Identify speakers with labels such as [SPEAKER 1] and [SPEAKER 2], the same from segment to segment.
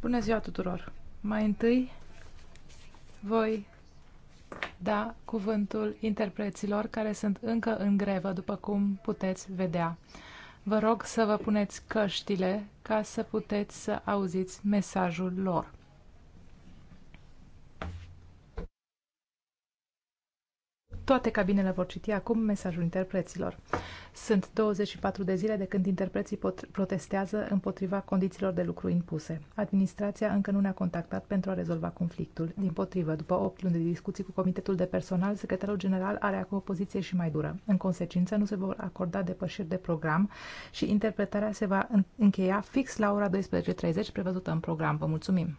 [SPEAKER 1] Bună ziua tuturor! Mai întâi voi da cuvântul interpreților care sunt încă în grevă, după cum puteți vedea. Vă rog să vă puneți căștile ca să puteți să auziți mesajul lor. Toate cabinele vor citi acum mesajul interpreților. Sunt 24 de zile de când interpreții pot protestează împotriva condițiilor de lucru impuse. Administrația încă nu ne-a contactat pentru a rezolva conflictul. Din potrivă, după 8 luni de discuții cu Comitetul de Personal, secretarul general are acum o poziție și mai dură. În consecință, nu se vor acorda depășiri de program și interpretarea se va încheia fix la ora 12.30 prevăzută în program. Vă mulțumim!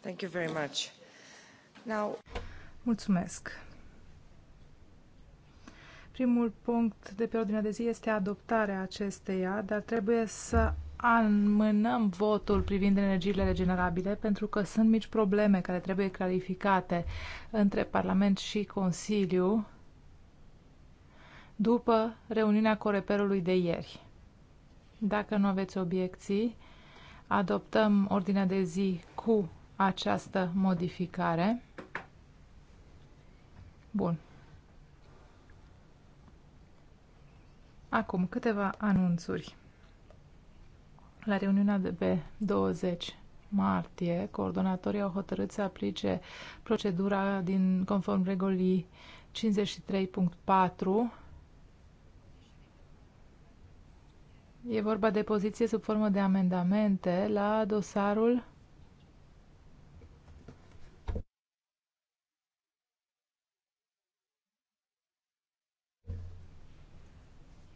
[SPEAKER 2] Thank you very much.
[SPEAKER 1] Now... Mulțumesc! Primul punct de pe ordinea de zi este adoptarea acesteia, dar trebuie să amânăm votul privind energiile regenerabile pentru că sunt mici probleme care trebuie clarificate între Parlament și Consiliu după reuniunea Coreperului de ieri. Dacă nu aveți obiecții, adoptăm ordinea de zi cu această modificare. Bun. Acum, câteva anunțuri. La reuniunea de pe 20 martie, coordonatorii au hotărât să aplice procedura din conform regulii 53.4. E vorba de poziție sub formă de amendamente la dosarul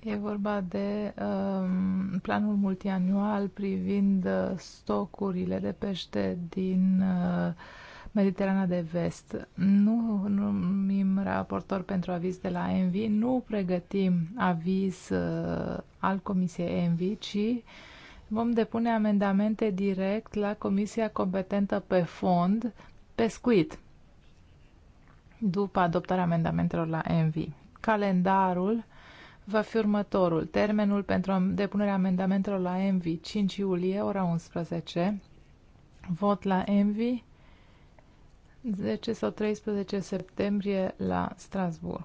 [SPEAKER 1] E vorba de um, planul multianual privind uh, stocurile de pește din uh, Mediterana de Vest. Nu numim raportor pentru aviz de la ENVI, nu pregătim aviz uh, al Comisiei ENVI, ci vom depune amendamente direct la Comisia competentă pe fond, pescuit, după adoptarea amendamentelor la ENVI. Calendarul va fi următorul. Termenul pentru depunerea amendamentelor la ENVI 5 iulie, ora 11. Vot la ENVI 10 sau 13 septembrie la Strasbourg.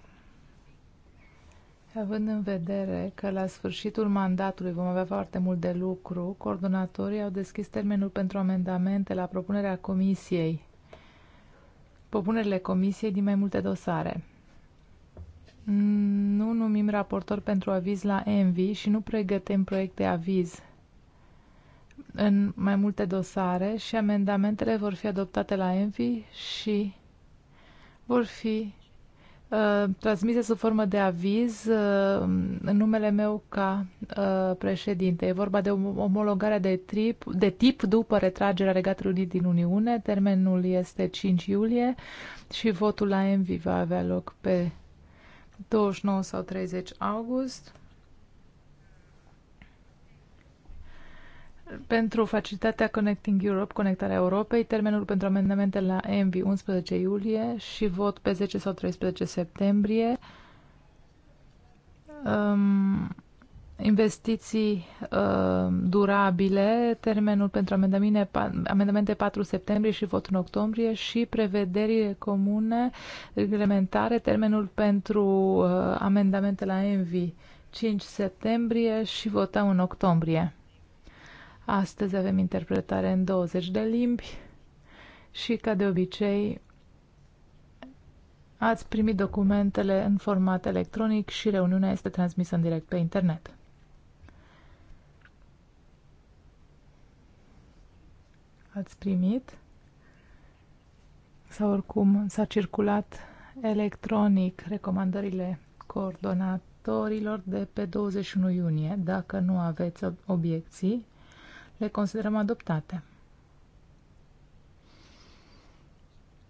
[SPEAKER 1] Având în vedere că la sfârșitul mandatului vom avea foarte mult de lucru, coordonatorii au deschis termenul pentru amendamente la propunerea comisiei, propunerile comisiei din mai multe dosare nu numim raportor pentru aviz la ENVI și nu pregătim proiect de aviz în mai multe dosare și amendamentele vor fi adoptate la ENVI și vor fi uh, transmise sub formă de aviz uh, în numele meu ca uh, președinte. E vorba de omologarea de, trip, de tip după retragerea Regatului Unit din Uniune. Termenul este 5 iulie și votul la ENVI va avea loc pe 29 sau 30 august pentru facilitatea Connecting Europe, conectarea Europei, termenul pentru amendamente la ENVI 11 iulie și vot pe 10 sau 13 septembrie. Um, investiții uh, durabile, termenul pentru amendamente, amendamente 4 septembrie și vot în octombrie și prevederi comune, reglementare, termenul pentru uh, amendamente la ENVI 5 septembrie și votăm în octombrie. Astăzi avem interpretare în 20 de limbi și, ca de obicei, Ați primit documentele în format electronic și reuniunea este transmisă în direct pe internet. ați primit sau oricum s-a circulat electronic recomandările coordonatorilor de pe 21 iunie. Dacă nu aveți obiecții, le considerăm adoptate.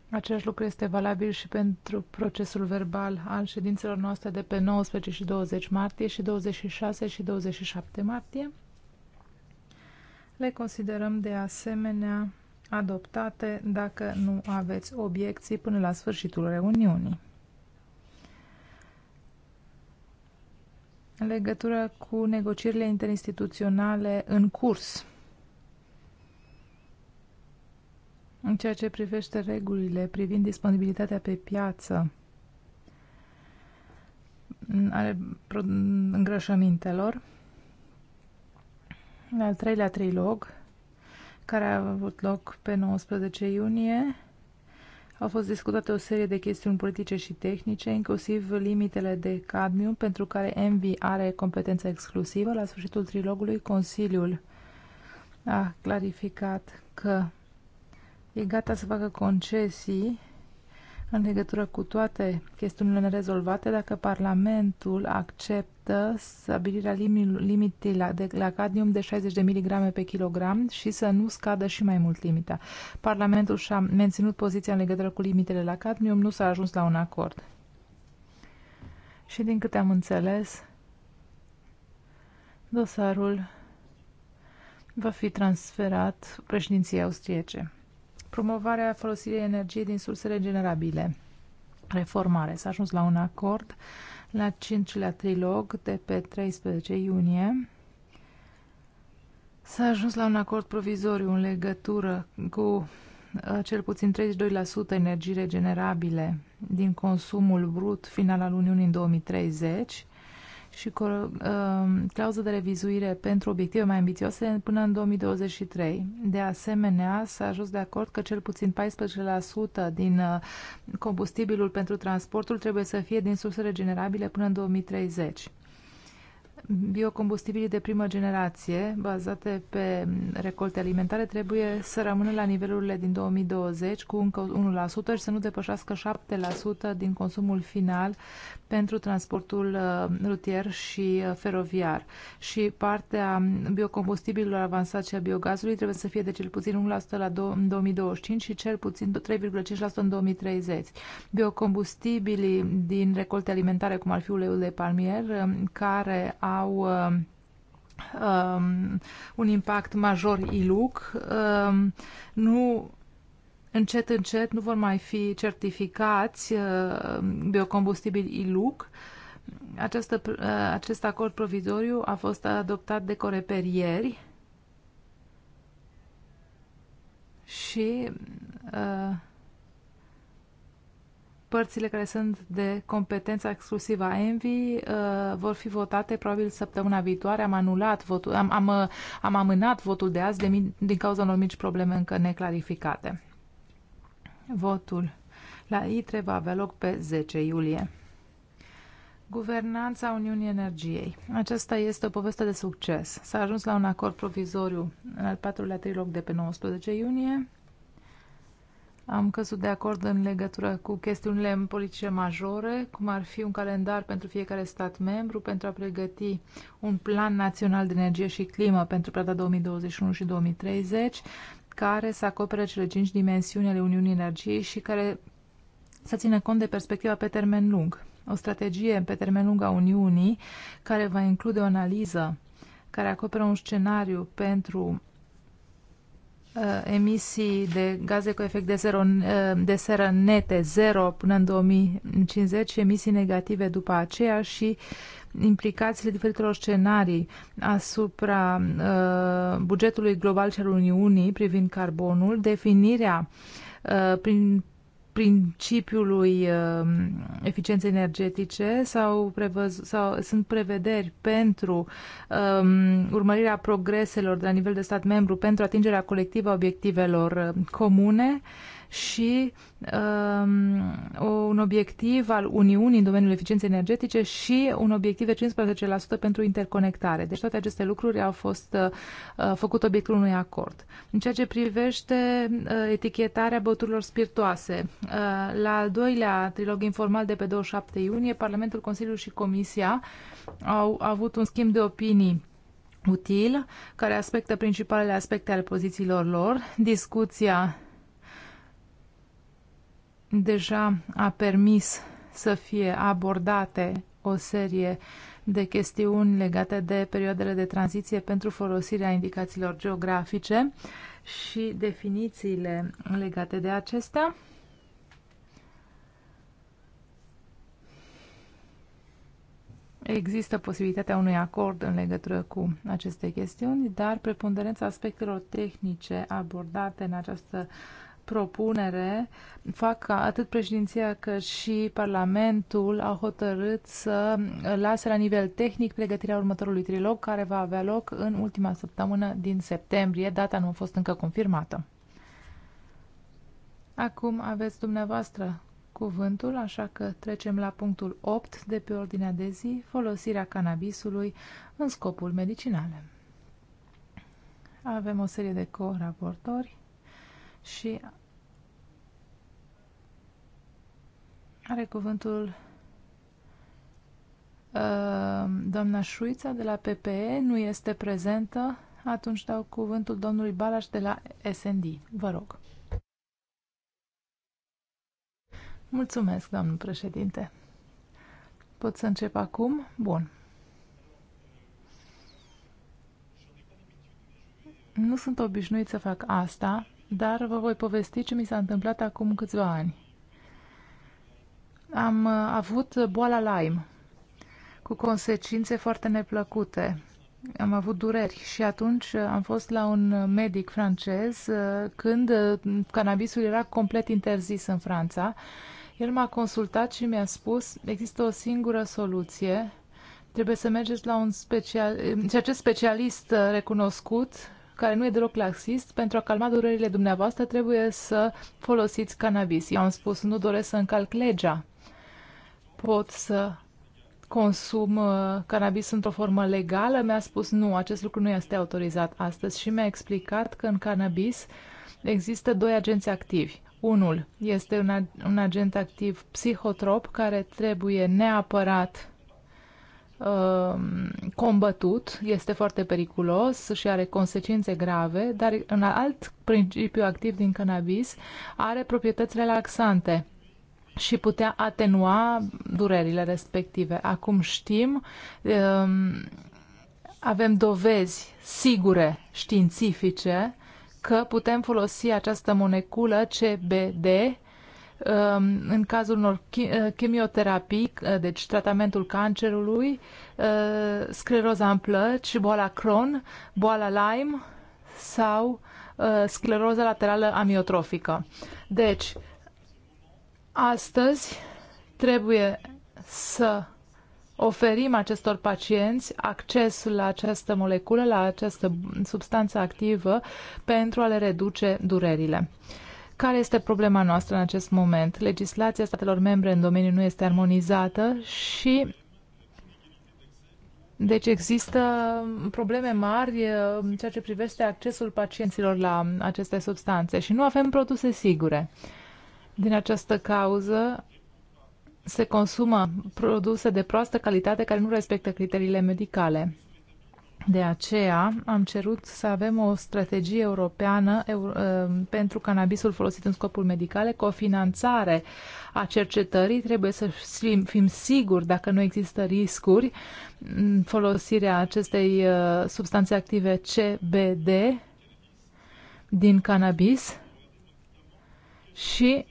[SPEAKER 1] Același lucru este valabil și pentru procesul verbal al ședințelor noastre de pe 19 și 20 martie și 26 și 27 martie. Le considerăm de asemenea adoptate dacă nu aveți obiecții până la sfârșitul reuniunii. În legătură cu negocierile interinstituționale în curs, în ceea ce privește regulile privind disponibilitatea pe piață ale îngrășămintelor, în al treilea trilog, care a avut loc pe 19 iunie, au fost discutate o serie de chestiuni politice și tehnice, inclusiv limitele de cadmiu, pentru care ENVI are competența exclusivă. La sfârșitul trilogului, Consiliul a clarificat că e gata să facă concesii în legătură cu toate chestiunile nerezolvate, dacă Parlamentul acceptă stabilirea limitei la, de, la cadmium de 60 de mg pe kilogram și să nu scadă și mai mult limita. Parlamentul și-a menținut poziția în legătură cu limitele la cadmium, nu s-a ajuns la un acord. Și din câte am înțeles, dosarul va fi transferat președinției austriece promovarea folosirii energiei din surse regenerabile, reformare. S-a ajuns la un acord la 5 la trilog de pe 13 iunie. S-a ajuns la un acord provizoriu în legătură cu uh, cel puțin 32% energii regenerabile din consumul brut final al Uniunii în 2030 și uh, clauză de revizuire pentru obiective mai ambițioase până în 2023. De asemenea, s-a ajuns de acord că cel puțin 14% din uh, combustibilul pentru transportul trebuie să fie din surse regenerabile până în 2030 biocombustibilii de primă generație, bazate pe recolte alimentare, trebuie să rămână la nivelurile din 2020 cu încă 1% și să nu depășească 7% din consumul final pentru transportul uh, rutier și uh, feroviar. Și partea biocombustibililor avansați și a biogazului trebuie să fie de cel puțin 1% la în 2025 și cel puțin 3,5% în 2030. Biocombustibilii din recolte alimentare, cum ar fi uleiul de palmier, uh, care a au um, um, un impact major ILUC, um, nu încet, încet nu vor mai fi certificați uh, biocombustibili ILUC. Această, uh, acest acord provizoriu a fost adoptat de Coreper ieri și uh, părțile care sunt de competența exclusivă a Envi uh, vor fi votate probabil săptămâna viitoare. Am anulat votul, am, am, uh, am amânat votul de azi de, din cauza unor mici probleme încă neclarificate. Votul la ITRE va avea loc pe 10 iulie. Guvernanța Uniunii Energiei. Aceasta este o poveste de succes. S-a ajuns la un acord provizoriu în al patrulea trilog de pe 19 iunie am căzut de acord în legătură cu chestiunile politice majore, cum ar fi un calendar pentru fiecare stat membru pentru a pregăti un plan național de energie și climă pentru perioada 2021 și 2030, care să acopere cele cinci dimensiuni ale Uniunii Energiei și care să țină cont de perspectiva pe termen lung. O strategie pe termen lung a Uniunii care va include o analiză care acoperă un scenariu pentru Uh, emisii de gaze cu efect de, zero, uh, de seră nete zero până în 2050 și emisii negative după aceea și implicațiile diferitelor scenarii asupra uh, bugetului global și al Uniunii privind carbonul, definirea uh, prin principiului um, eficienței energetice sau, prevăz, sau sunt prevederi pentru um, urmărirea progreselor de la nivel de stat membru pentru atingerea colectivă a obiectivelor uh, comune. Uh, și um, un obiectiv al Uniunii în domeniul eficienței energetice și un obiectiv de 15% pentru interconectare. Deci toate aceste lucruri au fost uh, uh, făcut obiectul unui acord. În ceea ce privește uh, etichetarea băuturilor spiritoase, uh, la al doilea trilog informal de pe 27 iunie, Parlamentul, Consiliul și Comisia au avut un schimb de opinii util, care aspectă principalele aspecte ale pozițiilor lor. Discuția deja a permis să fie abordate o serie de chestiuni legate de perioadele de tranziție pentru folosirea indicațiilor geografice și definițiile legate de acestea. Există posibilitatea unui acord în legătură cu aceste chestiuni, dar preponderența aspectelor tehnice abordate în această uh, propunere fac ca atât președinția cât și Parlamentul au hotărât să lase la nivel tehnic pregătirea următorului trilog care va avea loc în ultima săptămână din septembrie. Data nu a fost încă confirmată. Acum aveți dumneavoastră cuvântul, așa că trecem la punctul 8 de pe ordinea de zi, folosirea cannabisului în scopul medicinale. Avem o serie de co-raportori și are cuvântul uh, doamna Șuița de la PPE, nu este prezentă, atunci dau cuvântul domnului Balaș de la SND. Vă rog. Mulțumesc, domnul președinte. Pot să încep acum? Bun. Nu sunt obișnuit să fac asta, dar vă voi povesti ce mi s-a întâmplat acum câțiva ani. Am uh, avut boala Lyme, cu consecințe foarte neplăcute. Am avut dureri și atunci uh, am fost la un medic francez uh, când cannabisul era complet interzis în Franța. El m-a consultat și mi-a spus, există o singură soluție, trebuie să mergeți la un special... și acest specialist recunoscut care nu e deloc laxist, pentru a calma durerile dumneavoastră trebuie să folosiți cannabis. Eu am spus, nu doresc să încalc legea. Pot să consum uh, cannabis într-o formă legală? Mi-a spus, nu, acest lucru nu este autorizat astăzi și mi-a explicat că în cannabis există doi agenți activi. Unul este un, agent activ psihotrop care trebuie neapărat Um, combătut, este foarte periculos și are consecințe grave, dar un alt principiu activ din cannabis are proprietăți relaxante și putea atenua durerile respective. Acum știm, um, avem dovezi sigure, științifice, că putem folosi această moleculă CBD Um, în cazul unor chimioterapii, uh, uh, deci tratamentul cancerului, uh, scleroza în plăci, boala Crohn, boala Lyme sau scleroza laterală amiotrofică. Deci, astăzi trebuie să oferim acestor pacienți accesul la această moleculă, la această substanță activă pentru a le reduce durerile. Care este problema noastră în acest moment? Legislația statelor membre în domeniu nu este armonizată și deci există probleme mari în ceea ce privește accesul pacienților la aceste substanțe și nu avem produse sigure. Din această cauză se consumă produse de proastă calitate care nu respectă criteriile medicale. De aceea am cerut să avem o strategie europeană ă, pentru cannabisul folosit în scopul medical, cofinanțare a cercetării. Trebuie să fim siguri dacă nu există riscuri în folosirea acestei ă, substanțe active CBD din cannabis și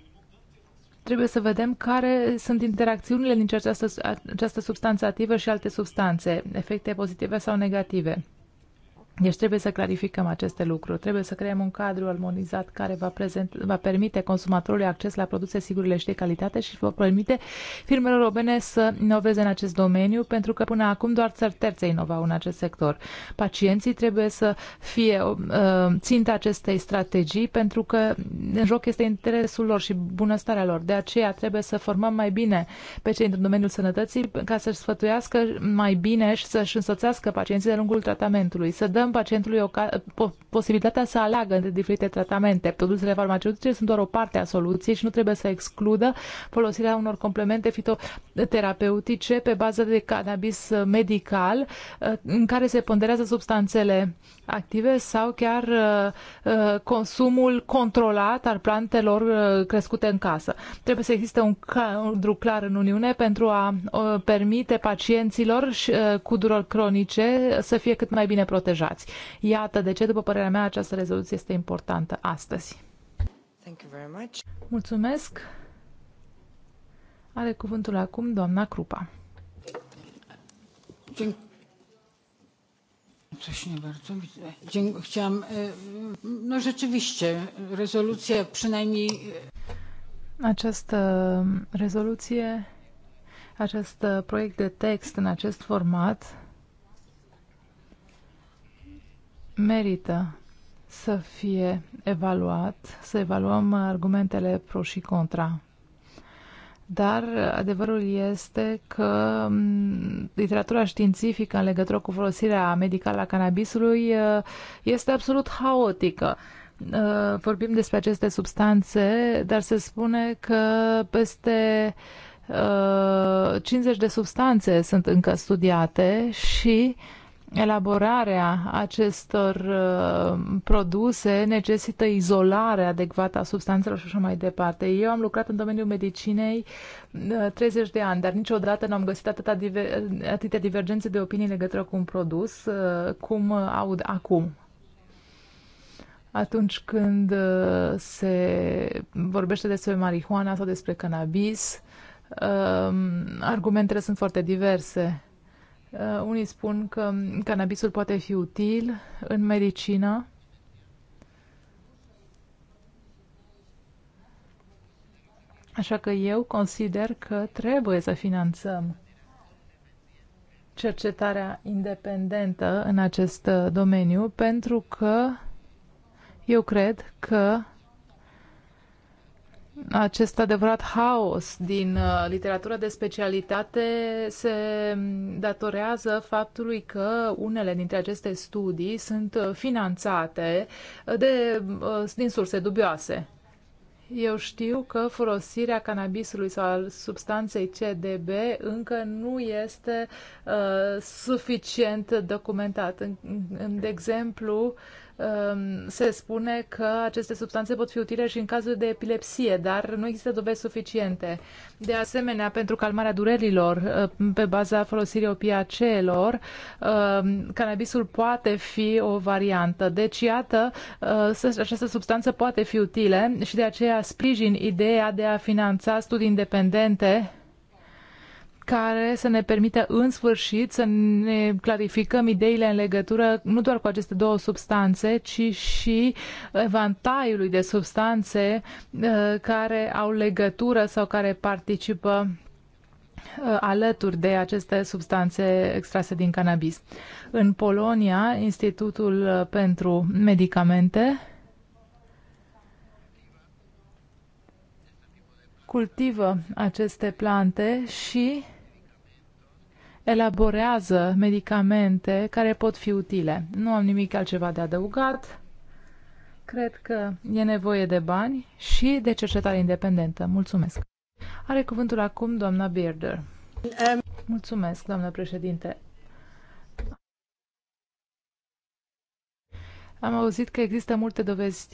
[SPEAKER 1] Trebuie să vedem care sunt interacțiunile dintre această, această substanță activă și alte substanțe, efecte pozitive sau negative. Deci trebuie să clarificăm aceste lucruri. Trebuie să creăm un cadru armonizat care va, prezent, va permite consumatorului acces la produse sigure și de calitate și va permite firmelor obene să inoveze în acest domeniu, pentru că până acum doar țări terțe inovau în acest sector. Pacienții trebuie să fie uh, ținta acestei strategii, pentru că în joc este interesul lor și bunăstarea lor. De aceea trebuie să formăm mai bine pe cei din domeniul sănătății ca să-și sfătuiască mai bine și să-și însoțească pacienții de lungul tratamentului, să dăm dăm pacientului o posibilitatea să aleagă între diferite tratamente. Produsele farmaceutice sunt doar o parte a soluției și nu trebuie să excludă folosirea unor complemente fitoterapeutice pe bază de cannabis medical, eh, în care se ponderează substanțele active sau chiar uh, uh, consumul controlat al plantelor uh, crescute în casă. Trebuie să existe un cadru clar în Uniune pentru a permite pacienților cu dureri cronice să fie cât mai bine protejați. Iată de ce, după părerea mea, această rezoluție este importantă astăzi. Thank you very much. Mulțumesc. Are cuvântul acum doamna Crupa. Thank coś nie bardzo widzę. Chciałam, no rzeczywiście, rezolucja przynajmniej... Această rezoluție, acest proiect de text în acest format merită să fie evaluat, să evaluăm argumentele pro și contra dar adevărul este că literatura științifică în legătură cu folosirea medicală a cannabisului uh, este absolut haotică uh, vorbim despre aceste substanțe, dar se spune că peste 50 uh, de substanțe sunt încă studiate și uh, elaborarea acestor uh, produse necesită izolare adecvată a substanțelor și așa mai departe. Eu am lucrat în domeniul medicinei 30 uh, de ani, dar niciodată nu am găsit atâta diver, atâtea divergențe de opinii în legătură cu un produs uh, cum aud acum. Atunci când se vorbește despre marihuana sau despre cannabis, argumentele sunt foarte diverse Uh, unii spun că cannabisul poate fi util în medicină. Așa că eu consider că trebuie să finanțăm cercetarea independentă în acest uh, domeniu pentru că eu cred că acest adevărat haos din uh, literatura de specialitate se mm, datorează faptului că unele dintre aceste studii sunt uh, finanțate uh, de, din surse dubioase. Eu știu că folosirea cannabisului sau al substanței CDB încă nu este uh, suficient documentat. De exemplu, uh, Ehm, se spune că aceste substanțe pot fi utile și în cazul de epilepsie, dar nu există dovezi suficiente. De asemenea, pentru calmarea durerilor ehm, pe baza folosirii opiaceelor, ehm, cannabisul poate fi o variantă. Deci, iată, această substanță poate fi utile și de aceea sprijin ideea de a finanța studii independente care să ne permită în sfârșit să ne clarificăm ideile în legătură nu doar cu aceste două substanțe, ci și evantaiului de substanțe uh, care au legătură sau care participă uh, alături de aceste substanțe extrase din cannabis. În Polonia, Institutul uh, pentru Medicamente cultivă aceste plante și elaborează medicamente care pot fi utile. Nu am nimic altceva de adăugat. Cred că e nevoie de bani și de cercetare independentă. Mulțumesc. Are cuvântul acum doamna Bearder. Mulțumesc, doamnă președinte. Am auzit că există multe dovezi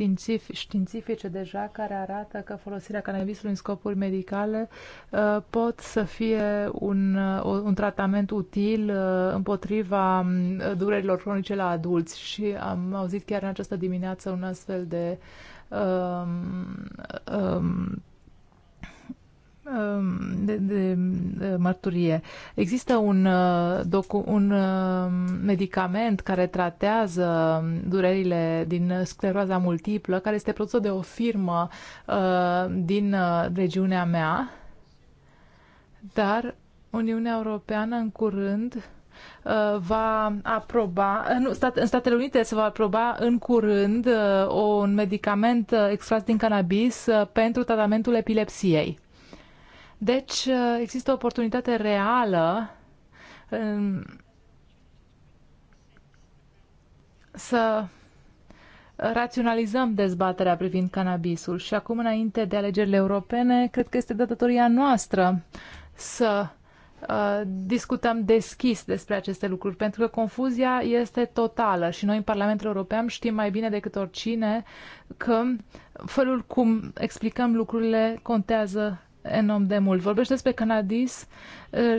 [SPEAKER 1] științifice deja care arată că folosirea cannabisului în scopuri medicale uh, pot să fie un, uh, un tratament util uh, împotriva mm, durerilor cronice la adulți și am auzit chiar în această dimineață un astfel de um, um, Um, de, de uh, mărturie. Există un, uh, docu, un uh, medicament care tratează um, durerile din scleroza multiplă, care este produs de o firmă din regiunea mea, dar Uniunea Europeană în curând va aproba, nu, stat, în Statele Unite se va aproba în curând un medicament extras din cannabis pentru tratamentul epilepsiei. Deci uh, există o oportunitate reală um, să raționalizăm dezbaterea privind cannabisul și acum înainte de alegerile europene, cred că este datoria noastră să uh, discutăm deschis despre aceste lucruri, pentru că confuzia este totală și noi în Parlamentul European știm mai bine decât oricine că felul cum explicăm lucrurile contează enorm de mult. Vorbește despre cannabis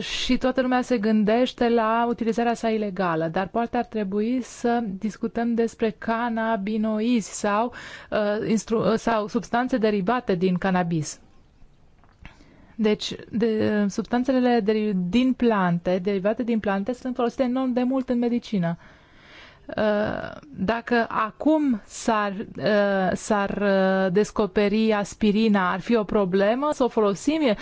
[SPEAKER 1] și toată lumea se gândește la utilizarea sa ilegală, dar poate ar trebui să discutăm despre cannabinoizi sau, sau substanțe derivate din cannabis. Deci, de, substanțele de, din plante, derivate din plante, sunt folosite enorm de mult în medicină. Uh, dacă acum s-ar, uh, s-ar uh, descoperi aspirina, ar fi o problemă să o folosim? Uh,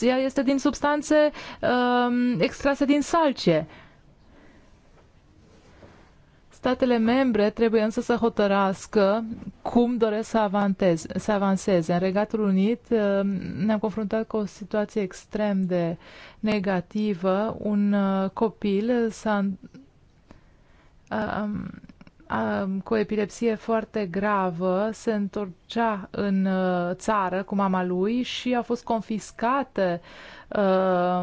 [SPEAKER 1] ea este din substanțe um, extrase din salcie. Statele membre trebuie însă să hotărască cum doresc să, avantez, să avanseze. În Regatul Unit ne-am confruntat cu o situație extrem de negativă. Un copil s-a cu o epilepsie foarte gravă, se întorcea în uh, țară cu mama lui și au fost confiscate uh,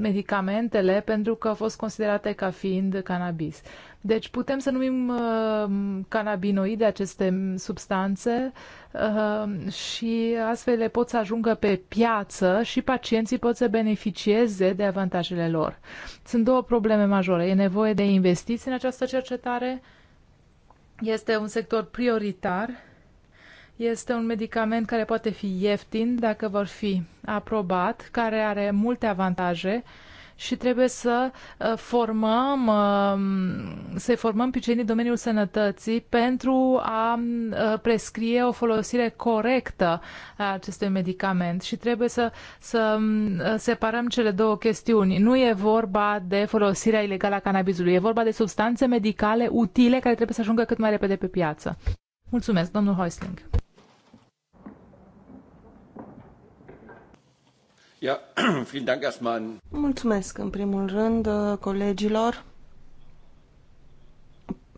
[SPEAKER 1] medicamentele pentru că au fost considerate ca fiind cannabis. Deci putem să numim uh, canabinoide aceste substanțe uh, și astfel le pot să ajungă pe piață și pacienții pot să beneficieze de avantajele lor. Sunt două probleme majore. E nevoie de investiții în această cercetare. Este un sector prioritar. Este un medicament care poate fi ieftin dacă vor fi aprobat, care are multe avantaje uh, și trebuie să uh, formăm, um, să formăm pe cei din domeniul sănătății pentru a uh, prescrie o folosire corectă a acestui medicament și trebuie să, să um, uh, separăm cele două chestiuni. Nu e vorba de folosirea ilegală a cannabisului, e vorba de substanțe medicale utile care trebuie să ajungă cât mai repede pe piață. Mulțumesc, domnul Hoisling. Mulțumesc, în primul rând,
[SPEAKER 2] uh, colegilor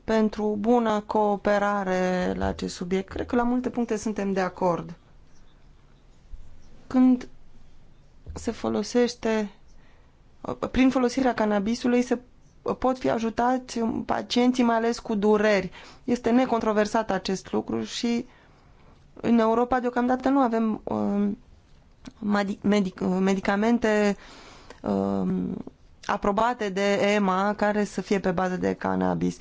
[SPEAKER 2] pentru buna cooperare la acest subiect. Cred că la multe puncte suntem de acord. Când se folosește, uh, prin folosirea cannabisului se pot fi ajutați pacienții, mai ales cu dureri. Este necontroversat acest lucru și în Europa deocamdată nu avem uh, medic medicamente um, aprobate de EMA care să fie pe bază de cannabis.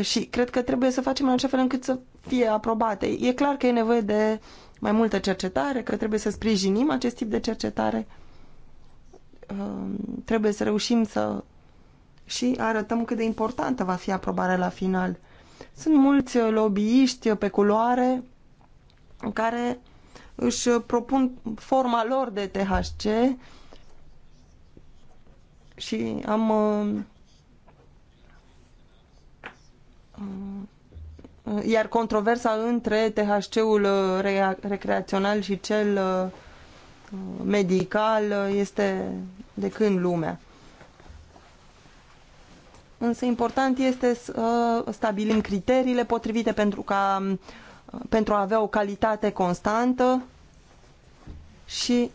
[SPEAKER 2] Și cred că trebuie să facem în așa fel încât să fie aprobate. E clar că e nevoie de mai multă cercetare, că trebuie să sprijinim acest tip de cercetare. Um, trebuie să reușim să și arătăm cât de importantă va fi aprobarea la final. Sunt mulți uh, lobbyiști pe culoare care își uh, propun forma lor de THC și am uh, uh, iar controversa între THC-ul recreațional și cel medical este de când lumea. Însă important este să stabilim criteriile potrivite pentru ca pentru a avea o calitate constantă și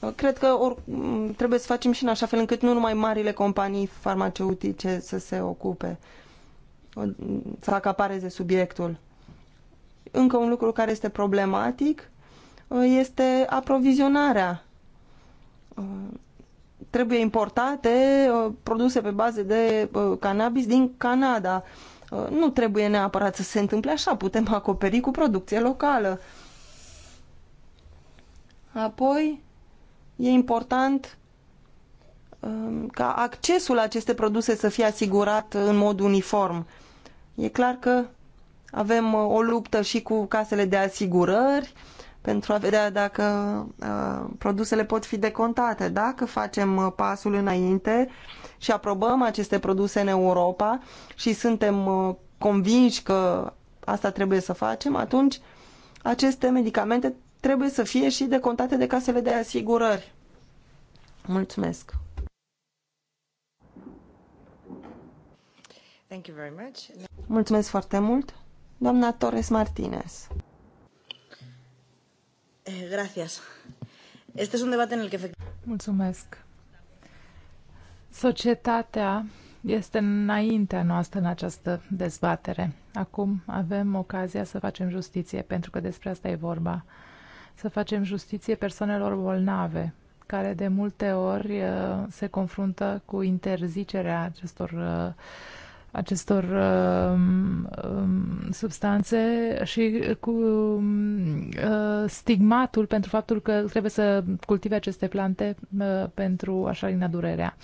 [SPEAKER 2] uh, cred că or, mm, trebuie să facem și în așa fel încât nu numai marile companii farmaceutice să se ocupe, mm, să acapareze subiectul. Încă un lucru care este problematic uh, este aprovizionarea. Uh, trebuie importate produse pe bază de cannabis din Canada. Uh, nu trebuie neapărat să se întâmple așa, putem acoperi cu producție locală. Apoi, e important um, ca accesul aceste produse să fie asigurat în mod uniform. E clar că avem uh, o luptă și cu casele de asigurări, pentru a vedea dacă uh, produsele pot fi decontate. Dacă facem uh, pasul înainte și aprobăm aceste produse în Europa și suntem uh, convinși că asta trebuie să facem, atunci aceste medicamente trebuie să fie și decontate de casele de asigurări. Mulțumesc! Mulțumesc foarte mult, doamna Torres Martinez. Eh, gracias.
[SPEAKER 3] Este es un debate en el que...
[SPEAKER 1] Mulțumesc. Societatea este înaintea noastră în această dezbatere. Acum avem ocazia să facem justiție, pentru că despre asta e vorba. Să facem justiție persoanelor bolnave, care de multe ori eh, se confruntă cu interzicerea acestor uh, acestor uh, substanțe și cu um, uh, stigmatul pentru faptul că trebuie să cultive aceste plante uh, pentru așa lina durerea.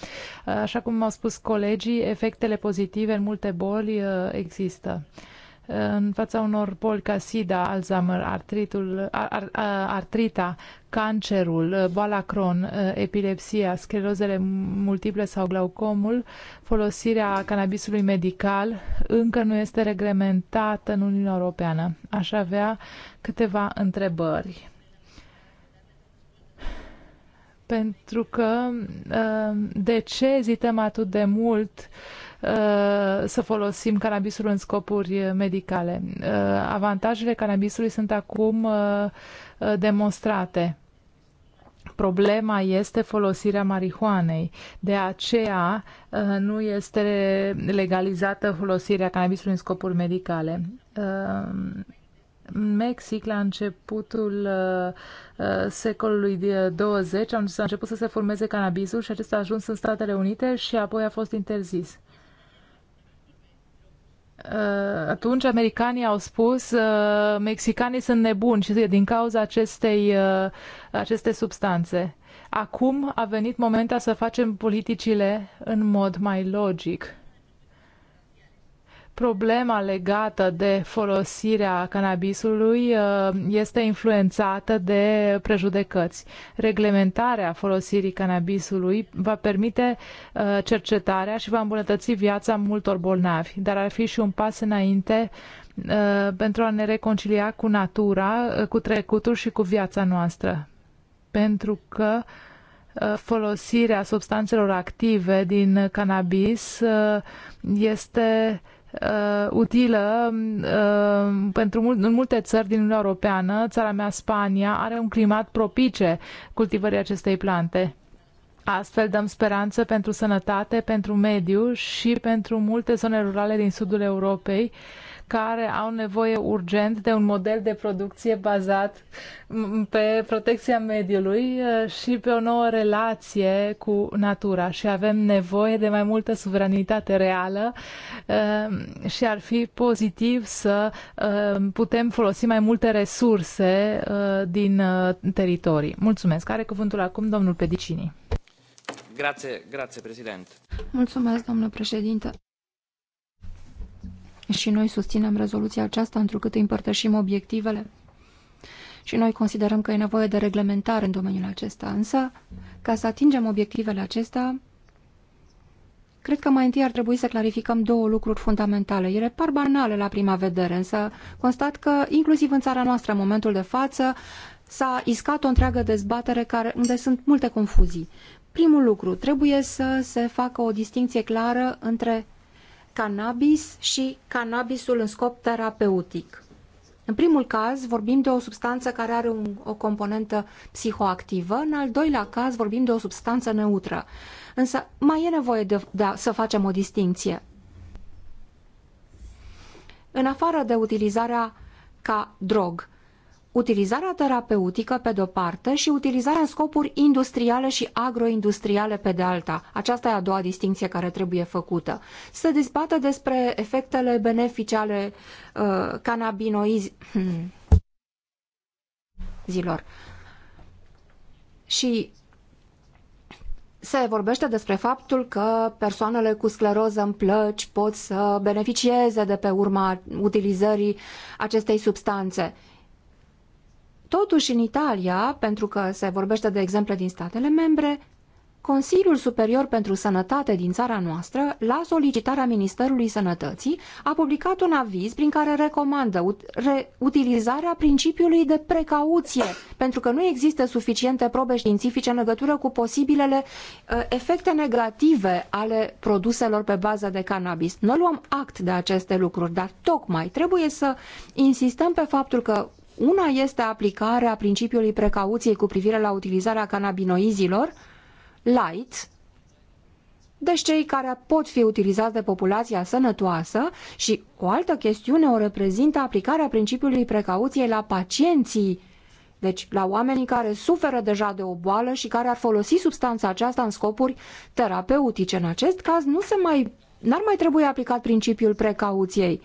[SPEAKER 1] Uh, așa cum au spus colegii, efectele pozitive în multe boli uh, există. Uh, în fața unor boli ca SIDA, Alzheimer, artritul, ar, ar, artrita, cancerul, boala Crohn, epilepsia, sclerozele multiple sau glaucomul, folosirea cannabisului medical încă nu este reglementată în Uniunea Europeană. Aș avea câteva întrebări pentru că de ce ezităm atât de mult Uh, să folosim cannabisul în scopuri medicale. Uh, avantajele cannabisului sunt acum uh, demonstrate. Problema este folosirea marihuanei. De aceea nu este legalizată folosirea cannabisului în scopuri medicale. În Mexic, la începutul secolului 20, a început să se formeze cannabisul și acesta a ajuns în Statele Unite și apoi a fost interzis. Uh, atunci americanii au spus uh, mexicanii sunt nebuni și din cauza acestei uh, aceste substanțe. Acum a venit momentul să facem politicile în mod mai logic problema legată de folosirea cannabisului uh, este influențată de prejudecăți. Reglementarea folosirii cannabisului va permite uh, cercetarea și va îmbunătăți viața multor bolnavi, dar ar fi și un pas înainte uh, pentru a ne reconcilia cu natura, cu trecutul și cu viața noastră. Pentru că folosirea substanțelor active din cannabis este uh, utilă uh, pentru mult, în multe țări din Uniunea Europeană. Țara mea, Spania, are un climat propice cultivării acestei plante. Astfel dăm speranță pentru sănătate, pentru mediu și pentru multe zone rurale din sudul Europei, uh, care au nevoie urgent de un model de producție bazat pe protecția mediului uh, și pe o nouă relație cu natura și avem nevoie de mai multă suveranitate reală uh, și ar fi pozitiv să uh, putem folosi mai multe resurse din teritorii. Mulțumesc. Are cuvântul acum domnul Pedicini. Grazie, grazie, Mulțumesc, domnule președinte și noi susținem
[SPEAKER 4] rezoluția aceasta întrucât îi împărtășim obiectivele și noi considerăm că e nevoie de reglementare în domeniul acesta. Însă, ca să atingem obiectivele acestea, cred că mai întâi ar trebui să clarificăm două lucruri fundamentale. Ele par banale la prima vedere, însă constat că, inclusiv în țara noastră, în momentul de față, s-a iscat o întreagă dezbatere care, unde sunt multe confuzii. Primul lucru, trebuie să se facă o distinție clară între cannabis și cannabisul în scop terapeutic. În primul caz vorbim de o substanță care are un, o componentă psihoactivă, în al doilea caz vorbim de o substanță neutră. Însă mai e nevoie de, de a, să facem o distinție. În afară de utilizarea ca drog, utilizarea terapeutică pe de-o parte și utilizarea în scopuri industriale și agroindustriale pe de alta. Aceasta e a doua distinție care trebuie făcută. Să dezbate despre efectele benefice ale uh, cannabinoizilor. Și se vorbește despre faptul că persoanele cu scleroză în plăci pot să beneficieze de pe urma utilizării acestei substanțe. Totuși, în Italia, pentru că se vorbește de exemple din statele membre, Consiliul Superior pentru Sănătate din țara noastră, la solicitarea Ministerului Sănătății, a publicat un aviz prin care recomandă utilizarea principiului de precauție, pentru că nu există suficiente probe științifice în legătură cu posibilele ă, efecte negative ale produselor pe bază de cannabis. Noi luăm act de aceste lucruri, dar tocmai trebuie să insistăm pe faptul că una este aplicarea principiului precauției cu privire la utilizarea canabinoizilor, light, deci cei care pot fi utilizați de populația sănătoasă și o altă chestiune o reprezintă aplicarea principiului precauției la pacienții deci la oamenii care suferă deja de o boală și care ar folosi substanța aceasta în scopuri terapeutice. În acest caz nu se mai, n-ar mai trebui aplicat principiul precauției.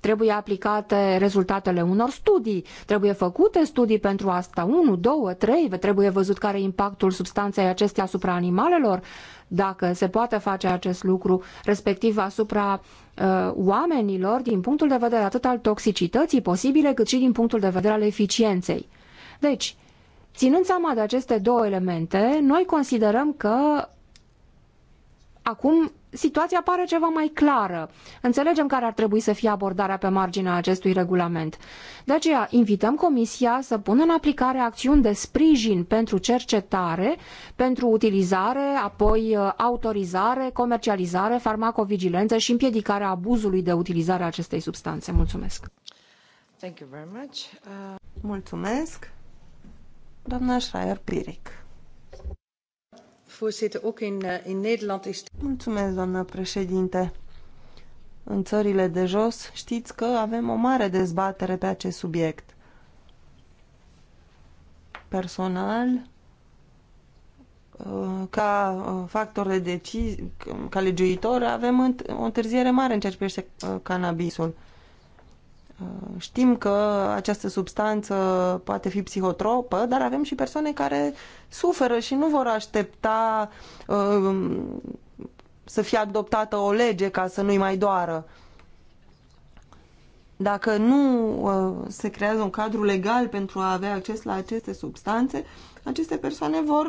[SPEAKER 4] Trebuie aplicate rezultatele unor studii, trebuie făcute studii pentru asta, 1, 2, 3, trebuie văzut care e impactul substanței acestea asupra animalelor, dacă se poate face acest lucru, respectiv asupra uh, oamenilor din punctul de vedere atât al toxicității posibile, cât și din punctul de vedere al eficienței. Deci, ținând seama de aceste două elemente, noi considerăm că acum situația pare ceva mai clară. Înțelegem care ar trebui să fie abordarea pe marginea acestui regulament. De aceea, invităm Comisia să pună în aplicare acțiuni de sprijin pentru cercetare, pentru utilizare, apoi uh, autorizare, comercializare, farmacovigilență și împiedicarea abuzului de utilizare a acestei substanțe. Mulțumesc! Thank you very much. Uh... Mulțumesc!
[SPEAKER 2] Doamna Schreier-Piric. Eh, Mulțumesc, doamnă președinte. În țările de jos știți că avem o mare dezbatere pe acest subiect. Personal, eh, ca eh, factor de decizie, ca legiuitor, avem o întârziere mare în ceea ce privește cannabisul. Uh, știm că această substanță poate fi psihotropă, dar avem și persoane care suferă și nu vor aștepta uh, să fie adoptată o lege ca să nu-i mai doară. Dacă nu uh, se creează un cadru legal pentru a avea acces la aceste substanțe, aceste persoane vor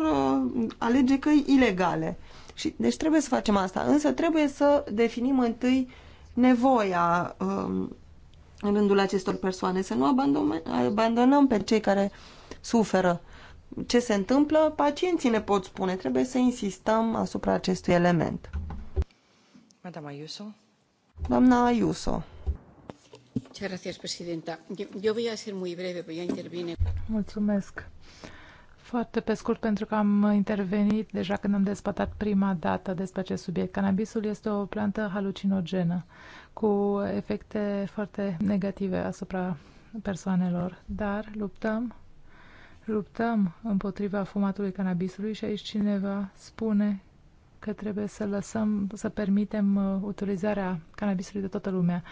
[SPEAKER 2] alege căi ilegale. Și, deci trebuie să facem asta, însă trebuie să definim întâi nevoia în rândul acestor persoane, să nu abandonăm pe cei care suferă. Ce se întâmplă, pacienții ne pot spune. Trebuie să insistăm asupra acestui element.
[SPEAKER 4] Madame Ayuso.
[SPEAKER 2] Doamna Ayuso.
[SPEAKER 1] Mulțumesc. Foarte pe scurt, pentru că am intervenit deja când am despătat prima dată despre acest subiect. Cannabisul este o plantă halucinogenă cu efecte foarte negative asupra persoanelor, dar luptăm luptăm împotriva fumatului cannabisului și aici cineva spune că trebuie să lăsăm, să permitem uh, utilizarea cannabisului de toată lumea.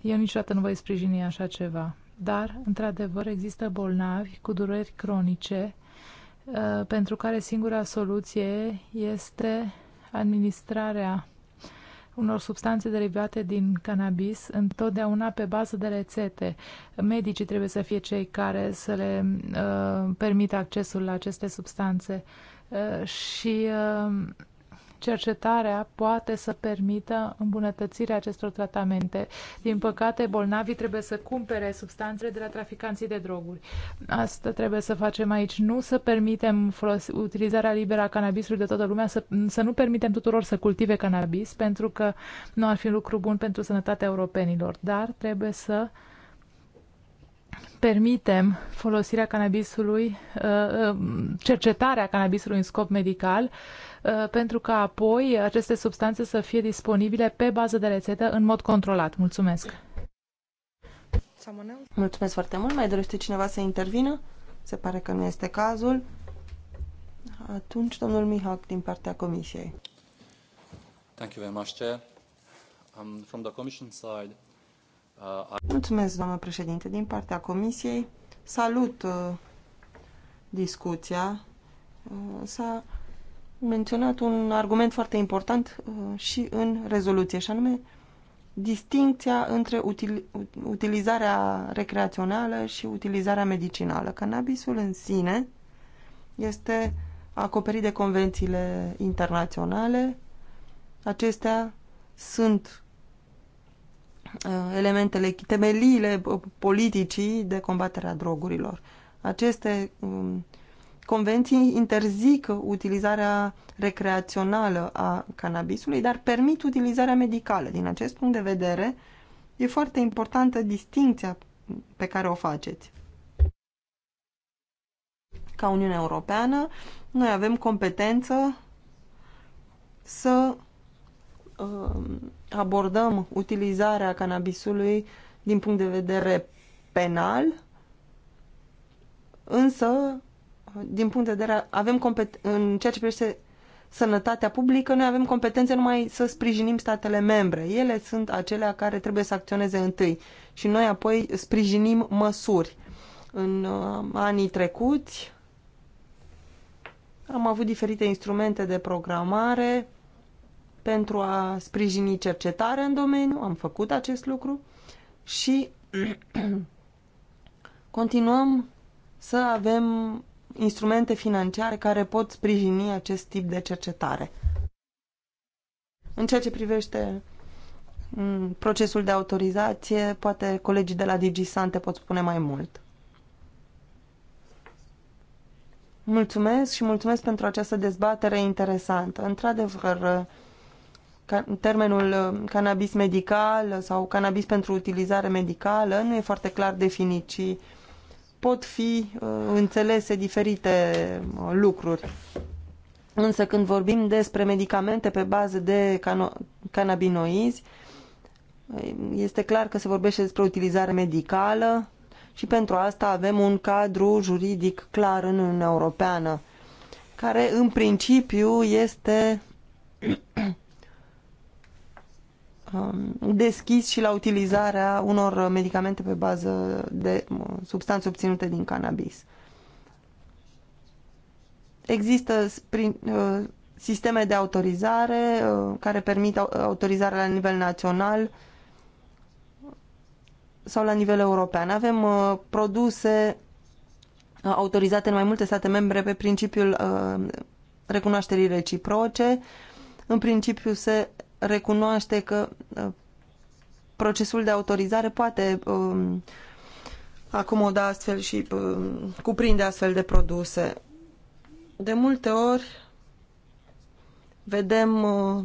[SPEAKER 1] Eu niciodată nu voi sprijini așa ceva. Dar, într-adevăr, există bolnavi cu dureri cronice uh, pentru care singura soluție este administrarea unor substanțe derivate din cannabis întotdeauna pe bază de rețete. Medicii trebuie să fie cei care să le uh, permită accesul la aceste substanțe uh, și uh, cercetarea poate să permită îmbunătățirea acestor tratamente. Din păcate, bolnavii trebuie să cumpere substanțe de la traficanții de droguri. Asta trebuie să facem aici. Nu să permitem utilizarea liberă a cannabisului de toată lumea, să, să nu permitem tuturor să cultive cannabis, pentru că nu ar fi un lucru bun pentru sănătatea europenilor. Dar trebuie să permitem folosirea cannabisului, uh, uh, cercetarea cannabisului în scop medical Uh, pentru ca apoi aceste substanțe să fie disponibile pe bază de rețetă în mod controlat. Mulțumesc! Mulțumesc foarte mult! Mai dorește cineva să intervină? Se pare că nu este cazul.
[SPEAKER 2] Atunci, domnul Mihac, din partea Comisiei. Thank you very much, Chair. Um, from the Commission side, uh, I... Mulțumesc, doamnă președinte. Din partea Comisiei, salut uh, discuția. Uh, menționat un argument foarte important uh, și în rezoluție, și anume distincția între util, utilizarea recreațională și utilizarea medicinală. Cannabisul în sine este acoperit de convențiile internaționale. Acestea sunt uh, elementele, temeliile uh, politicii de combaterea drogurilor. Aceste um, convenții interzic utilizarea recreațională a cannabisului, dar permit utilizarea medicală. Din acest punct de vedere, e foarte importantă distinția pe care o faceți. Ca Uniunea Europeană, noi avem competență să uh, abordăm utilizarea cannabisului din punct de vedere penal, însă din punct de vedere, avem în ceea ce privește sănătatea publică, noi avem competențe numai să sprijinim statele membre. Ele sunt acelea care trebuie să acționeze întâi și noi apoi sprijinim măsuri. În uh, anii trecuți am avut diferite instrumente de programare pentru a sprijini cercetarea în domeniu, am făcut acest lucru și continuăm să avem instrumente financiare care pot sprijini acest tip de cercetare. În ceea ce privește mm, procesul de autorizație, poate colegii de la DigiSante pot spune mai mult. Mulțumesc și mulțumesc pentru această dezbatere interesantă. Într-adevăr, termenul uh, cannabis medical sau cannabis pentru utilizare medicală nu e foarte clar definit și pot fi uh, înțelese diferite uh, lucruri. Însă când vorbim despre medicamente pe bază de cannabinoizi, uh, este clar că se vorbește despre utilizare medicală și pentru asta avem un cadru juridic clar în Uniunea Europeană, care în principiu este Um, deschis și la utilizarea unor medicamente pe bază de um, substanțe obținute din cannabis. Există prin, uh, sisteme de autorizare uh, care permit autorizarea la nivel național sau la nivel european. Avem uh, produse autorizate în mai multe state membre pe principiul recunoașterii reciproce. În principiu se recunoaște că uh, procesul de autorizare poate um, acomoda astfel și um, cuprinde astfel de produse. De multe ori vedem uh,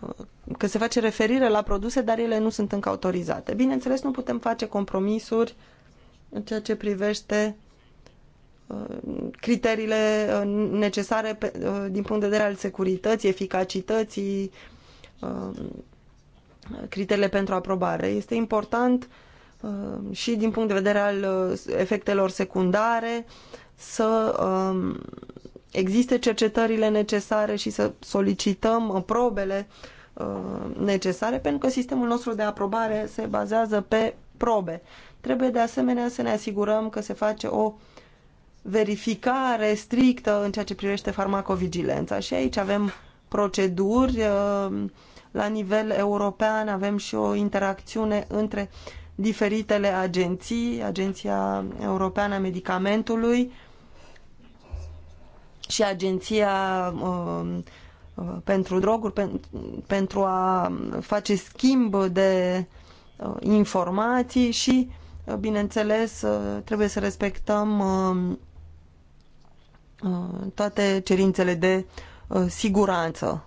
[SPEAKER 2] uh, că se face referire la produse, dar ele nu sunt încă autorizate. Bineînțeles, nu putem face compromisuri în ceea ce privește criteriile uh, necesare pe, uh, din punct de vedere al securității, eficacității, uh, criteriile pentru aprobare. Este important și din punct de vedere al efectelor secundare să um, existe cercetările necesare și să solicităm probele necesare, pentru că sistemul nostru de aprobare se bazează pe probe. Trebuie de asemenea să ne asigurăm că se face o uh, verificare strictă în ceea ce privește farmacovigilența. Și aici avem proceduri uh, la nivel european, avem și o interacțiune între diferitele agenții, Agenția Europeană a Medicamentului și Agenția uh, uh, pentru droguri, pentru a face schimb de informații și bineînțeles, trebuie să respectăm Uh, toate cerințele de uh, siguranță.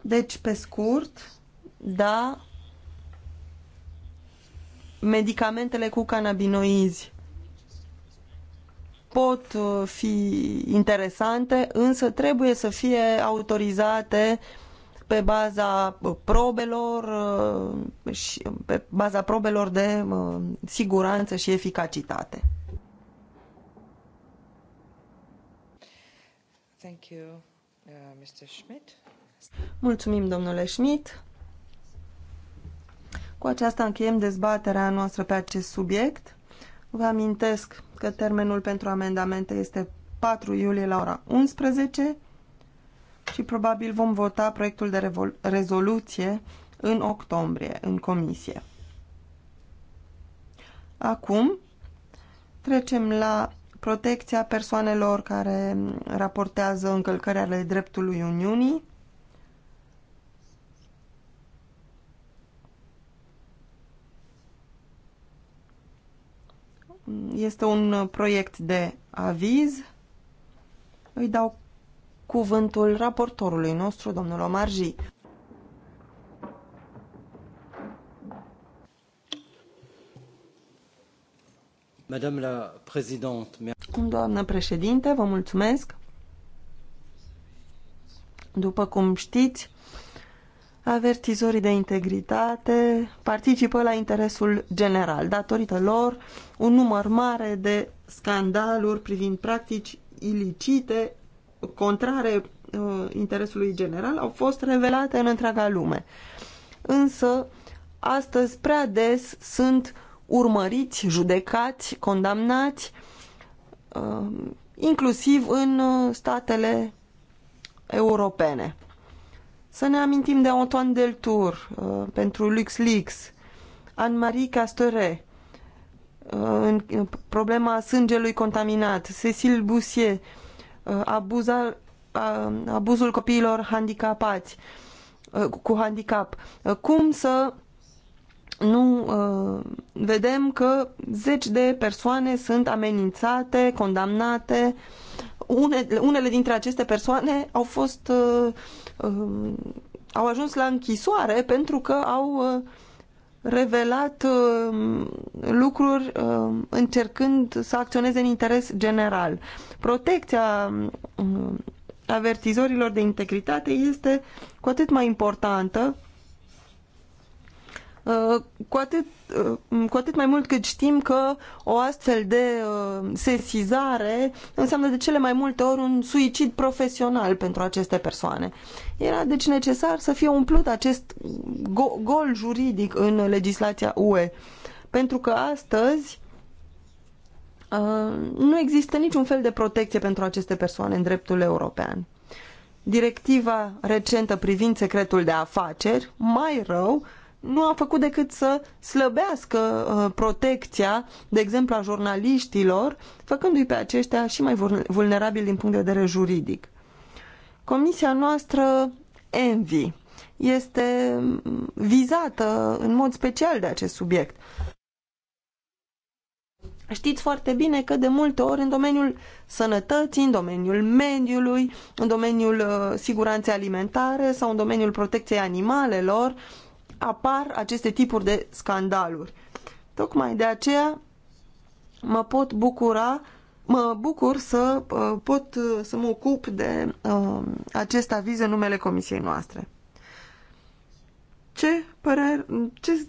[SPEAKER 2] Deci, pe scurt, da, medicamentele cu cannabinoizi pot uh, fi interesante, însă trebuie să fie autorizate pe baza probelor și pe baza probelor de siguranță și eficacitate. Thank you, uh, Mr. Schmidt. Mulțumim, domnule Schmidt. Cu aceasta încheiem dezbaterea noastră pe acest subiect. Vă amintesc că termenul pentru amendamente este 4 iulie la ora 11 și probabil vom vota proiectul de rezoluție în octombrie în comisie. Acum trecem la protecția persoanelor care raportează încălcări ale dreptului Uniunii, Este un proiect de aviz. Îi dau cuvântul raportorului nostru, domnul Omarji. Doamnă președinte, vă mulțumesc. După cum știți, avertizorii de integritate participă la interesul general. Datorită lor, un număr mare de scandaluri privind practici ilicite, contrare uh, interesului general, au fost revelate în întreaga lume. Însă, astăzi prea des sunt uh, urmăriți, judecați, condamnați, uh, inclusiv în uh, statele europene. Să ne amintim de Antoine Deltour uh, pentru LuxLeaks, Anne-Marie Castoré, în problema sângelui contaminat, Cecil Boussier, abuzal, abuzul copiilor handicapați, cu handicap. Cum să nu uh, vedem că zeci de persoane sunt amenințate, condamnate. Unele, unele dintre aceste persoane au fost uh, uh, au ajuns la închisoare pentru că au uh, revelat uh, lucruri uh, încercând să acționeze în interes general. Protecția uh, avertizorilor de integritate este cu atât mai importantă Uh, cu atât, uh, cu atât mai mult cât știm că o astfel de uh, sesizare înseamnă de cele mai multe ori un suicid profesional pentru aceste persoane. Era deci necesar să fie umplut acest gol juridic în legislația UE, pentru că astăzi nu există niciun fel de protecție pentru aceste persoane în dreptul european directiva recentă privind secretul de afaceri, mai rău, nu a făcut decât să slăbească uh, protecția, de exemplu, a jurnaliștilor, făcându-i pe aceștia și mai vulnerabili din punct de vedere juridic. Comisia noastră Envi este mm, vizată în mod special de acest subiect. Știți foarte bine că de multe ori în domeniul sănătății, în domeniul mediului, în domeniul uh, siguranței alimentare sau în domeniul protecției animalelor, uh, apar aceste tipuri de scandaluri. Tocmai de aceea mă pot bucura, mă bucur să uh, pot uh, să mă ocup de uh, acest aviz în numele comisiei noastre. Ce părere, ce,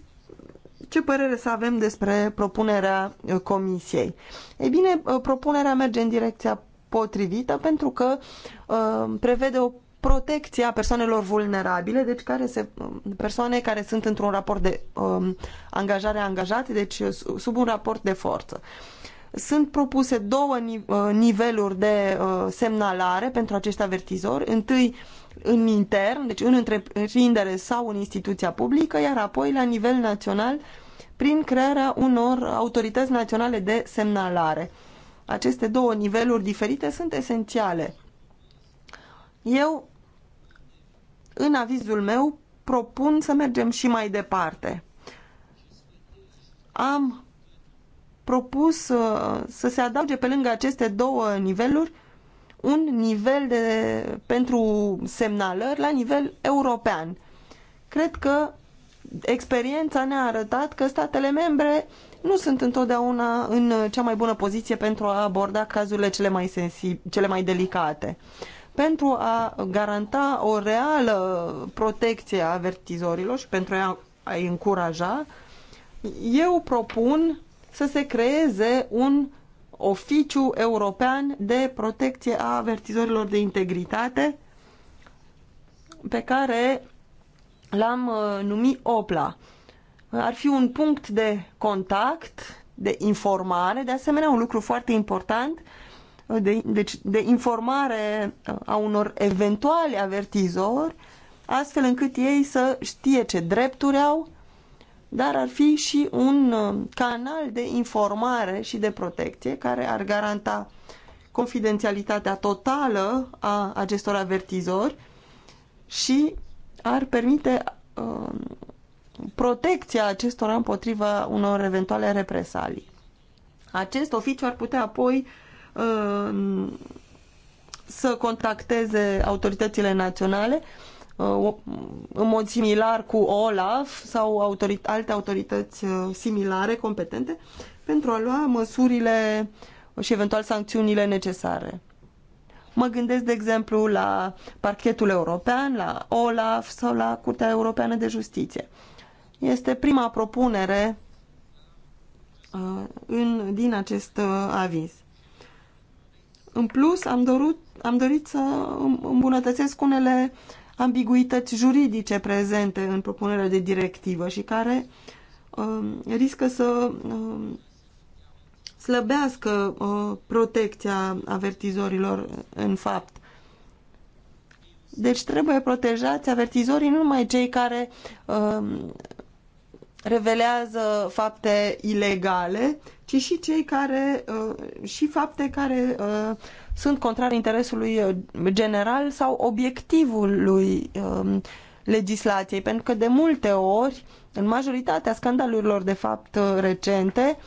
[SPEAKER 2] ce părere să avem despre propunerea comisiei? Ei bine, propunerea merge în direcția potrivită pentru că uh, prevede o protecția persoanelor vulnerabile, deci care se, persoane care sunt într-un raport de um, angajare angajate, deci sub un raport de forță. Sunt propuse două uh, niveluri de uh, semnalare pentru acești avertizori. Întâi în intern, deci în întreprindere sau în instituția publică, iar apoi la nivel național prin crearea unor autorități naționale de semnalare. Aceste două niveluri diferite sunt esențiale. Eu în avizul meu propun să mergem și mai departe. Am propus uh, să se adauge pe lângă aceste două niveluri un nivel de, pentru semnalări la nivel european. Cred că experiența ne-a arătat că statele membre nu sunt întotdeauna în cea mai bună poziție pentru a aborda cazurile cele mai, sensi- cele mai delicate pentru a garanta o reală protecție a avertizorilor și pentru a, a încuraja, eu propun să se creeze un oficiu european de protecție a avertizorilor de integritate pe care l-am uh, numit OPLA. Ar fi un punct de contact, de informare, de asemenea un lucru foarte important de, deci de informare uh, a unor eventuale avertizori, astfel încât ei să știe ce drepturi au, dar ar fi și un uh, canal de informare și de protecție care ar garanta confidențialitatea totală a acestor avertizori și ar permite uh, protecția acestora împotriva unor eventuale represalii. Acest oficiu ar putea apoi Uh, să contacteze autoritățile naționale uh, în mod similar cu OLAF sau autorit alte autorități uh, similare, competente, pentru a lua măsurile și eventual sancțiunile necesare. Mă gândesc, de exemplu, la parchetul european, la OLAF sau la Curtea Europeană de Justiție. Este prima propunere în, din acest aviz. În plus, am, dorut, am dorit să îmbunătățesc unele ambiguități juridice prezente în propunerea de directivă și care um, riscă să um, slăbească uh, protecția avertizorilor în fapt. Deci trebuie protejați avertizorii, nu numai cei care uh, revelează fapte ilegale, ci și cei care uh, și fapte care uh, sunt contrare interesului uh, general sau obiectivului um, legislației, pentru că de multe ori, în majoritatea scandalurilor de fapt recente,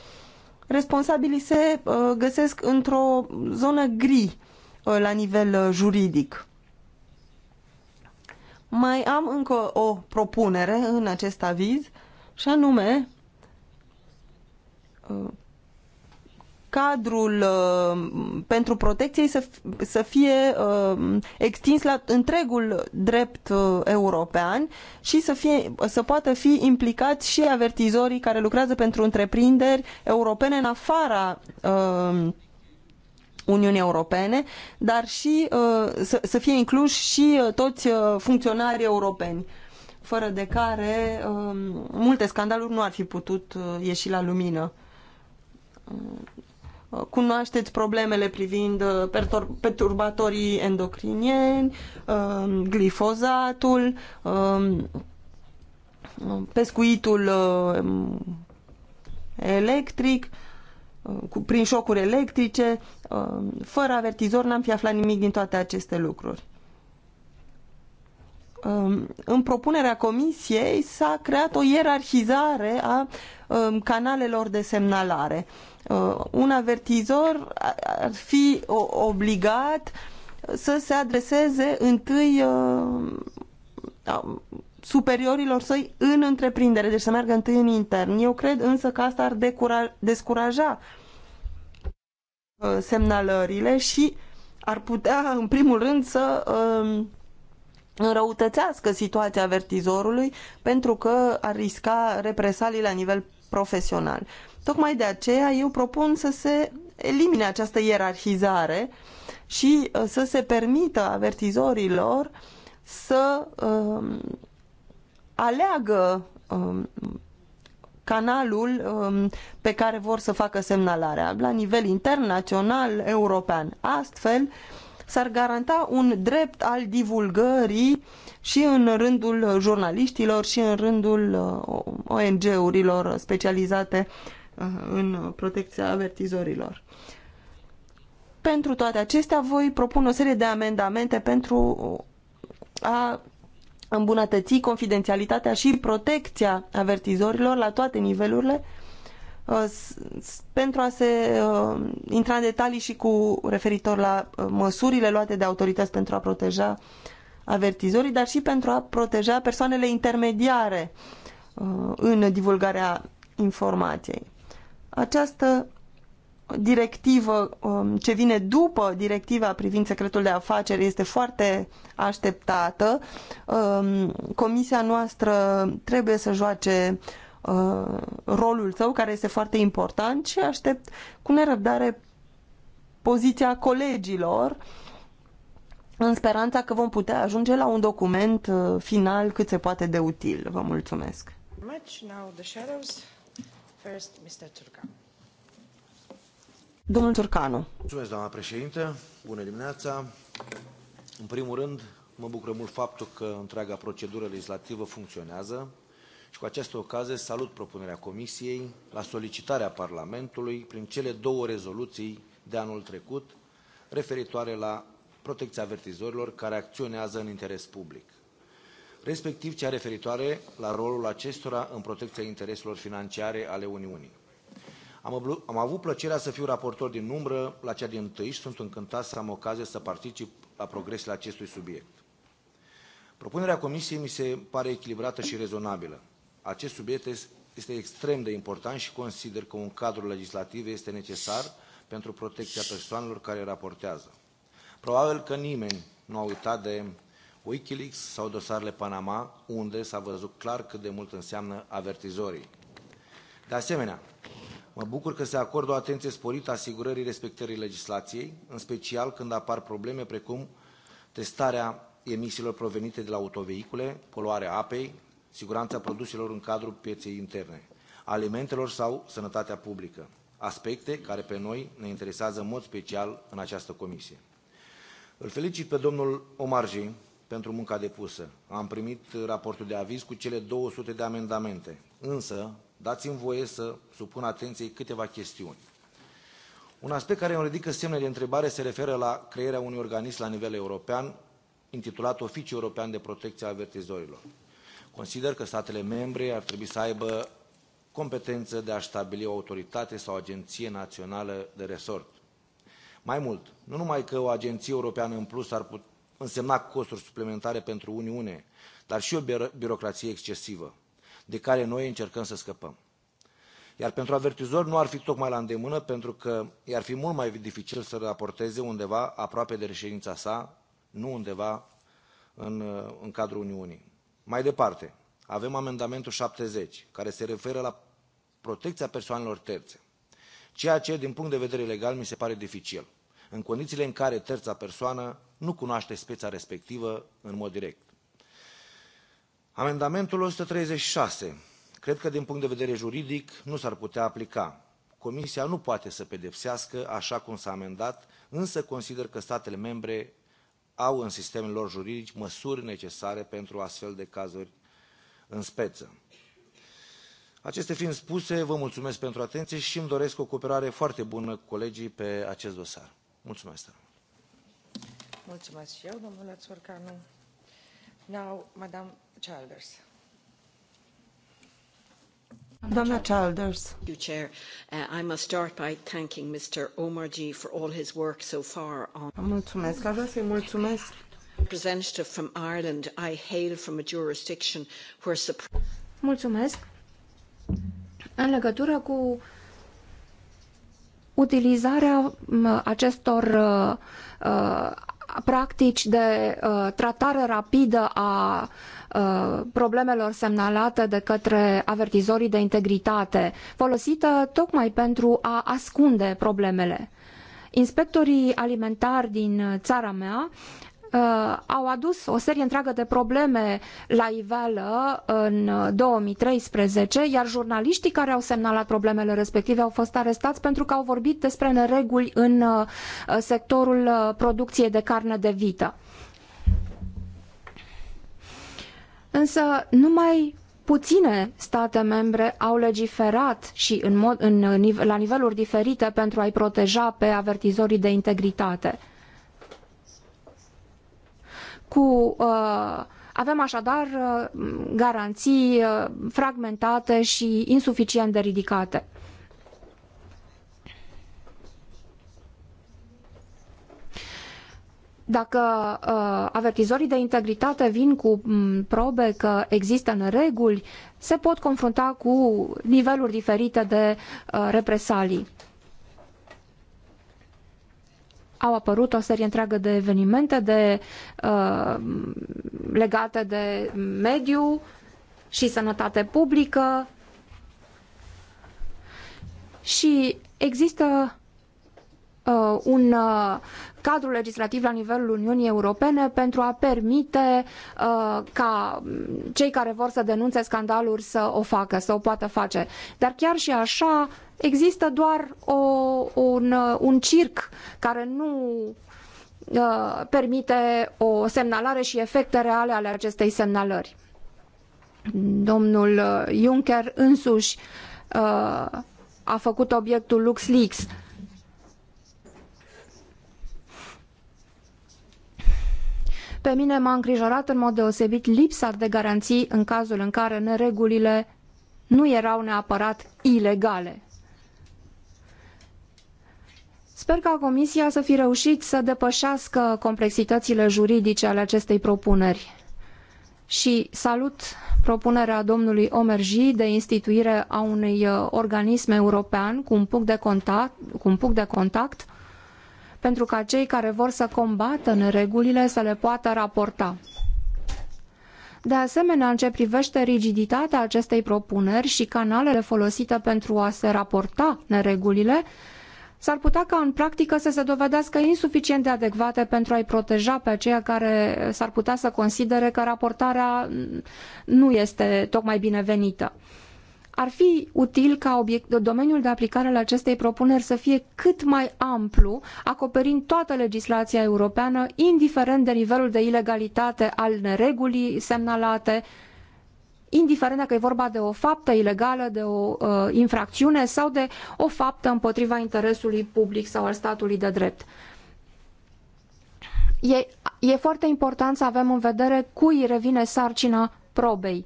[SPEAKER 2] responsabilii se găsesc într-o zonă gri la nivel juridic. Mai am încă o propunere în acest aviz și anume cadrul uh, pentru protecție să, să fie uh, extins la întregul drept uh, european și să, fie, să poată fi implicați și avertizorii care lucrează pentru întreprinderi europene în afara uh, Uniunii Europene, dar și uh, să, să fie incluși și uh, toți uh, funcționarii europeni, fără de care uh, multe scandaluri nu ar fi putut uh, ieși la lumină Uh, cunoașteți problemele privind uh, perturbatorii endocrinieni, um, glifozatul, um, pescuitul um, electric, uh, prin șocuri electrice. Fără avertizor n-am fi aflat nimic din toate aceste lucruri. Um, în propunerea comisiei s-a creat o ierarhizare a um, canalelor de semnalare. Uh, un avertizor ar fi obligat să se adreseze întâi uh, superiorilor săi în întreprindere, deci să meargă întâi în intern. Eu cred însă că asta ar descuraja uh, semnalările și ar putea, în primul rând, să um, înrăutățească situația avertizorului pentru că ar risca represalii la nivel profesional. Tocmai de aceea eu propun să se elimine această ierarhizare și uh, să se permită avertizorilor să um, aleagă um, canalul um, pe care vor să facă semnalarea la nivel internațional, european. Astfel, uh, s-ar garanta un drept al divulgării și în rândul jurnaliștilor și în rândul uh, ONG-urilor specializate uh, în protecția avertizorilor. Pentru toate acestea voi propun o serie de amendamente pentru a îmbunătăți confidențialitatea și protecția avertizorilor la toate nivelurile Uh, pentru a se uh, intra în detalii și cu referitor la uh, măsurile luate de autorități pentru a proteja avertizorii, dar și pentru a proteja persoanele intermediare în divulgarea informației. Această directivă um, ce vine după directiva privind secretul de afaceri este foarte așteptată. Um, comisia noastră trebuie să joace Uh, rolul său, care este foarte important și aștept cu nerăbdare poziția colegilor în speranța că vom putea ajunge la un document uh, final cât se poate de util. Vă mulțumesc! Domnul Turcanu.
[SPEAKER 3] Mulțumesc, doamna președintă. Bună dimineața. În primul rând, mă bucură mult faptul că întreaga procedură legislativă funcționează și cu această ocazie salut propunerea Comisiei la solicitarea Parlamentului prin cele două rezoluții de anul trecut referitoare la protecția avertizorilor care acționează în interes public, respectiv cea referitoare la rolul acestora în protecția intereselor financiare ale Uniunii. Am, am avut plăcerea să fiu raportor din umbră la cea din tâi și sunt încântat să am ocazie să particip la progresele acestui subiect. Propunerea Comisiei mi se pare echilibrată și rezonabilă. Acest subiect este extrem de important și consider că un cadru legislativ este necesar pentru protecția persoanelor care raportează. Probabil că nimeni nu a uitat de Wikileaks sau dosarele Panama, unde s-a văzut clar cât de mult înseamnă avertizorii. De asemenea, mă bucur că se acordă o atenție sporită asigurării respectării legislației, în special când apar probleme precum testarea emisiilor provenite de la autovehicule, poluarea apei, siguranța produselor în cadrul pieței interne, alimentelor sau sănătatea publică, aspecte care pe noi ne interesează în mod special în această comisie. Îl felicit pe domnul Omarji pentru munca depusă. Am primit raportul de aviz cu cele 200 de amendamente, însă dați-mi voie să supun atenției câteva chestiuni. Un aspect care îmi ridică semne de întrebare se referă la crearea unui organism la nivel european intitulat Oficiul European de Protecție a Avertizorilor. Consider că statele membre ar trebui să aibă competență de a stabili o autoritate sau agenție națională de resort. Mai mult, nu numai că o agenție europeană în plus ar putea însemna costuri suplimentare pentru Uniune, dar și o birocrație excesivă, de care noi încercăm să scăpăm. Iar pentru avertizori nu ar fi tocmai la îndemână, pentru că i-ar fi mult mai dificil să raporteze undeva aproape de reședința sa, nu undeva în, în cadrul Uniunii. Mai departe, avem amendamentul 70, care se referă la protecția persoanelor terțe, ceea ce, din punct de vedere legal, mi se pare dificil, în condițiile în care terța persoană nu cunoaște speța respectivă în mod direct. Amendamentul 136. Cred că, din punct de vedere juridic, nu s-ar putea aplica. Comisia nu poate să pedepsească așa cum s-a amendat, însă consider că statele membre au în sistemele lor juridici măsuri necesare pentru astfel de cazuri în speță. Aceste fiind spuse, vă mulțumesc pentru atenție și îmi doresc o cooperare foarte bună cu colegii pe acest dosar. Mulțumesc!
[SPEAKER 2] Mulțumesc și eu, domnule Țurcanu. Now, Madame Childers. Doamna Childers. You, Chair. Uh, I must start by thanking Mr. Omarji for all his work so far on... Mulțumesc. Aș vrea să-i mulțumesc representative from Ireland,
[SPEAKER 4] I hail from a jurisdiction where Mulțumesc. În legătură cu utilizarea acestor uh, uh, practici de uh, tratare rapidă a uh, problemelor semnalate de către avertizorii de integritate, folosită tocmai pentru a ascunde problemele. Inspectorii alimentari din uh, țara mea uh, au adus o serie întreagă de probleme la iveală în 2013, uh, iar jurnaliștii care au semnalat problemele respective au fost arestați pentru că au vorbit despre nereguli în uh, sectorul uh, producției de carne de vită. Însă numai puține state membre au legiferat și în mod, în, uh, la niveluri diferite pentru a-i proteja pe avertizorii de integritate. Cu, uh, avem așadar uh, garanții uh, fragmentate și insuficient de ridicate. Dacă uh, avertizorii de integritate vin cu mm, probe că există nereguli, se pot confrunta cu niveluri diferite de uh, represalii au apărut o serie întreagă de evenimente de, uh, legate de mediu și sănătate publică și există uh, un uh, cadru legislativ la nivelul Uniunii Europene pentru a permite uh, ca cei care vor să denunțe scandaluri să o facă, să o poată face. Dar chiar și așa, există doar o, un, uh, un circ care nu uh, permite o semnalare și efecte reale ale acestei semnalări. Domnul uh, Juncker însuși a făcut obiectul LuxLeaks. Pe mine m-a îngrijorat în mod deosebit lipsa de garanții în cazul în care neregulile nu erau neapărat ilegale. Sper ca Comisia să fi reușit să depășească complexitățile juridice ale acestei propuneri și salut propunerea domnului Omerji de instituire a unui uh, organism european cu un punct de contact, cu un punct de contact pentru ca cei care vor să combată neregulile să le poată raporta. De asemenea, în ce privește rigiditatea acestei propuneri și canalele folosite pentru a se raporta neregulile, s-ar putea ca în practică să se dovedească insuficient de adecvate pentru a-i proteja pe aceia care s-ar putea să considere că raportarea nu este tocmai binevenită. Ar fi util ca domeniul de aplicare al acestei propuneri să fie cât mai amplu, acoperind toată legislația europeană, indiferent de nivelul de ilegalitate al neregulii semnalate indiferent dacă e vorba de o faptă ilegală, de o uh, infracțiune sau de o faptă împotriva interesului public sau al statului de drept. E, e foarte important să avem în vedere cui revine sarcina probei.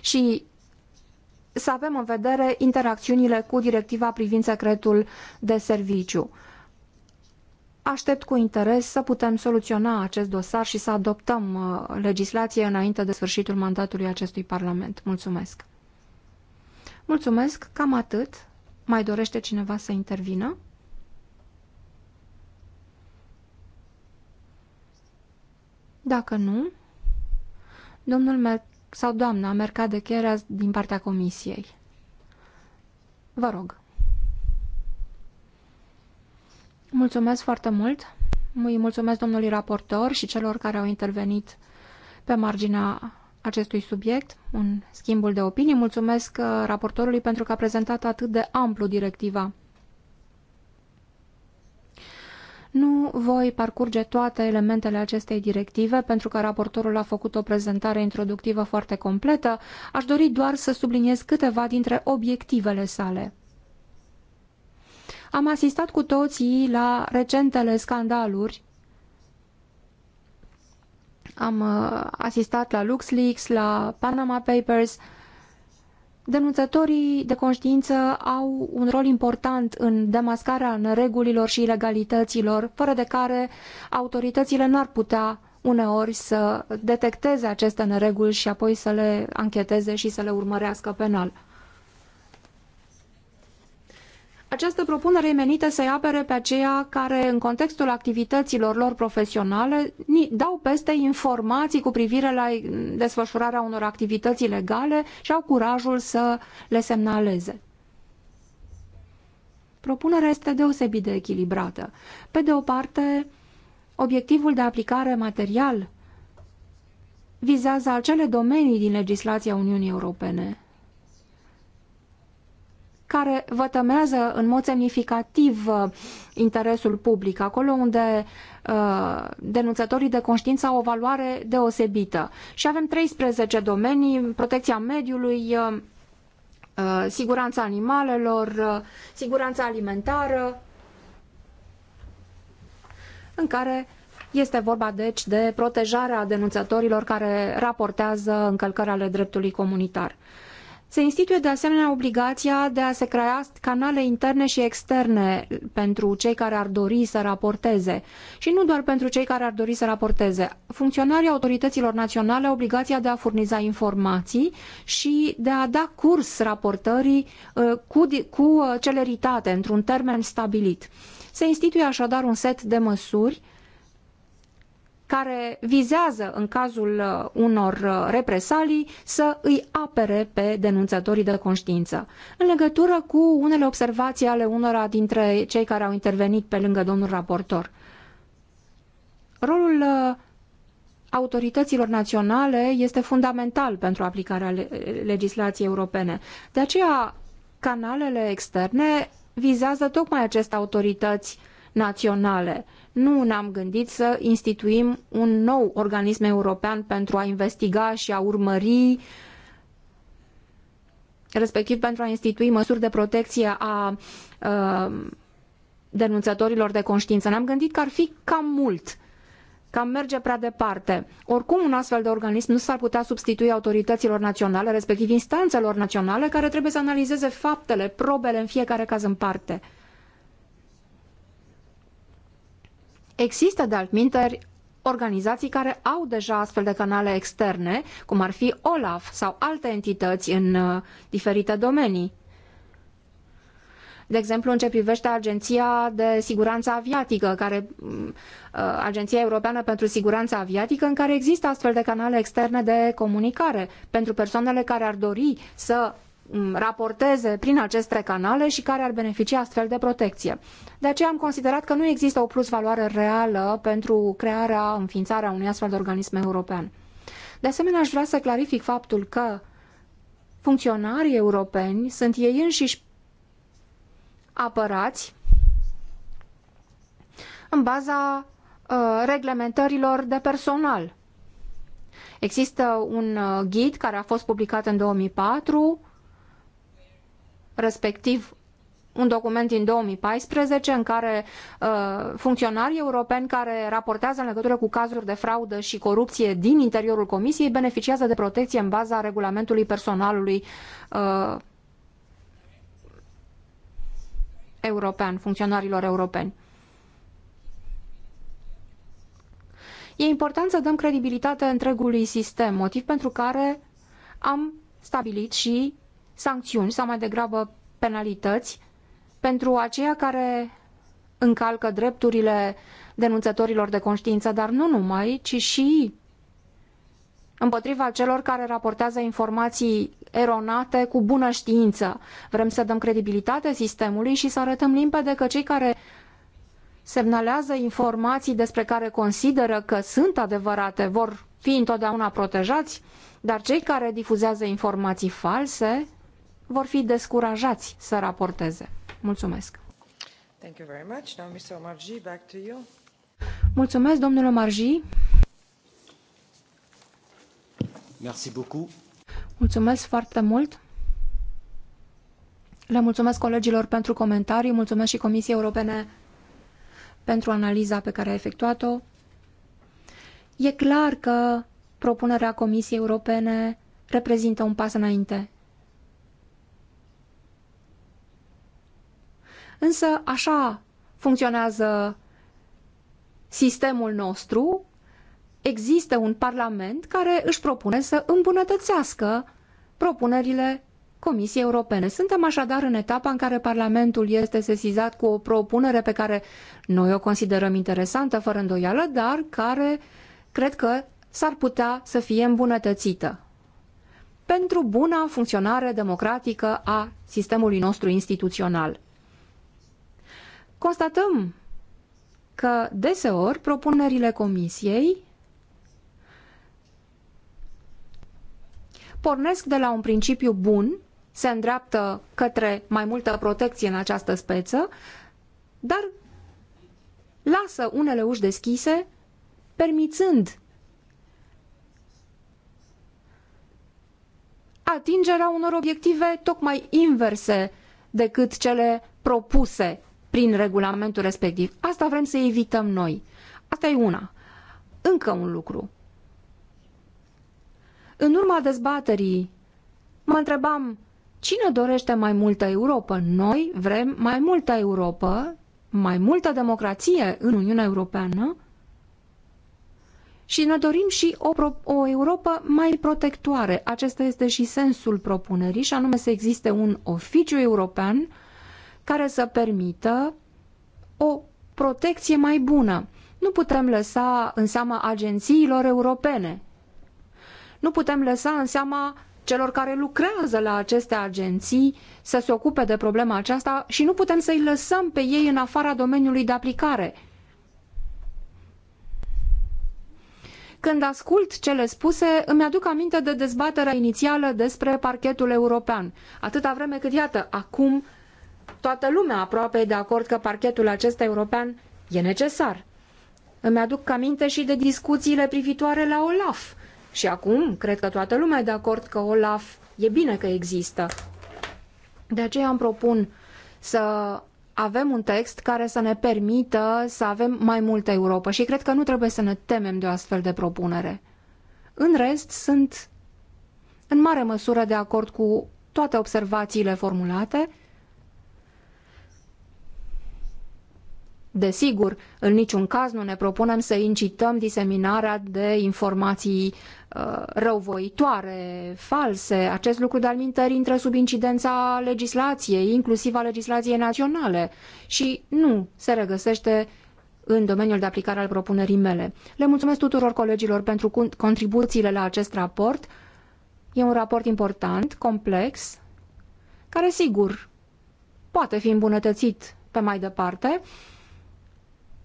[SPEAKER 4] Și să avem în vedere interacțiunile cu directiva privind secretul de serviciu. Aștept cu interes să putem soluționa acest dosar și să adoptăm uh, legislație înainte de sfârșitul mandatului acestui Parlament. Mulțumesc! Mulțumesc, cam atât. Mai dorește cineva să intervină? Dacă nu, domnul Mer sau doamna Mercade Cheras din partea comisiei. Vă rog. Mulțumesc foarte mult. Îi mulțumesc domnului raportor și celor care au intervenit pe marginea acestui subiect, un schimbul de opinii. Mulțumesc uh, raportorului pentru că a prezentat atât de amplu directiva. Nu voi parcurge toate elementele acestei directive, pentru că raportorul a făcut o prezentare introductivă foarte completă. Aș dori doar să subliniez câteva dintre obiectivele sale. Am asistat cu toții la recentele scandaluri. Am uh, asistat la LuxLeaks, la Panama Papers. Denunțătorii de conștiință au un rol important în demascarea neregulilor și ilegalităților, fără de care autoritățile n-ar putea uneori să detecteze aceste nereguli și apoi să le ancheteze și să le urmărească penal. Această propunere e menită să-i apere pe aceia care, în contextul activităților lor profesionale, dau peste informații cu privire la mm, desfășurarea unor activități ilegale și au curajul să le semnaleze. Propunerea este deosebit de echilibrată. Pe de o parte, obiectivul de aplicare material vizează acele domenii din legislația Uniunii Europene care vătămează în mod semnificativ uh, interesul public, acolo unde uh, denunțătorii de conștiință au o valoare deosebită. Și avem 13 domenii, protecția mediului, uh, uh, siguranța animalelor, uh, siguranța alimentară, în care este vorba deci de protejarea denunțătorilor care raportează încălcări ale dreptului comunitar. Se instituie de asemenea obligația de a se crea canale interne și externe pentru cei care ar dori să raporteze. Și nu doar pentru cei care ar dori să raporteze. Funcționarii autorităților naționale au obligația de a furniza informații și de a da curs raportării uh, cu, cu uh, celeritate, într-un termen stabilit. Se instituie așadar un set de măsuri care vizează, în cazul uh, unor uh, represalii, să îi apere pe denunțătorii de conștiință. În legătură cu unele observații ale unora dintre cei care au intervenit pe lângă domnul raportor, rolul uh, autorităților naționale este fundamental pentru aplicarea legislației europene. De aceea, canalele externe vizează tocmai aceste autorități naționale nu ne-am gândit să instituim un nou organism european pentru a investiga și a urmări respectiv pentru a institui măsuri de protecție a uh, denunțătorilor de conștiință. Ne-am gândit că ar fi cam mult, cam merge prea departe. Oricum, un astfel de organism nu s-ar putea substitui autorităților naționale, respectiv instanțelor naționale, care trebuie să analizeze faptele, probele în fiecare caz în parte. Există, de altminteri, organizații care au deja astfel de canale externe, cum ar fi OLAF sau alte entități în uh, diferite domenii. De exemplu, în ce privește Agenția de Siguranță Aviatică, care, mm, uh, Agenția Europeană pentru Siguranță Aviatică, în care există astfel de canale externe de comunicare pentru persoanele care ar dori să Mm, raporteze prin aceste canale și care ar beneficia astfel de protecție. De aceea am considerat că nu există o plusvaloare reală pentru crearea, înființarea unui astfel de organism european. De asemenea, aș vrea să clarific faptul că funcționarii europeni sunt ei înșiși apărați în baza uh, reglementărilor de personal. Există un uh, ghid care a fost publicat în 2004 respectiv un document din 2014 în care uh, funcționarii europeni care raportează în legătură cu cazuri de fraudă și corupție din interiorul Comisiei beneficiază de protecție în baza regulamentului personalului uh, european, funcționarilor europeni. E important să dăm credibilitate întregului sistem, motiv pentru care am stabilit și sancțiuni sau mai degrabă penalități pentru aceia care încalcă drepturile denunțătorilor de conștiință, dar nu numai, ci și împotriva celor care raportează informații eronate cu bună știință. Vrem să dăm credibilitate sistemului și să arătăm limpede că cei care semnalează informații despre care consideră că sunt adevărate vor fi întotdeauna protejați, dar cei care difuzează informații false vor fi descurajați să raporteze. Mulțumesc!
[SPEAKER 2] Thank you very much. Now, Mr. Omarji, back to you.
[SPEAKER 4] Mulțumesc, domnule Omarji.
[SPEAKER 1] Merci beaucoup.
[SPEAKER 4] Mulțumesc foarte mult. Le mulțumesc colegilor pentru comentarii, mulțumesc și Comisiei Europene pentru analiza pe care a efectuat-o. E clar că propunerea Comisiei Europene reprezintă un pas înainte Însă așa funcționează sistemul nostru. Există un parlament care își propune să îmbunătățească propunerile Comisiei Europene. Suntem așadar în etapa în care Parlamentul este sesizat cu o propunere pe care noi o considerăm interesantă, fără îndoială, dar care cred că s-ar putea să fie îmbunătățită pentru buna funcționare democratică a sistemului nostru instituțional constatăm că deseori propunerile comisiei pornesc de la un principiu bun, se îndreaptă către mai multă protecție în această speță, dar lasă unele uși deschise, permițând atingerea unor obiective tocmai inverse decât cele propuse prin regulamentul respectiv. Asta vrem să evităm noi. Asta e una. Încă un lucru. În urma dezbaterii mă întrebam cine dorește mai multă Europa? Noi vrem mai multă Europa, mai multă democrație în Uniunea Europeană și ne dorim și o, o Europa mai protectoare. Acesta este și sensul propunerii și anume să existe un oficiu european care să permită o protecție mai bună. Nu putem lăsa în seama agențiilor europene. Nu putem lăsa în seama celor care lucrează la aceste agenții să se ocupe de problema aceasta și nu putem să-i lăsăm pe ei în afara domeniului de aplicare. Când ascult cele spuse, îmi aduc aminte de dezbaterea inițială despre parchetul european. Atâta vreme cât, iată, acum Toată lumea aproape e de acord că parchetul acesta european e necesar. Îmi aduc aminte și de discuțiile privitoare la Olaf. Și acum, cred că toată lumea e de acord că Olaf e bine că există. De aceea îmi propun să avem un text care să ne permită să avem mai multă Europa și cred că nu trebuie să ne temem de o astfel de propunere. În rest, sunt în mare măsură de acord cu toate observațiile formulate Desigur, în niciun caz nu ne propunem să incităm diseminarea de informații uh, răuvoitoare, false. Acest lucru de-al intră sub incidența legislației, inclusiv a legislației naționale și nu se regăsește în domeniul de aplicare al propunerii mele. Le mulțumesc tuturor colegilor pentru contribuțiile la acest raport. E un raport important, complex, care sigur poate fi îmbunătățit pe mai departe,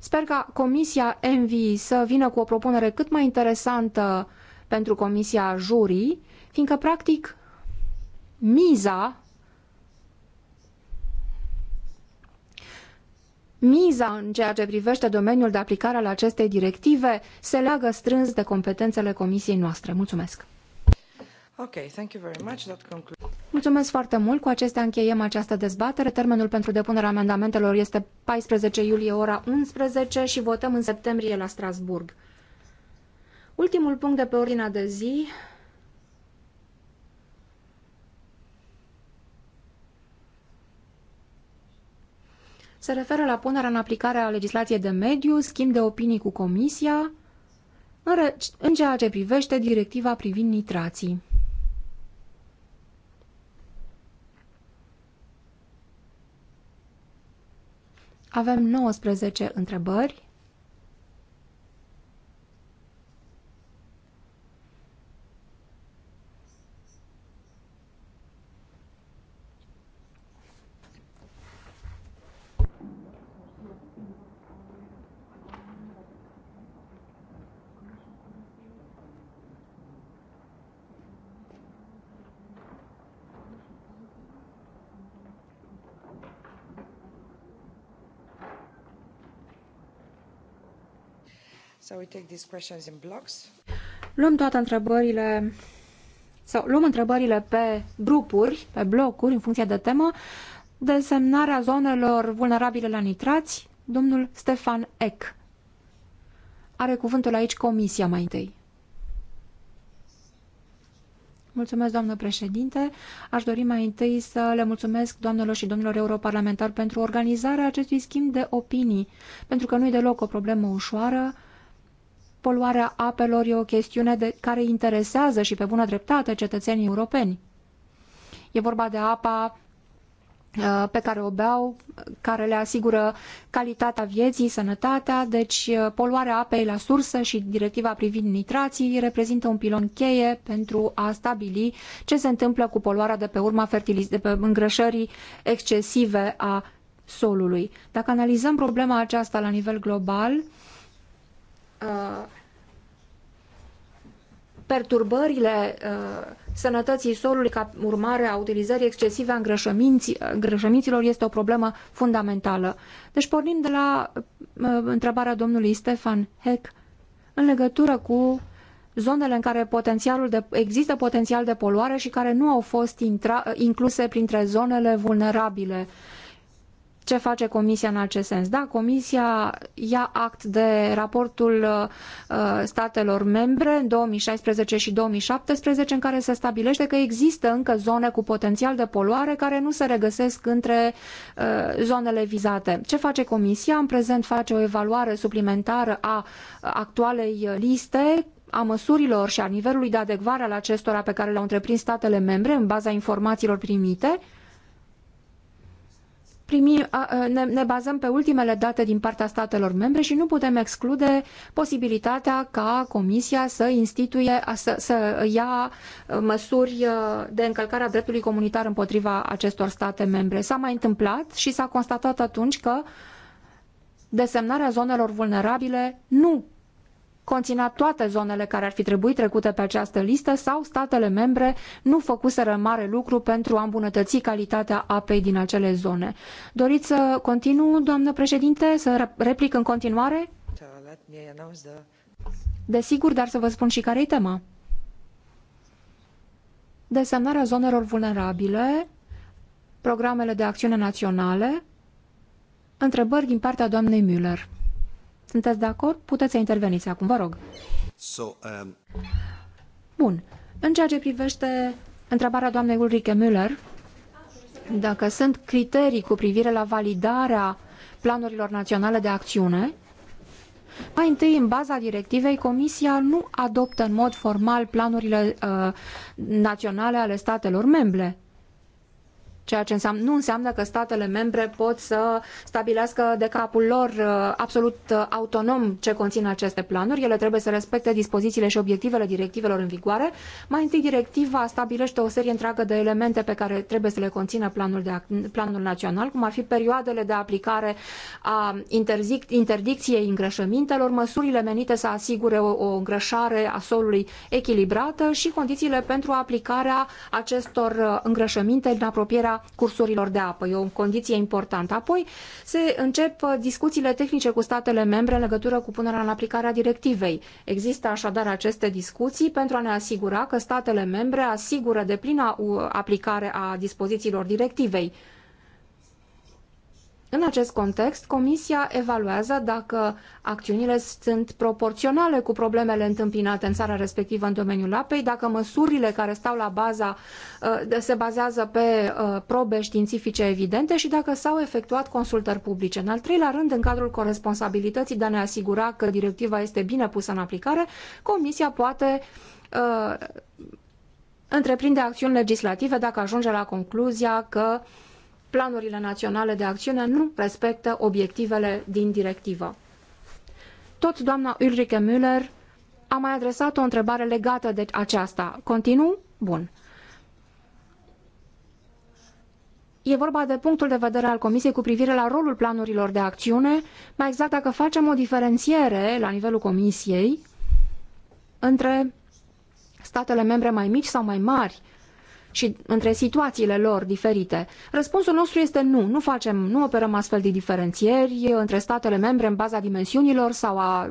[SPEAKER 4] Sper ca Comisia Envi să vină cu o propunere cât mai interesantă pentru Comisia Jurii, fiindcă, practic, miza Miza în ceea ce privește domeniul de aplicare al acestei directive se leagă strâns de competențele comisiei noastre. Mulțumesc!
[SPEAKER 2] Okay, thank you very much. That
[SPEAKER 4] Mulțumesc foarte mult. Cu acestea încheiem această dezbatere. Termenul pentru depunerea amendamentelor este 14 iulie ora 11 și votăm în septembrie la Strasburg. Ultimul punct de pe ordinea de zi se referă la punerea în aplicare a legislației de mediu, schimb de opinii cu Comisia, în, în ceea ce privește directiva privind nitrații. Avem 19 întrebări
[SPEAKER 2] So we take these questions in
[SPEAKER 1] blocks.
[SPEAKER 4] Luăm toate întrebările sau luăm întrebările pe grupuri, pe blocuri, în funcție de temă, desemnarea zonelor vulnerabile la nitrați, domnul Stefan Eck. Are cuvântul aici comisia mai întâi. Mulțumesc, doamnă președinte. Aș dori mai întâi să le mulțumesc doamnelor și domnilor europarlamentari pentru organizarea acestui schimb de opinii, pentru că nu e deloc o problemă ușoară poluarea apelor e o chestiune de, care interesează și pe bună dreptate cetățenii europeni. E vorba de apa uh, pe care o beau, care le asigură calitatea vieții, sănătatea, deci uh, poluarea apei la sursă și directiva privind nitrații reprezintă un pilon cheie pentru a stabili ce se întâmplă cu poluarea de pe urma fertiliz- de pe îngrășării excesive a solului. Dacă analizăm problema aceasta la nivel global, Uh, perturbările uh, sănătății solului ca urmare a utilizării excesive a îngrășăminților este o problemă fundamentală. Deci pornind de la uh, întrebarea domnului Stefan Heck în legătură cu zonele în care potențialul de, există potențial de poluare și care nu au fost intra, uh, incluse printre zonele vulnerabile uh, ce face Comisia în acest sens? Da, Comisia ia act de raportul uh, statelor membre în 2016 și 2017 în care se stabilește că există încă zone cu potențial de poluare care nu se regăsesc între uh, zonele vizate. Ce face Comisia? În prezent face o evaluare suplimentară a actualei liste a măsurilor și a nivelului de adecvare al acestora pe care le-au întreprins statele membre în baza informațiilor primite ne, ne bazăm pe ultimele date din partea statelor membre și nu putem exclude posibilitatea ca Comisia să instituie, să, să ia măsuri de încălcare a dreptului comunitar împotriva acestor state membre. S-a mai întâmplat și s-a constatat atunci că desemnarea zonelor vulnerabile nu conținea toate zonele care ar fi trebuit trecute pe această listă sau statele membre nu făcuseră mare lucru pentru a îmbunătăți calitatea apei din acele zone. Doriți să continu, doamnă președinte, să replic în continuare? Desigur, dar să vă spun și care e tema. Desemnarea zonelor vulnerabile, programele de acțiune naționale, întrebări din partea doamnei Müller. Sunteți de acord? Puteți să interveniți acum, vă rog.
[SPEAKER 3] So, um...
[SPEAKER 4] Bun. În ceea ce privește întrebarea doamnei Ulrike Müller, dacă sunt criterii cu privire la validarea planurilor naționale de acțiune, mai întâi, în baza directivei, Comisia nu adoptă în mod formal planurile uh, naționale ale statelor membre ceea ce înseamnă, nu înseamnă că statele membre pot să stabilească de capul lor uh, absolut uh, autonom ce conțin aceste planuri. Ele trebuie să respecte dispozițiile și obiectivele directivelor în vigoare. Mai întâi, directiva stabilește o serie întreagă de elemente pe care trebuie să le conțină planul, de, planul național, cum ar fi perioadele de aplicare a interzic, interdicției îngrășămintelor, măsurile menite să asigure o, o îngrășare a solului echilibrată și condițiile pentru aplicarea acestor uh, îngrășăminte în apropierea cursurilor de apă. E o condiție importantă. Apoi se încep uh, discuțiile tehnice cu statele membre în legătură cu punerea în aplicare a directivei. Există așadar aceste discuții pentru a ne asigura că statele membre asigură deplina uh, aplicare a dispozițiilor directivei. În acest context, Comisia evaluează dacă acțiunile sunt proporționale cu problemele întâmpinate în țara respectivă în domeniul apei, dacă măsurile care stau la baza uh, se bazează pe uh, probe științifice evidente și dacă s-au efectuat consultări publice. În al treilea rând, în cadrul corresponsabilității de a ne asigura că directiva este bine pusă în aplicare, Comisia poate uh, întreprinde acțiuni legislative dacă ajunge la concluzia că uh, planurile naționale de acțiune nu respectă obiectivele din directivă. Tot doamna Ulrike Müller a mai adresat o întrebare legată de aceasta. Continu? Bun. E vorba de punctul de vedere al Comisiei cu privire la rolul planurilor de acțiune, mai exact dacă facem o diferențiere la nivelul Comisiei între statele membre mai mici sau mai mari și între situațiile lor diferite? Răspunsul nostru este nu, nu facem, nu operăm astfel de diferențieri între statele membre în baza dimensiunilor sau a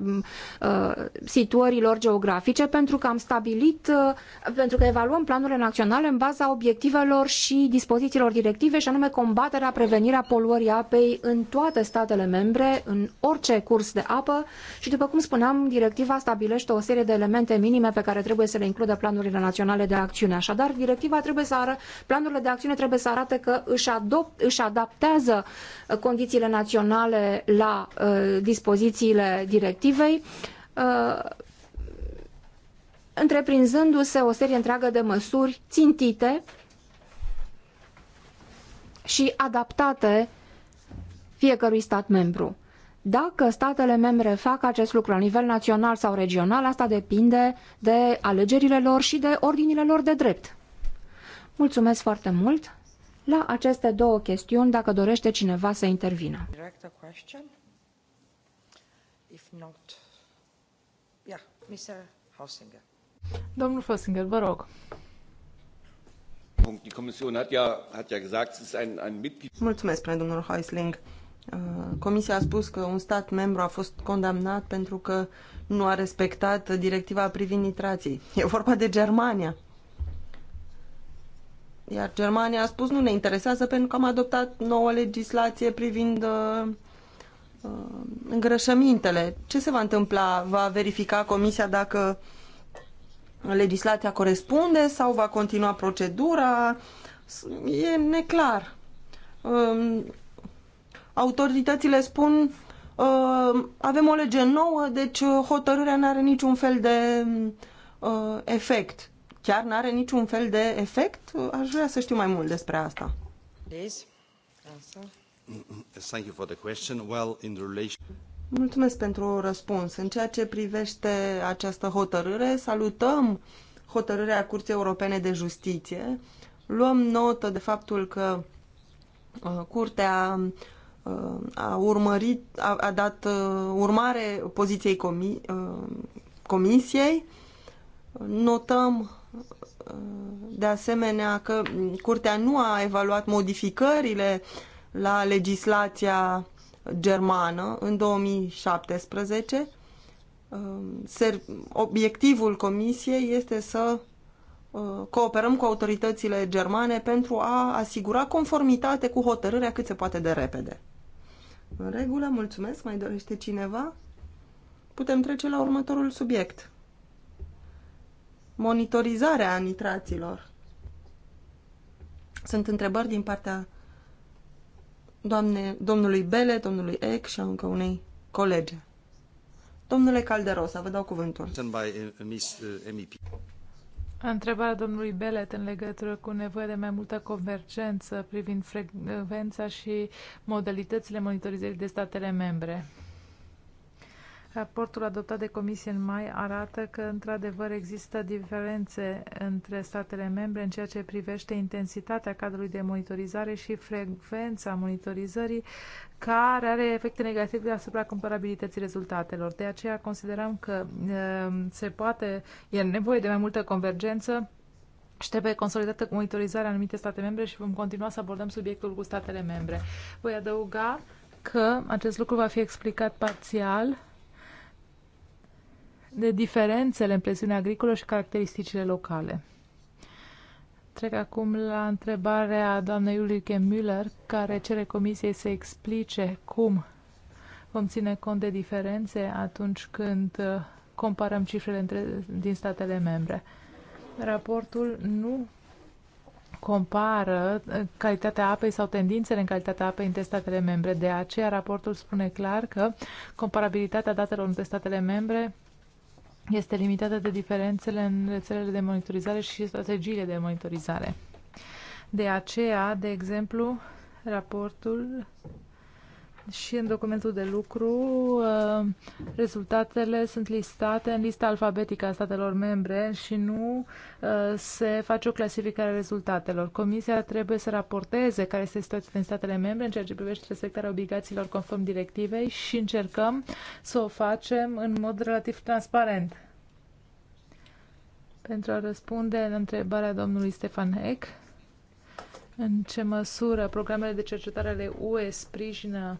[SPEAKER 4] uh, situărilor geografice, pentru că am stabilit, uh, pentru că evaluăm planurile naționale în baza obiectivelor și dispozițiilor directive și anume combaterea, prevenirea poluării apei în toate statele membre, în orice curs de apă și, după cum spuneam, directiva stabilește o serie de elemente minime pe care trebuie să le includă planurile naționale de acțiune. Așadar, directiva trebuie trebuie să planurile de acțiune trebuie să arate că își, adopt, își adaptează condițiile naționale la uh, dispozițiile directivei. Uh, întreprinzându-se o serie întreagă de măsuri țintite și adaptate fiecărui stat membru. Dacă statele membre fac acest lucru la nivel național sau regional, asta depinde de alegerile lor și de ordinile lor de drept. Mulțumesc foarte mult! La aceste două chestiuni, dacă dorește cineva să intervină.
[SPEAKER 1] Domnul Fossinger, vă rog. Mulțumesc, domnul Heisling. Uh,
[SPEAKER 2] Comisia a spus că un stat membru a fost condamnat pentru că nu a respectat directiva privind nitrații. E vorba de Germania. Iar Germania a spus nu ne interesează pentru că am adoptat nouă legislație privind uh, uh, îngrășămintele. Ce se va întâmpla? Va verifica Comisia dacă legislația corespunde sau va continua procedura? E neclar. Uh, autoritățile spun uh, avem o lege nouă, deci uh, hotărârea nu are niciun fel de uh, efect chiar nu are niciun fel de efect? Aș vrea să știu mai mult despre asta.
[SPEAKER 3] Thank you for the question. Well, in relation...
[SPEAKER 2] Mulțumesc pentru răspuns. În ceea ce privește această hotărâre, salutăm hotărârea Curții Europene de Justiție. Luăm notă de faptul că uh, Curtea uh, a urmărit, a, a dat uh, urmare poziției comi, Comisiei. Notăm de asemenea că Curtea nu a evaluat modificările la legislația germană în 2017. Um, obiectivul Comisiei este să uh, cooperăm cu autoritățile germane pentru a asigura conformitate cu hotărârea cât se poate de repede. În regulă, mulțumesc. Mai dorește cineva? Putem trece la următorul subiect monitorizarea nitraților. Sunt întrebări din partea doamne, domnului Bele, domnului Eck și încă unei colege. Domnule Calderosa, vă dau cuvântul.
[SPEAKER 1] Întrebarea domnului Belet în legătură cu nevoia de mai multă convergență privind frecvența și modalitățile monitorizării de statele membre. Raportul adoptat de Comisie în mai arată că, într-adevăr, există diferențe între statele membre în ceea ce privește intensitatea cadrului de monitorizare și frecvența monitorizării, care are efecte negative asupra comparabilității rezultatelor. De aceea considerăm că um, se poate, e nevoie de mai multă convergență și trebuie consolidată monitorizarea anumite state membre și vom continua să abordăm subiectul cu statele membre. Voi adăuga că acest lucru va fi explicat parțial de diferențele în presiunea agricolă și caracteristicile locale. Trec acum la întrebarea doamnei Ulrike Müller, care cere comisiei să explice cum vom ține cont de diferențe atunci când uh, comparăm cifrele între, din statele membre. Raportul nu compară uh, calitatea apei sau tendințele în calitatea apei între statele membre. De aceea, raportul spune clar că comparabilitatea datelor între statele membre este limitată de diferențele în rețelele de monitorizare și strategiile de monitorizare. De aceea, de exemplu, raportul și în documentul de lucru uh, rezultatele sunt listate în lista alfabetică a statelor membre și nu uh, se face o clasificare a rezultatelor. Comisia trebuie să raporteze care este situația din statele membre în ceea ce privește respectarea obligațiilor conform directivei și încercăm să o facem în mod relativ transparent. Pentru a răspunde la întrebarea domnului Stefan Heck, în ce măsură programele de cercetare ale UE sprijină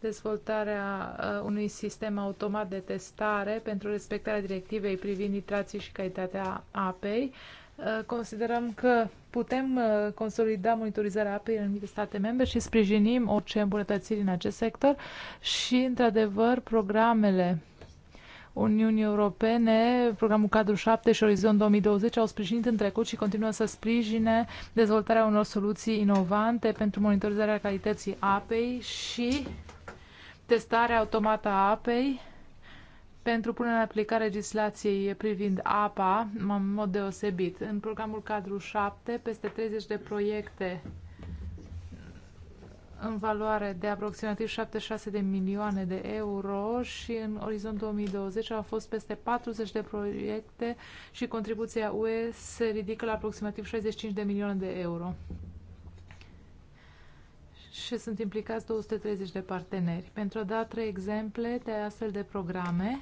[SPEAKER 1] dezvoltarea uh, unui sistem automat de testare pentru respectarea directivei privind nitrații și calitatea apei. Uh, considerăm că putem uh, consolida monitorizarea apei în anumite state membre și sprijinim orice îmbunătățiri în acest sector și, într-adevăr, programele Uniunii Europene, programul cadru 7 și Orizont 2020 au sprijinit în trecut și continuă să sprijine dezvoltarea unor soluții inovante pentru monitorizarea calității apei și testarea automată a apei pentru punerea în aplicare legislației privind apa, în mod deosebit. În programul cadru 7, peste 30 de proiecte în valoare de aproximativ 76 de milioane de euro și în orizont 2020 au fost peste 40 de proiecte și contribuția UE se ridică la aproximativ 65 de milioane de euro. Și sunt implicați 230 de parteneri. Pentru a da trei exemple de astfel de programe,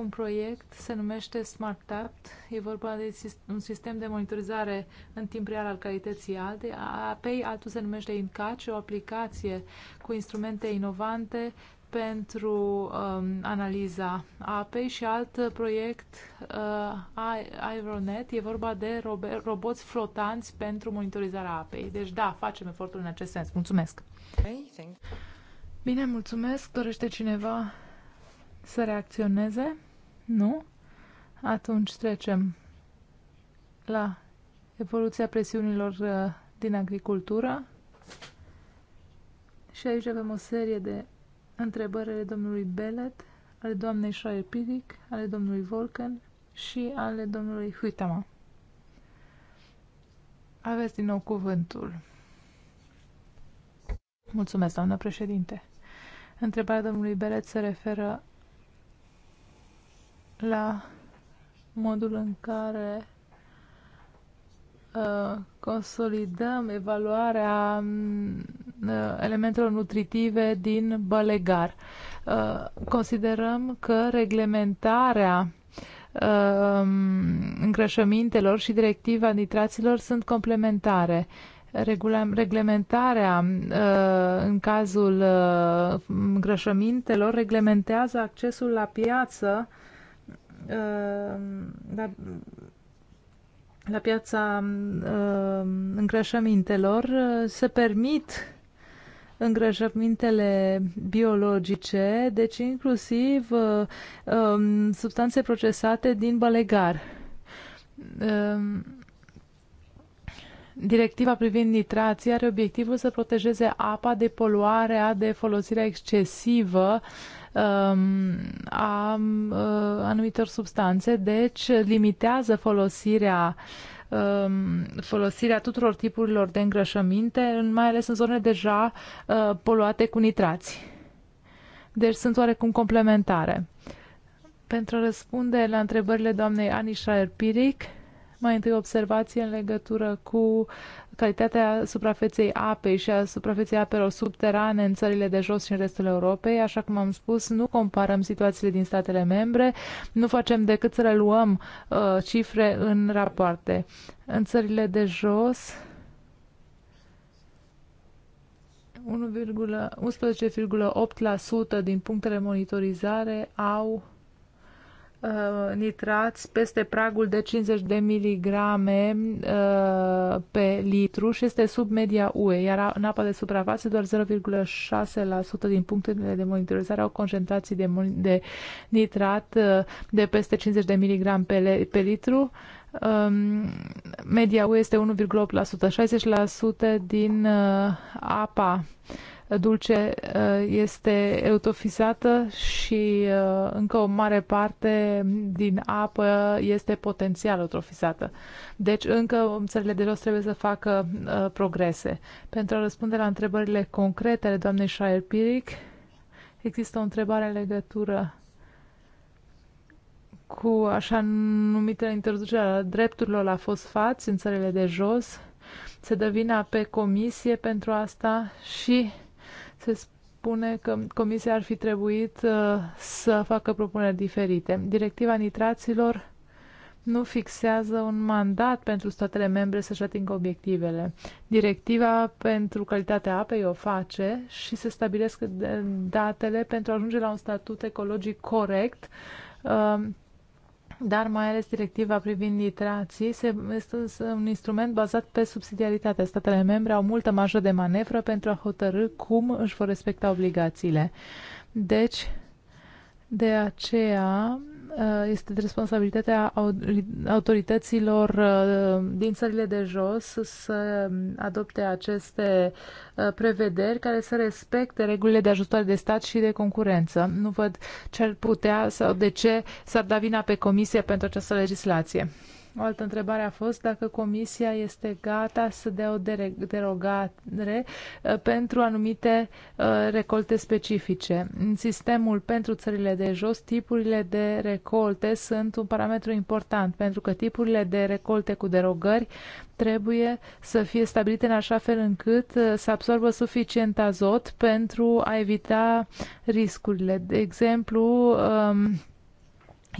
[SPEAKER 1] un proiect, se numește Smart Tapt. E vorba de un sistem de monitorizare în timp real al calității alte. Apei, altul se numește INCACE, o aplicație cu instrumente inovante pentru um, analiza apei și alt proiect uh, Ironet, e vorba de robe, roboți flotanți pentru monitorizarea apei. Deci da, facem efortul în acest sens. Mulțumesc! Bine, mulțumesc! Dorește cineva să reacționeze? Nu? Atunci trecem la evoluția presiunilor uh, din agricultură. Și aici avem o serie de întrebări ale domnului Belet, ale doamnei Schreier Piric, ale domnului Volken și ale domnului Huitama. Aveți din nou cuvântul. Mulțumesc, doamnă președinte. Întrebarea domnului Belet se referă la modul în care uh, consolidăm evaluarea mm, uh, elementelor nutritive din bălegar. Uh, considerăm că reglementarea uh, mm, îngrășămintelor și directiva nitraților sunt complementare. Regula, reglementarea mm, uh, în cazul uh, îngrășămintelor reglementează accesul la piață la, ehm, la piața ehm, îngrășămintelor eh, se permit îngrășămintele biologice, deci inclusiv eh, ehm, substanțe procesate din bălegar. Directiva privind nitrații are obiectivul să protejeze apa de poluare, de folosirea excesivă Um, a um, uh, anumitor substanțe, deci limitează folosirea um, folosirea tuturor tipurilor de îngrășăminte, mai ales în zone deja uh, poluate cu nitrați. Deci sunt oarecum complementare. Pentru a răspunde la întrebările doamnei Anișa Erpiric, mai întâi observații în legătură cu calitatea suprafeței apei și a suprafeței apelor subterane în țările de jos și în restul Europei. Așa cum am spus, nu comparăm situațiile din statele membre, nu facem decât să reluăm uh, cifre în rapoarte. În țările de jos, 11,8% din punctele monitorizare au Uh, nitrați peste pragul de 50 de miligrame uh, pe litru și este sub media UE, iar în apa de suprafață doar 0,6% din punctele de monitorizare au concentrații de, nitrat uh, de peste 50 de miligram pe litru Um, media UE este 1,8%, 60% din uh, apa dulce uh, este eutrofizată și uh, încă o mare parte din apă este potențial eutrofizată. Deci încă țările de jos trebuie să facă progrese. Pentru a răspunde la întrebările concrete ale doamnei Shire Piric, există o întrebare în legătură cu așa numită introducere a drepturilor la fosfați în țările de jos. Se dă vina pe comisie pentru asta și se spune că comisia ar fi trebuit uh, să facă propuneri diferite. Directiva nitraților nu fixează un mandat pentru statele membre să-și atingă obiectivele. Directiva pentru calitatea apei o face și se stabilesc datele pentru a ajunge la un statut ecologic corect uh, dar mai ales directiva privind nitrații se, este un instrument bazat pe subsidiaritate. Statele membre au multă marjă de manevră pentru a hotărâ cum își vor respecta obligațiile. Deci, de aceea Uh, este de responsabilitatea autorităților uh, din țările de jos să adopte aceste uh, prevederi care să respecte regulile de ajustare de stat și de concurență. Nu văd ce ar putea sau de ce s-ar da vina pe comisie pentru această legislație. O altă întrebare a fost dacă Comisia este gata să dea o derogare uh, pentru anumite uh, recolte specifice. În sistemul pentru țările de jos, tipurile de recolte sunt un parametru important, pentru că tipurile de recolte cu derogări trebuie să fie stabilite în așa fel încât uh, să absorbă suficient azot pentru a evita riscurile. De exemplu, um,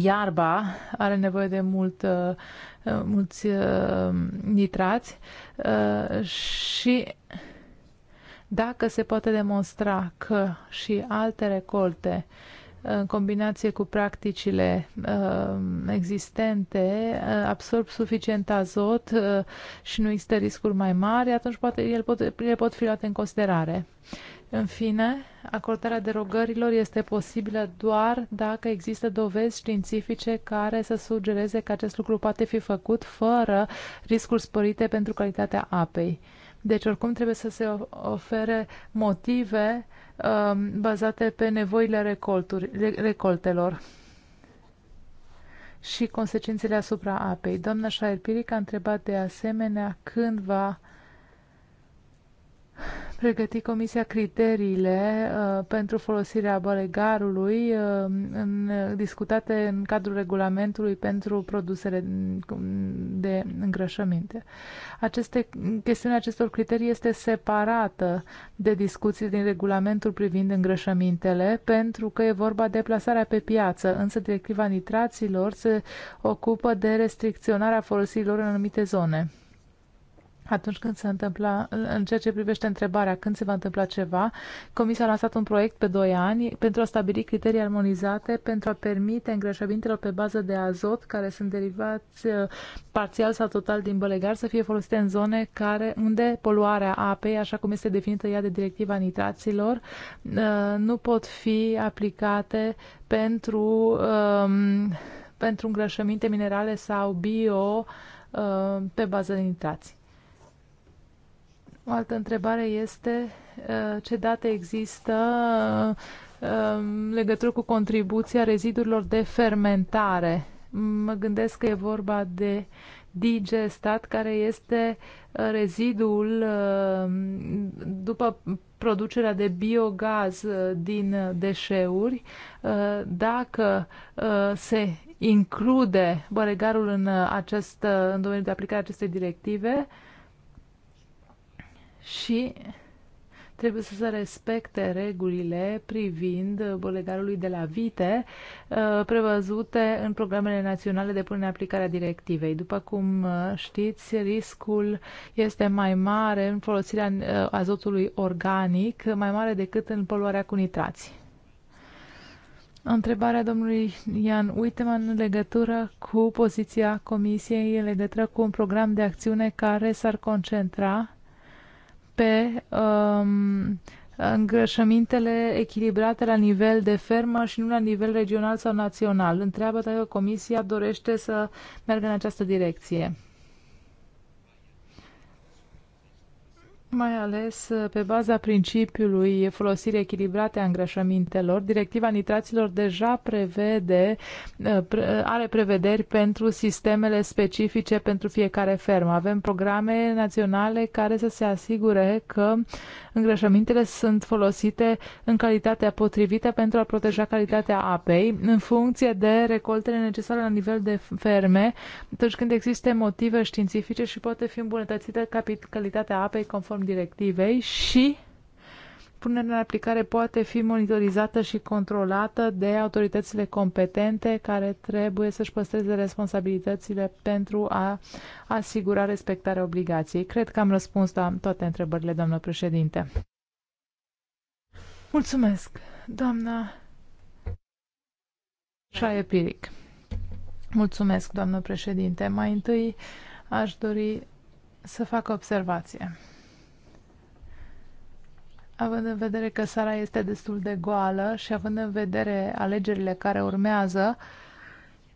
[SPEAKER 1] iarba are nevoie de mult, uh, uh, mulți uh, nitrați și dacă se poate demonstra că și alte recolte în combinație cu practicile uh, existente, uh, absorb suficient azot uh, și nu există riscuri mai mari, atunci poate ele pot, ele pot fi luate în considerare. În fine, acordarea derogărilor este posibilă doar dacă există dovezi științifice care să sugereze că acest lucru poate fi făcut fără riscuri sporite pentru calitatea apei. Deci, oricum, trebuie să se ofere motive um, bazate pe nevoile recoltelor și consecințele asupra apei. Doamna Șairpiric a întrebat de asemenea când va pregăti Comisia criteriile uh, pentru folosirea balegarului uh, în, discutate în cadrul regulamentului pentru produsele de îngrășăminte. Aceste, chestiunea acestor criterii este separată de discuții din regulamentul privind îngrășămintele pentru că e vorba de plasarea pe piață, însă directiva nitraților se ocupă de restricționarea folosirilor în anumite zone atunci când se întâmpla, în ceea ce privește întrebarea când se va întâmpla ceva, Comisia a lansat un proiect pe 2 ani pentru a stabili criterii armonizate pentru a permite îngrășămintelor pe bază de azot, care sunt derivați uh, parțial sau total din bălegar, să fie folosite în zone care, unde poluarea apei, așa cum este definită ea de directiva nitraților, uh, nu pot fi aplicate pentru, um, pentru îngrășăminte minerale sau bio uh, pe bază de nitrații. O altă întrebare este uh, ce date există um, legătură cu contribuția rezidurilor de fermentare. Mă gândesc că e vorba de digestat, care este uh, rezidul uh, după producerea de biogaz din deșeuri. Dacă se include băregarul în, acest, în domeniul de aplicare a acestei directive, și trebuie să se respecte regulile privind bolegarului de la vite uh, prevăzute în programele naționale de până în aplicarea directivei. După cum uh, știți, riscul este mai mare în folosirea uh, azotului organic, mai mare decât în poluarea cu nitrați. Întrebarea domnului Ian Uiteman în legătură cu poziția Comisiei în legătură cu un program de acțiune care s-ar concentra pe um, îngrășămintele echilibrate la nivel de fermă și nu la nivel regional sau național. Întreabă dacă Comisia dorește să meargă în această direcție. mai ales uh, pe baza principiului folosirii echilibrate a îngrășămintelor. Directiva nitraților deja prevede, uh, uh, are prevederi pentru sistemele specifice pentru fiecare fermă. Avem programe naționale care să se asigure că îngrășămintele sunt folosite în calitatea potrivită pentru a proteja calitatea apei în funcție de recoltele necesare la nivel de ferme, atunci când există motive științifice și poate fi îmbunătățită calitatea apei conform conform directivei și punerea în aplicare poate fi monitorizată și controlată de autoritățile competente care trebuie să-și păstreze responsabilitățile pentru a asigura respectarea obligației. Cred că am răspuns la toate întrebările, doamnă președinte. Mulțumesc, doamna Șaie Piric. Mulțumesc, doamnă președinte. Mai întâi aș dori să fac observație având în vedere că Sara este destul de goală și având în vedere alegerile care urmează,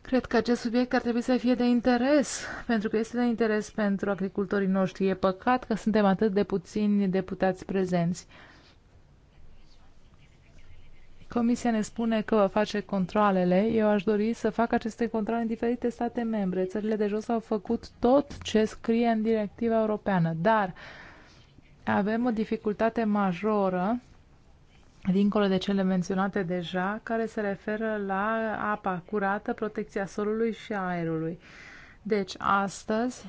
[SPEAKER 1] cred că acest subiect ar trebui să fie de interes, pentru că este de interes pentru agricultorii noștri. E păcat că suntem atât de puțini deputați prezenți. Comisia ne spune că va face controlele. Eu aș dori să fac aceste controle în diferite state membre. Țările de jos au făcut tot ce scrie în directiva europeană, dar avem o dificultate majoră dincolo de cele menționate deja, care se referă la apa curată, protecția solului și aerului. Deci, astăzi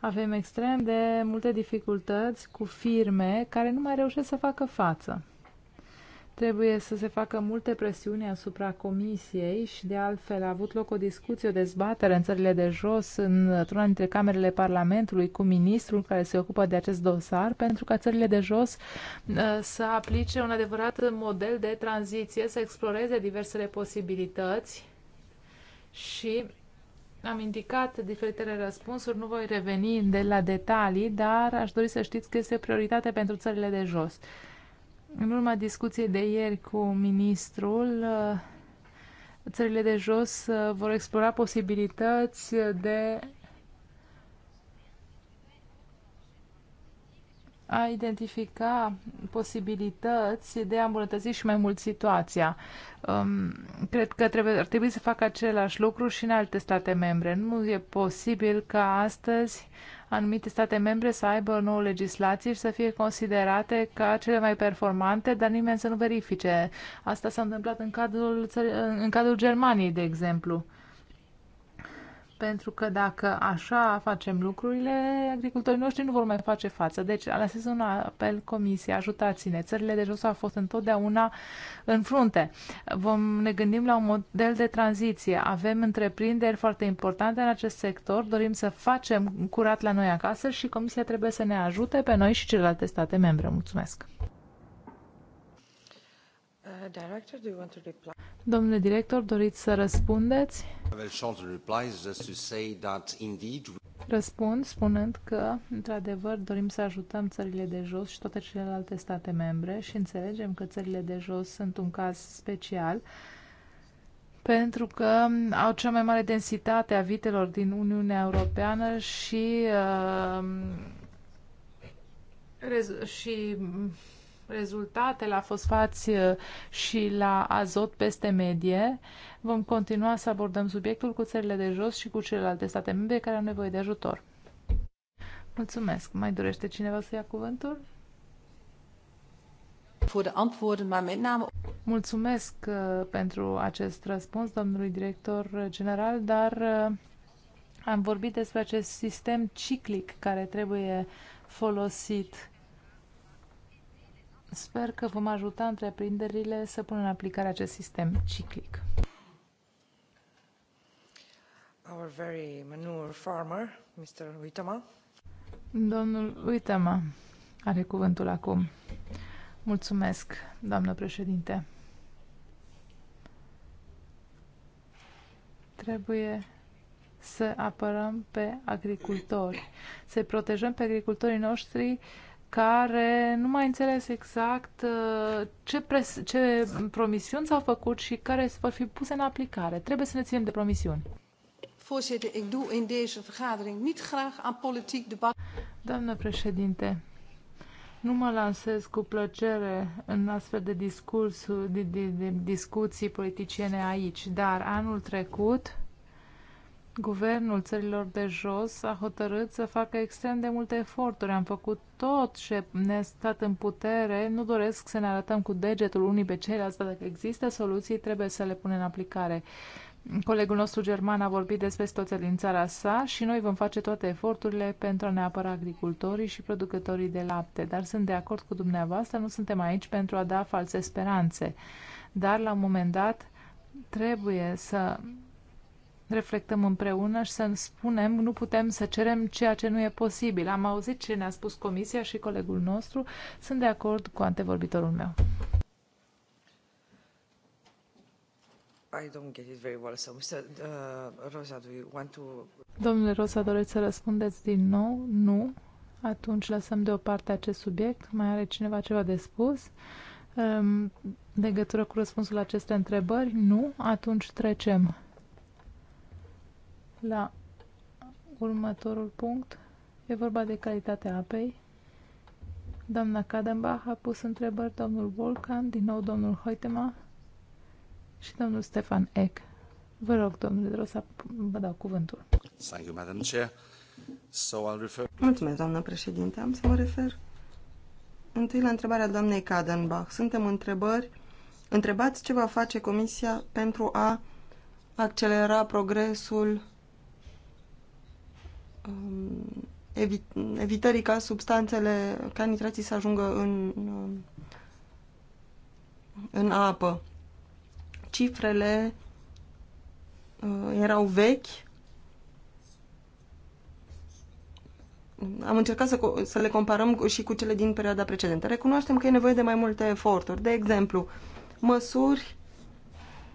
[SPEAKER 1] avem extrem de multe dificultăți cu firme care nu mai reușesc să facă față. Trebuie să se facă multe presiuni asupra Comisiei și, de altfel, a avut loc o discuție, o dezbatere în țările de jos, într-una dintre camerele Parlamentului, cu ministrul care se ocupă de acest dosar, pentru ca țările de jos uh, să aplice un adevărat model de tranziție, să exploreze diversele posibilități și am indicat diferitele răspunsuri, nu voi reveni de la detalii, dar aș dori să știți că este prioritate pentru țările de jos. În urma discuției de ieri cu ministrul, uh, țările de jos uh, vor explora posibilități de a identifica posibilități de a îmbunătăți și mai mult situația. Um, cred că trebuie, ar trebui să facă același lucru și în alte state membre. Nu e posibil ca astăzi anumite state membre să aibă nouă legislație și să fie considerate ca cele mai performante, dar nimeni să nu verifice. Asta s-a întâmplat în cadrul, în cadrul Germaniei, de exemplu pentru că dacă așa facem lucrurile, agricultorii noștri nu vor mai face față. Deci, lăsez un apel Comisiei, ajutați-ne. Țările de jos au fost întotdeauna în frunte. Vom, ne gândim la un model de tranziție. Avem întreprinderi foarte importante în acest sector, dorim să facem curat la noi acasă și Comisia trebuie să ne ajute pe noi și celelalte state membre. Mulțumesc! Uh, director, do you want to reply? Domnule director, doriți să răspundeți? Răspund spunând că, într-adevăr, dorim să ajutăm țările de jos și toate celelalte state membre și înțelegem că țările de jos sunt un caz special pentru că au cea mai mare densitate a vitelor din Uniunea Europeană și, uh, și rezultate la fosfați uh, și la azot peste medie. Vom continua să abordăm subiectul cu țările de jos și cu celelalte state membre care au nevoie de ajutor. Mulțumesc. Mai dorește cineva să ia cuvântul? Mulțumesc uh, pentru acest răspuns, domnului director general, dar uh, am vorbit despre acest sistem ciclic care trebuie folosit Sper că vom ajuta întreprinderile să pună în aplicare acest sistem ciclic.
[SPEAKER 2] Our very manure farmer, Mr. Uitama.
[SPEAKER 1] Domnul Uitama are cuvântul acum. Mulțumesc, doamnă președinte. Trebuie să apărăm pe agricultori, să protejăm pe agricultorii noștri uh, care nu mai înțeles exact uh, ce, pres- ce promisiuni s-au făcut și care vor fi puse în aplicare. Trebuie să ne ținem de promisiuni. Doamnă președinte, nu mă lansez cu plăcere în astfel de, discurs, de, de, de discuții politiciene aici, dar anul trecut guvernul țărilor de jos a hotărât să facă extrem de multe eforturi. Am făcut tot ce ne stat în putere. Nu doresc să ne arătăm cu degetul unii pe ceilalți, dar dacă există soluții, trebuie să le punem în aplicare. Colegul nostru german a vorbit despre situația din țara sa și noi vom face toate eforturile pentru a ne apăra agricultorii și producătorii de lapte. Dar sunt de acord cu dumneavoastră, nu suntem aici pentru a da false speranțe. Dar la un moment dat trebuie să reflectăm împreună și să spunem, nu putem să cerem ceea ce nu e posibil. Am auzit ce ne-a spus Comisia și colegul nostru. Sunt de acord cu antevorbitorul meu.
[SPEAKER 2] I don't get it very well, so Mr. Uh, Rosa, do you want to...
[SPEAKER 1] Domnule Rosa, doreți să răspundeți din nou? Nu. Atunci lăsăm deoparte acest subiect. Mai are cineva ceva de spus? Um, legătură cu răspunsul acestei întrebări? Nu. Atunci trecem la următorul punct. E vorba de calitatea apei. Doamna Kadenbach a pus întrebări, domnul Volcan, din nou domnul Hoitema și domnul Stefan Eck. Vă rog, domnule Drosa, vă dau cuvântul.
[SPEAKER 3] Thank you, Madam Chair. So I'll refer... Mulțumesc,
[SPEAKER 1] doamnă președinte.
[SPEAKER 3] Am să
[SPEAKER 2] mă refer întâi la întrebarea doamnei Kadenbach. Suntem întrebări, întrebați ce va face Comisia pentru a accelera progresul Um, evit evitării ca substanțele, ca nitrații să ajungă în, um, în apă. Cifrele uh, erau vechi. Am încercat să, să le comparăm și cu cele din perioada precedentă. Recunoaștem că e nevoie de mai multe eforturi. De exemplu, măsuri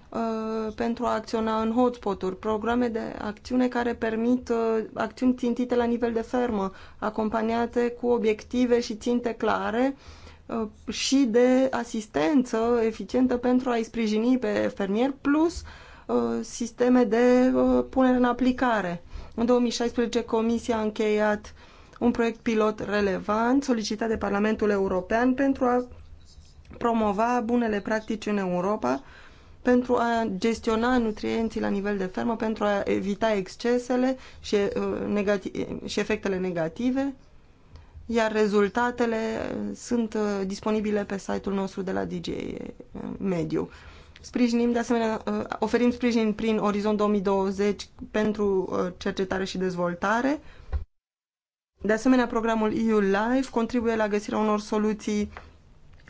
[SPEAKER 2] Uh, pentru a acționa în hotspot-uri, programe de acțiune care permit uh, acțiuni țintite la nivel de fermă, acompaniate cu obiective și ținte clare uh, și de asistență eficientă pentru a-i sprijini pe fermier, plus sisteme de punere în aplicare. În 2016, Comisia a încheiat un proiect pilot relevant solicitat de Parlamentul European pentru a promova bunele practici în Europa, pentru a gestiona nutrienții la nivel de fermă, pentru a evita excesele și, uh, negati- și efectele negative, iar rezultatele sunt uh, disponibile pe site-ul nostru de la DJ uh, Mediu. Sprijinim, de asemenea, oferim sprijin prin Orizont 2020 pentru cercetare și dezvoltare. De asemenea, programul EU Life contribuie la găsirea unor soluții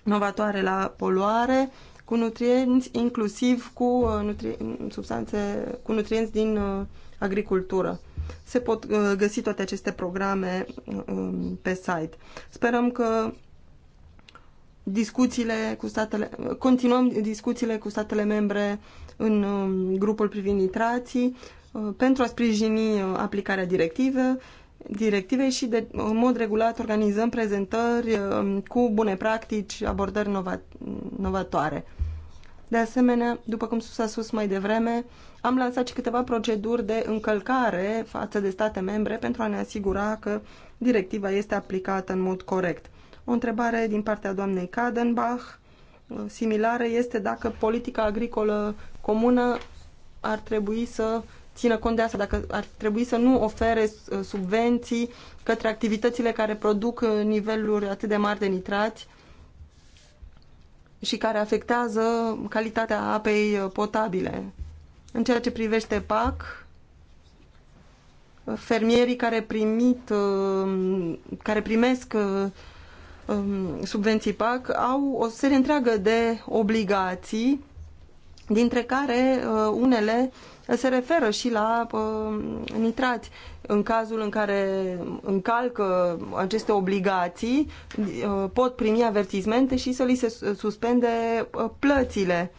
[SPEAKER 2] novatoare la poluare, cu nutrienți, inclusiv cu, uh, nutri substanțe, cu nutrienți din uh, agricultură. Se pot uh, găsi toate aceste programe um, pe site. Sperăm că discuțiile cu statele, continuăm discuțiile cu statele membre în um, grupul privind nitrații pentru a sprijini aplicarea directivei directivei și de, în mod regulat organizăm prezentări um, cu bune practici, abordări nova, novatoare. De asemenea, după cum s-a spus mai devreme, am lansat și câteva proceduri de încălcare față de state membre pentru a ne asigura că directiva este aplicată în mod corect. O întrebare din partea doamnei Kadenbach uh, similară este dacă politica agricolă comună ar trebui să țină cont de asta, dacă ar trebui să nu ofere uh, subvenții către activitățile care produc uh, niveluri atât de mari de nitrați și care afectează calitatea apei uh, potabile. În ceea ce privește PAC, fermierii care, primit, care primesc um, subvenții PAC au o serie întreagă de obligații, dintre care unele se referă și la uh, nitrați. În cazul în care încalcă aceste obligații, uh, pot primi avertizmente și să li se suspende uh, plățile.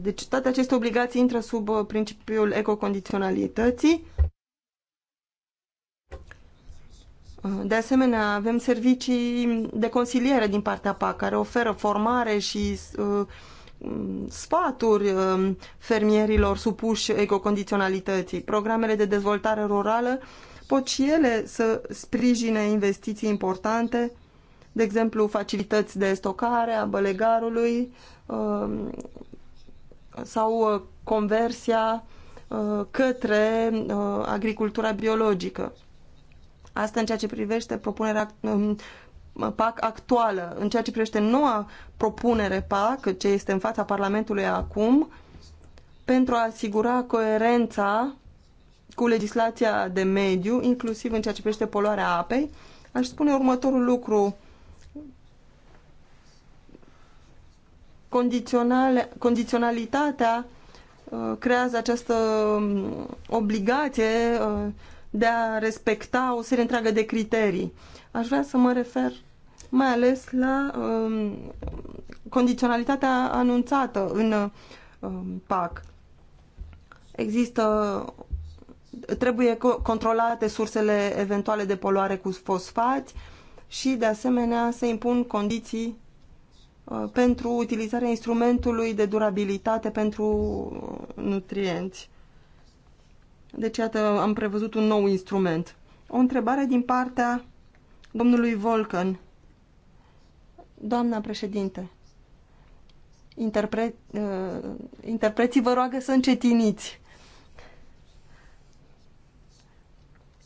[SPEAKER 2] Deci toate aceste obligații intră sub uh, principiul ecocondiționalității. Uh, de asemenea, avem servicii de consiliere din partea PAC, care oferă formare și uh, sfaturi um, fermierilor supuși ecocondiționalității. Programele de dezvoltare rurală pot și ele să sprijine investiții importante, de exemplu facilități de stocare a bălegarului um, sau uh, conversia uh, către uh, agricultura biologică. Asta în ceea ce privește propunerea um, PAC actuală. În ceea ce privește noua propunere PAC, ce este în fața Parlamentului acum, pentru a asigura coerența cu legislația de mediu, inclusiv în ceea ce privește poluarea apei, aș spune următorul lucru. Condiționalitatea uh, creează această um, obligație uh, de a respecta o serie întreagă de criterii. Aș vrea să mă refer mai ales la um, condiționalitatea anunțată în um, PAC. Există trebuie controlate sursele eventuale de poluare cu fosfați și de asemenea se impun condiții uh, pentru utilizarea instrumentului de durabilitate pentru uh, nutrienți. Deci, iată, am prevăzut un nou instrument. O întrebare din partea domnului Volcan. Doamna președinte, interpre... Uh, interpreții vă roagă să încetiniți.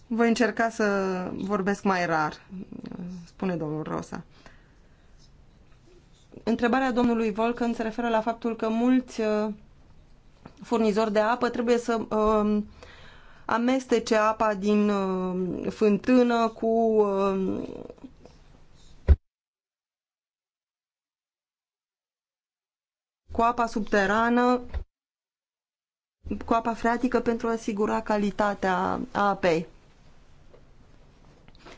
[SPEAKER 2] Voi încerca să vorbesc mai rar, spune domnul Rosa. Întrebarea domnului Volcan se referă la faptul că mulți uh, furnizori de apă trebuie să uh, amestece apa din uh, fântână cu uh, cu apa subterană cu apa freatică pentru a asigura calitatea apei.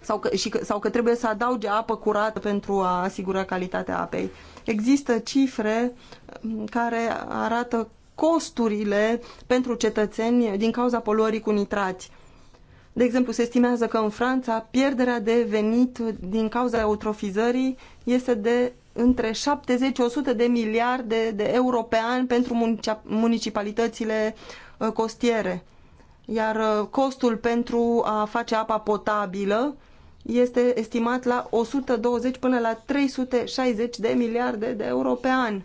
[SPEAKER 2] Sau că, și, sau că trebuie să adauge apă curată pentru a asigura calitatea apei. Există cifre mm, care arată costurile pentru cetățeni din cauza poluării cu nitrați. De exemplu, se estimează că în Franța pierderea de venit din cauza eutrofizării este de între 70 100 de miliarde de euro pe an pentru municipalitățile ă, costiere. Iar ă, costul pentru a face apa potabilă este estimat la 120 până la 360 de miliarde de euro pe an.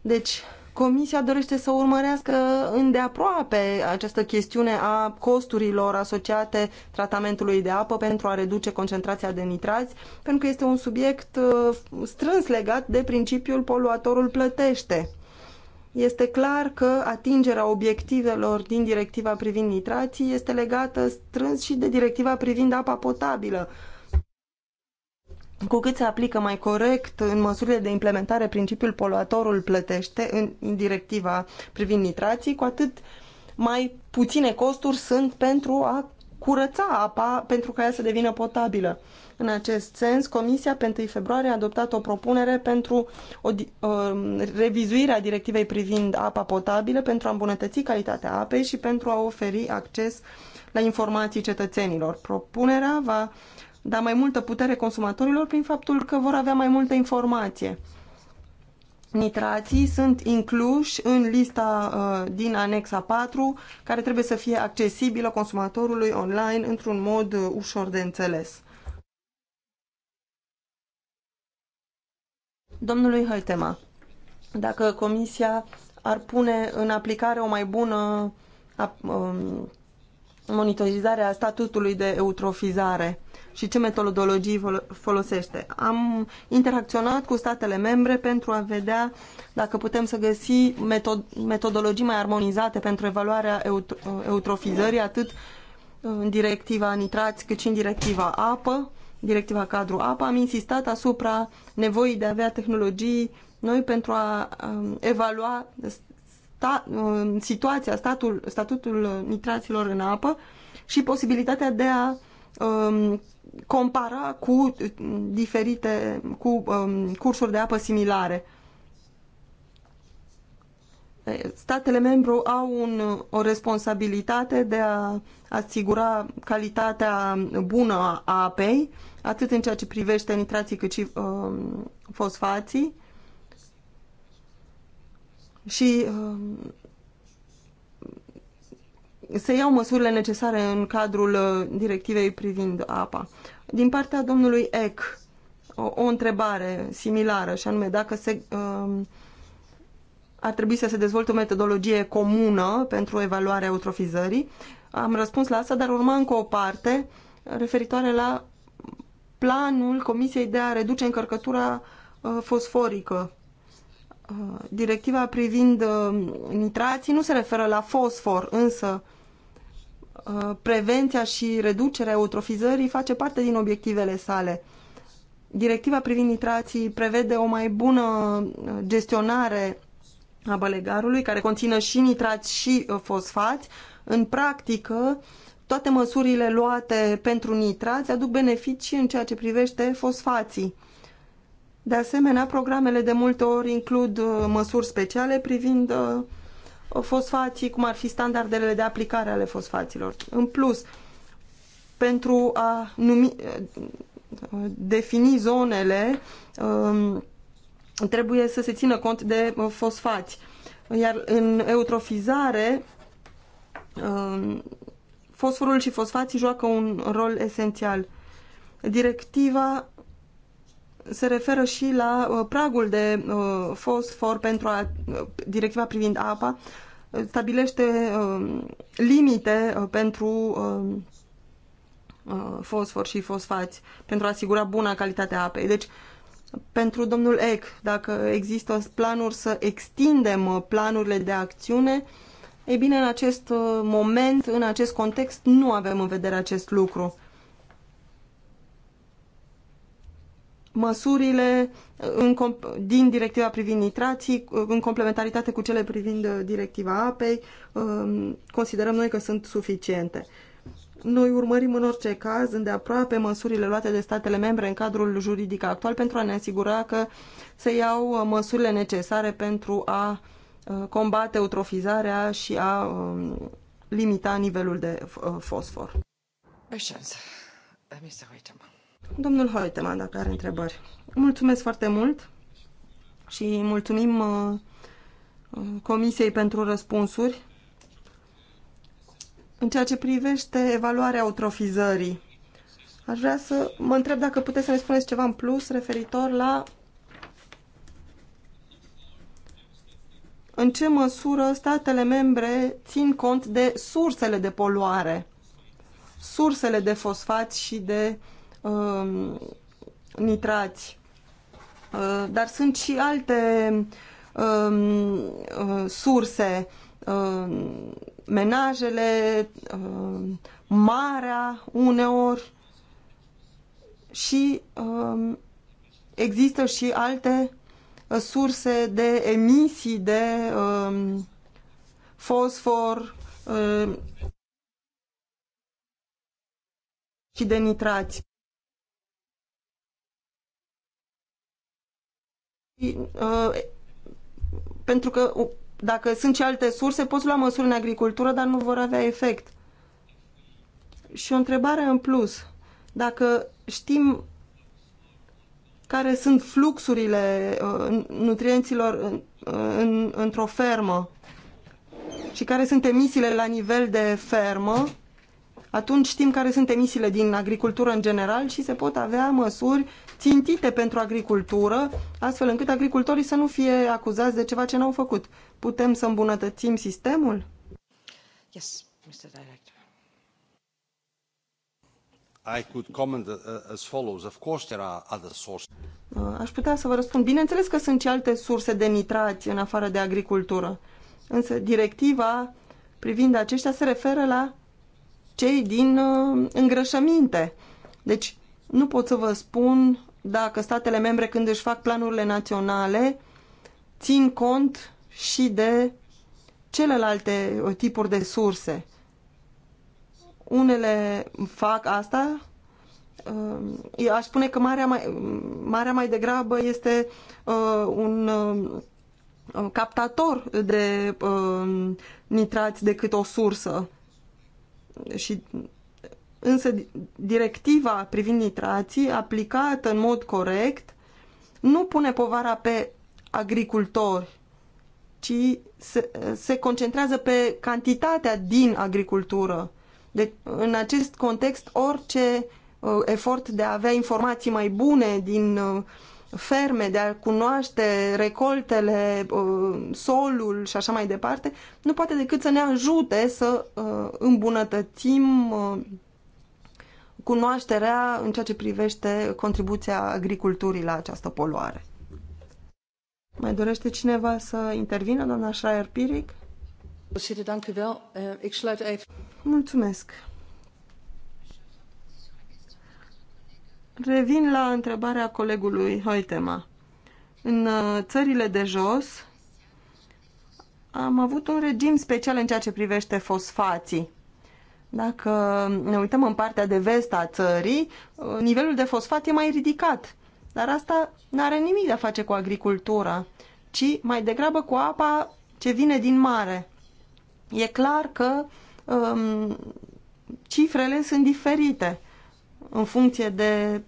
[SPEAKER 2] Deci, Comisia dorește să urmărească îndeaproape această chestiune a costurilor asociate tratamentului de apă pentru a reduce concentrația de nitrați, pentru că este un subiect uh, strâns legat de principiul poluatorul plătește. Este clar că atingerea obiectivelor din directiva privind nitrații este legată strâns și de directiva privind apa potabilă, cu cât se aplică mai corect în măsurile de implementare principiul poluatorul plătește în directiva privind nitrații, cu atât mai puține costuri sunt pentru a curăța apa pentru ca ea să devină potabilă. În acest sens, Comisia pe 1 februarie a adoptat o propunere pentru o, o um, revizuire a directivei privind apa potabilă pentru a îmbunătăți calitatea apei și pentru a oferi acces la informații cetățenilor. Propunerea va da mai multă putere consumatorilor prin faptul că vor avea mai multă informație. Nitrații sunt incluși în lista uh, din anexa 4, care trebuie să fie accesibilă consumatorului online într-un mod uh, ușor de înțeles. Domnului Haitema, dacă Comisia ar pune în aplicare o mai bună uh, monitorizarea statutului de eutrofizare și ce metodologii folosește. Am interacționat cu statele membre pentru a vedea dacă putem să găsi metod- metodologii mai armonizate pentru evaluarea eutro- eutrofizării, atât uh, în directiva nitrați, cât și în directiva apă, directiva cadru apă. Am insistat asupra nevoii de a avea tehnologii noi pentru a um, evalua sta, situația, statul, statutul nitraților în apă și posibilitatea de a um, compara cu diferite, cu um, cursuri de apă similare. Statele membru au un, o responsabilitate de a asigura calitatea bună a apei, atât în ceea ce privește nitrații cât și um, fosfații și um, se iau măsurile necesare în cadrul uh, directivei privind apa. Din partea domnului Eck, o, o întrebare similară, și anume dacă se, um, ar trebui să se dezvolte o metodologie comună pentru evaluarea eutrofizării. Am răspuns la asta, dar urma încă o parte referitoare la planul Comisiei de a reduce încărcătura uh, fosforică Uh, directiva privind uh, nitrații nu se referă la fosfor, însă uh, prevenția și reducerea eutrofizării face parte din obiectivele sale. Directiva privind nitrații prevede o mai bună gestionare a balegarului, care conțină și nitrați și fosfați. În practică, toate măsurile luate pentru nitrați aduc beneficii în ceea ce privește fosfații. De asemenea, programele de multe ori includ uh, măsuri speciale privind uh, fosfații, cum ar fi standardele de aplicare ale fosfaților. În plus, pentru a numi, uh, defini zonele, um, trebuie să se țină cont de fosfați. Iar în eutrofizare, um, fosforul și fosfații joacă un rol esențial. Directiva se referă și la uh, pragul de uh, fosfor pentru a, uh, directiva privind apa, stabilește um, limite pentru um, fosfor și fosfați pentru a asigura buna calitatea apei. Deci, pentru domnul Eck, dacă există planuri să extindem planurile de acțiune, ei bine, în acest moment, în acest context, nu avem în vedere acest lucru. măsurile uh, în, din directiva privind nitrații, uh, în complementaritate cu cele privind uh, directiva apei, um, considerăm noi că sunt suficiente. Noi urmărim în orice caz îndeaproape măsurile luate de statele membre în cadrul juridic actual pentru a ne asigura că se iau măsurile necesare pentru a combate eutrofizarea și a um, limita nivelul de fosfor. Questions. Mr. Waiterman. Domnul Hoiteman, dacă are întrebări. Mulțumesc foarte mult și mulțumim uh, uh, Comisiei pentru răspunsuri. În ceea ce privește evaluarea eutrofizării, aș vrea să mă întreb dacă puteți să ne spuneți ceva în plus referitor la în ce măsură statele membre țin cont de sursele de poluare, sursele de fosfați și de uh, Um, nitrați. Uh, dar sunt și alte um, uh, surse, uh, menajele, marea uneori și există și alte uh, surse de emisii de fosfor uh, și de nitrați. Uh, pentru că uh, dacă sunt și alte surse, poți lua măsuri în agricultură, dar nu vor avea efect. Și o întrebare în plus. Dacă știm care sunt fluxurile uh, nutrienților într-o fermă și care sunt emisiile la nivel de fermă, atunci știm care sunt emisiile din agricultură în general și se pot avea măsuri țintite pentru agricultură, astfel încât agricultorii să nu fie acuzați de ceva ce n-au făcut. Putem să îmbunătățim sistemul? Yes, Mr. Director.
[SPEAKER 3] I could comment uh, uh, as follows. Of course there are other sources. Uh, aș
[SPEAKER 2] putea să vă răspund. Bineînțeles că sunt și alte surse de nitrați în afară de agricultură. Însă directiva privind aceștia se referă la cei din uh, îngrășăminte. Deci, nu pot să vă spun dacă statele membre, când își fac planurile naționale, țin cont și de celelalte uh, tipuri de surse. Unele fac asta. Eu uh, aș spune că marea mai, marea mai degrabă este uh, un captator de nitrați decât o sursă și însă directiva privind nitrații aplicată în mod corect nu pune povara pe agricultori, ci se, se concentrează pe cantitatea din agricultură. Deci, în acest context, orice uh, efort de a avea informații mai bune din uh, ferme, de a cunoaște recoltele, uh, solul și așa mai departe, nu poate decât să ne ajute să uh, îmbunătățim uh, cunoașterea în ceea ce privește contribuția agriculturii la această poluare. Mai dorește cineva să intervină, doamna Schreier-Piric? Eh, Mulțumesc. Revin la întrebarea colegului Hoitema. În uh, țările de jos am avut un regim special în ceea ce privește fosfații. Dacă ne uităm în partea de vest a țării, uh, nivelul de fosfat e mai ridicat. Dar asta nu are nimic de a face cu agricultura, ci mai degrabă cu apa ce vine din mare. E clar că um, cifrele sunt diferite în funcție de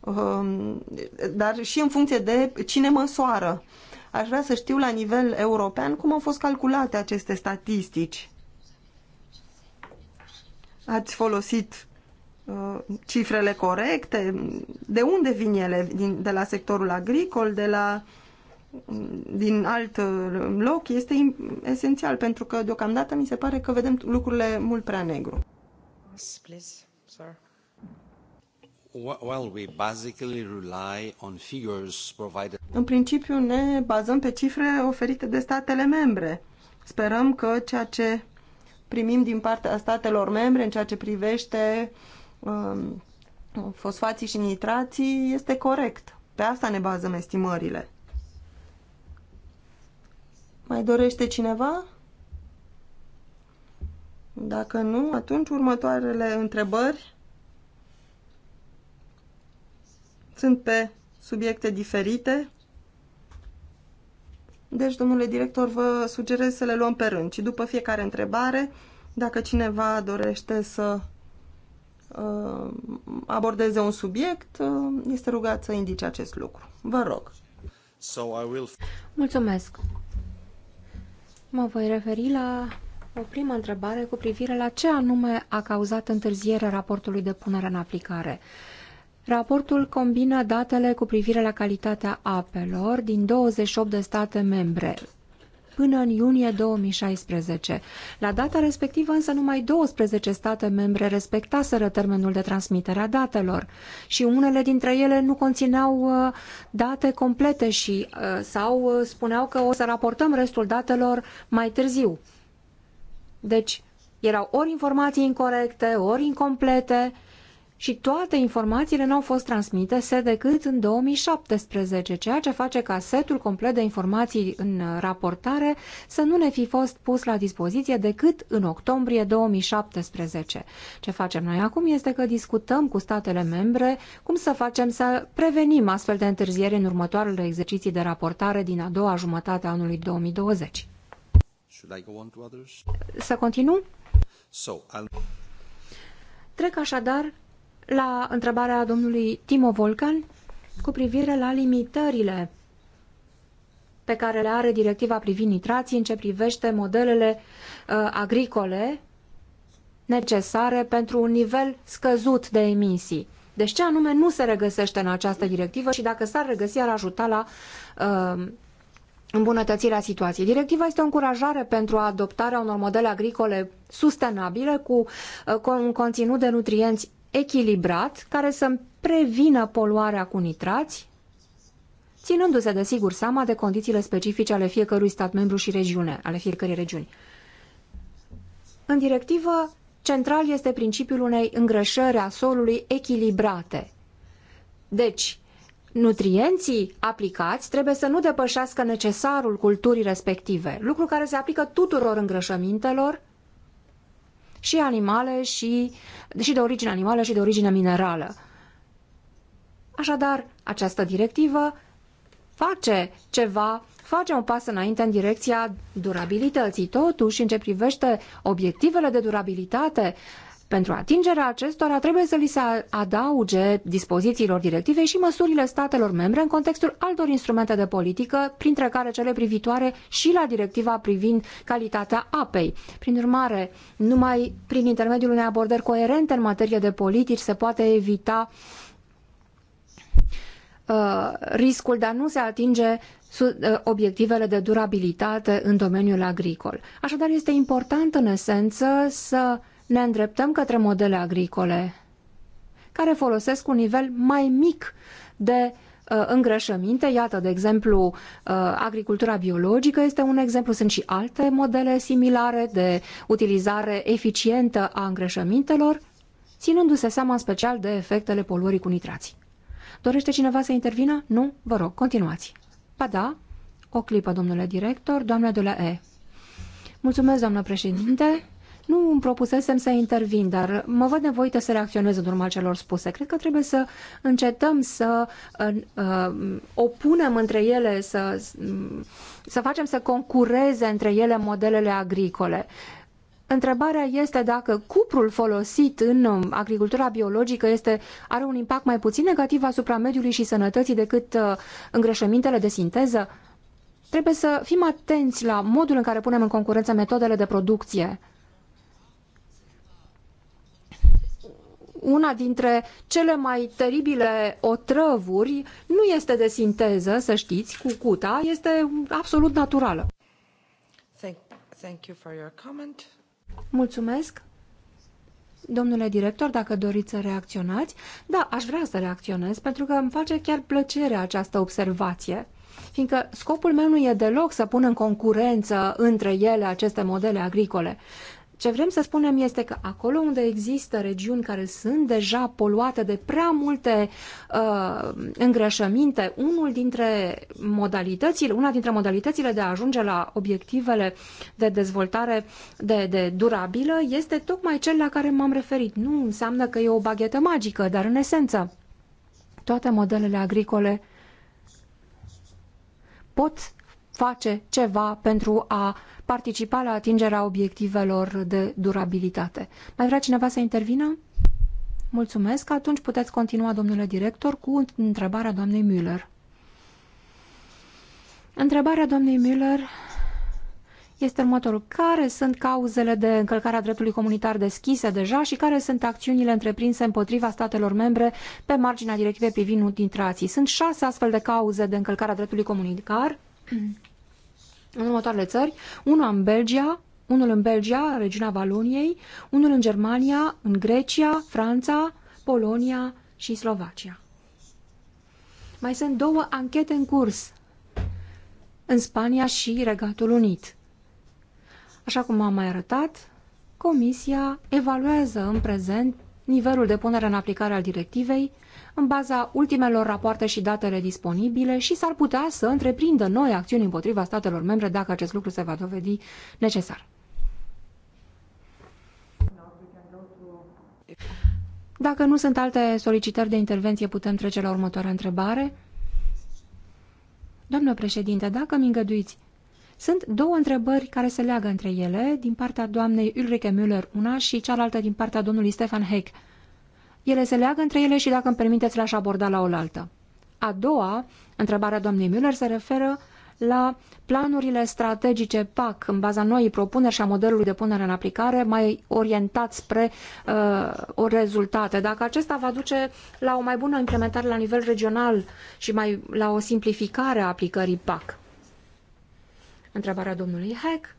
[SPEAKER 2] um, dar și în funcție de cine măsoară. Aș vrea să știu la nivel european cum au fost calculate aceste statistici. Ați folosit uh, cifrele corecte? De unde vin ele? Din, de la sectorul agricol, de la um, din alt uh, loc? Este esențial pentru că deocamdată mi se pare că vedem lucrurile mult prea negru. Please, sir. În principiu ne bazăm pe cifre oferite de statele membre. Sperăm că ceea ce primim din partea statelor membre în ceea ce privește um, fosfații și nitrații este corect. Pe asta ne bazăm estimările. Mai dorește cineva? Dacă nu, atunci următoarele întrebări Sunt pe subiecte diferite. Deci, domnule director, vă sugerez să le luăm pe rând și după fiecare întrebare, dacă cineva dorește să uh, abordeze un subiect, uh, este rugat să indice acest lucru. Vă rog. So I will...
[SPEAKER 4] Mulțumesc. Mă voi referi la o primă întrebare cu privire la ce anume a cauzat întârzierea raportului de punere în aplicare. Uh, Raportul combină datele cu privire la calitatea apelor din 28 de state membre până în iunie 2016. La data respectivă însă numai 12 state membre respectaseră termenul de transmitere a datelor și unele dintre ele nu conțineau uh, date complete și uh, sau uh, spuneau că o să raportăm restul datelor mai târziu. Deci erau ori informații incorrecte, ori incomplete, și toate informațiile nu au fost transmise decât în 2017, ceea ce face ca setul complet de informații în raportare să nu ne fi fost pus la dispoziție decât în octombrie 2017. Ce facem noi acum este că discutăm cu statele membre cum să facem să prevenim astfel de întârzieri în următoarele exerciții de raportare din a doua jumătate a anului 2020. Să continuăm. So, Trec așadar la întrebarea domnului Timo Volcan cu privire la limitările pe care le are directiva privind nitrații în ce privește modelele uh, agricole necesare pentru un nivel scăzut de emisii. Deci ce anume nu se regăsește în această directivă și dacă s-ar regăsi ar ajuta la uh, îmbunătățirea situației. Directiva este o încurajare pentru adoptarea unor modele agricole sustenabile cu, uh, cu un conținut de nutrienți echilibrat care să prevină poluarea cu nitrați, ținându-se de sigur seama de condițiile specifice ale fiecărui stat membru și regiune, ale fiecărei regiuni. În directivă, central este principiul unei îngrășări a solului echilibrate. Deci, nutrienții aplicați trebuie să nu depășească necesarul culturii respective, lucru care se aplică tuturor îngrășămintelor și animale și, și de origine animală și de origine minerală. Așadar, această directivă face ceva, face un pas înainte în direcția durabilității. Totuși, în ce privește obiectivele de durabilitate, pentru atingerea acestora trebuie să li se adauge dispozițiilor directivei și măsurile statelor membre în contextul altor instrumente de politică, printre care cele privitoare și la directiva privind calitatea apei. Prin urmare, numai prin intermediul unei abordări coerente în materie de politici se poate evita uh, riscul de a nu se atinge uh, obiectivele de durabilitate în domeniul agricol. Așadar, este important în esență să ne îndreptăm către modele agricole care folosesc un nivel mai mic de uh, îngrășăminte. Iată, de exemplu, uh, agricultura biologică este un exemplu. Sunt și alte modele similare de utilizare eficientă a îngrășămintelor, ținându-se seama în special de efectele poluării cu nitrați. Dorește cineva să intervină? Nu? Vă rog, continuați. Pa da, o clipă, domnule director, doamna de la E. Mulțumesc, doamnă președinte. Nu îmi propusesem să intervin, dar mă văd nevoită să reacționez în urma celor spuse. Cred că trebuie să încetăm să uh, opunem între ele, să, să facem să concureze între ele modelele agricole. Întrebarea este dacă cuprul folosit în um, agricultura biologică este, are un impact mai puțin negativ asupra mediului și sănătății decât uh, îngreșămintele de sinteză. Trebuie să fim atenți la modul în care punem în concurență metodele de producție. una dintre cele mai teribile otrăvuri nu este de sinteză, să știți, cucuta, este absolut naturală.
[SPEAKER 3] Thank,
[SPEAKER 2] you for your comment.
[SPEAKER 4] Mulțumesc. Domnule director, dacă doriți să reacționați, da, aș vrea să reacționez, pentru că îmi face chiar plăcere această observație fiindcă scopul meu nu e deloc să pun în concurență între ele aceste modele agricole. Ce vrem să spunem este că acolo unde există regiuni care sunt deja poluate de prea multe uh, îngrășăminte, unul dintre modalitățile, una dintre modalitățile de a ajunge la obiectivele de dezvoltare de, de durabilă este tocmai cel la care m-am referit. Nu înseamnă că e o baghetă magică, dar în esență toate modelele agricole pot face ceva pentru a participa la atingerea obiectivelor de durabilitate. Mai vrea cineva să intervină? Mulțumesc. Atunci puteți continua, domnule director, cu întrebarea doamnei Müller. Întrebarea doamnei Müller este următorul. Care sunt cauzele de încălcare a dreptului comunitar deschise deja și care sunt acțiunile întreprinse împotriva statelor membre pe marginea directivei privind nitrații? Sunt șase astfel de cauze de încălcare a dreptului comunitar în următoarele țări, unul în Belgia, unul în Belgia, regiunea Valoniei, unul în Germania, în Grecia, Franța, Polonia și Slovacia. Mai sunt două anchete în curs în Spania și Regatul Unit. Așa cum am mai arătat, Comisia evaluează în prezent nivelul de punere în aplicare al directivei în baza ultimelor rapoarte și datele disponibile și s-ar putea să întreprindă noi acțiuni împotriva statelor membre dacă acest lucru se va dovedi necesar. Dacă nu sunt alte solicitări de intervenție, putem trece la următoarea întrebare. Doamnă președinte, dacă mi îngăduiți, sunt două întrebări care se leagă între ele, din partea doamnei Ulrike Müller una și cealaltă din partea domnului Stefan Heck ele se leagă între ele și, dacă îmi permiteți, le-aș aborda la oaltă. A doua întrebarea doamnei Müller se referă la planurile strategice PAC în baza noii propuneri și a modelului de punere în aplicare mai orientat spre uh, o rezultate. Dacă acesta va duce la o mai bună implementare la nivel regional și mai la o simplificare a aplicării PAC. Întrebarea domnului Heck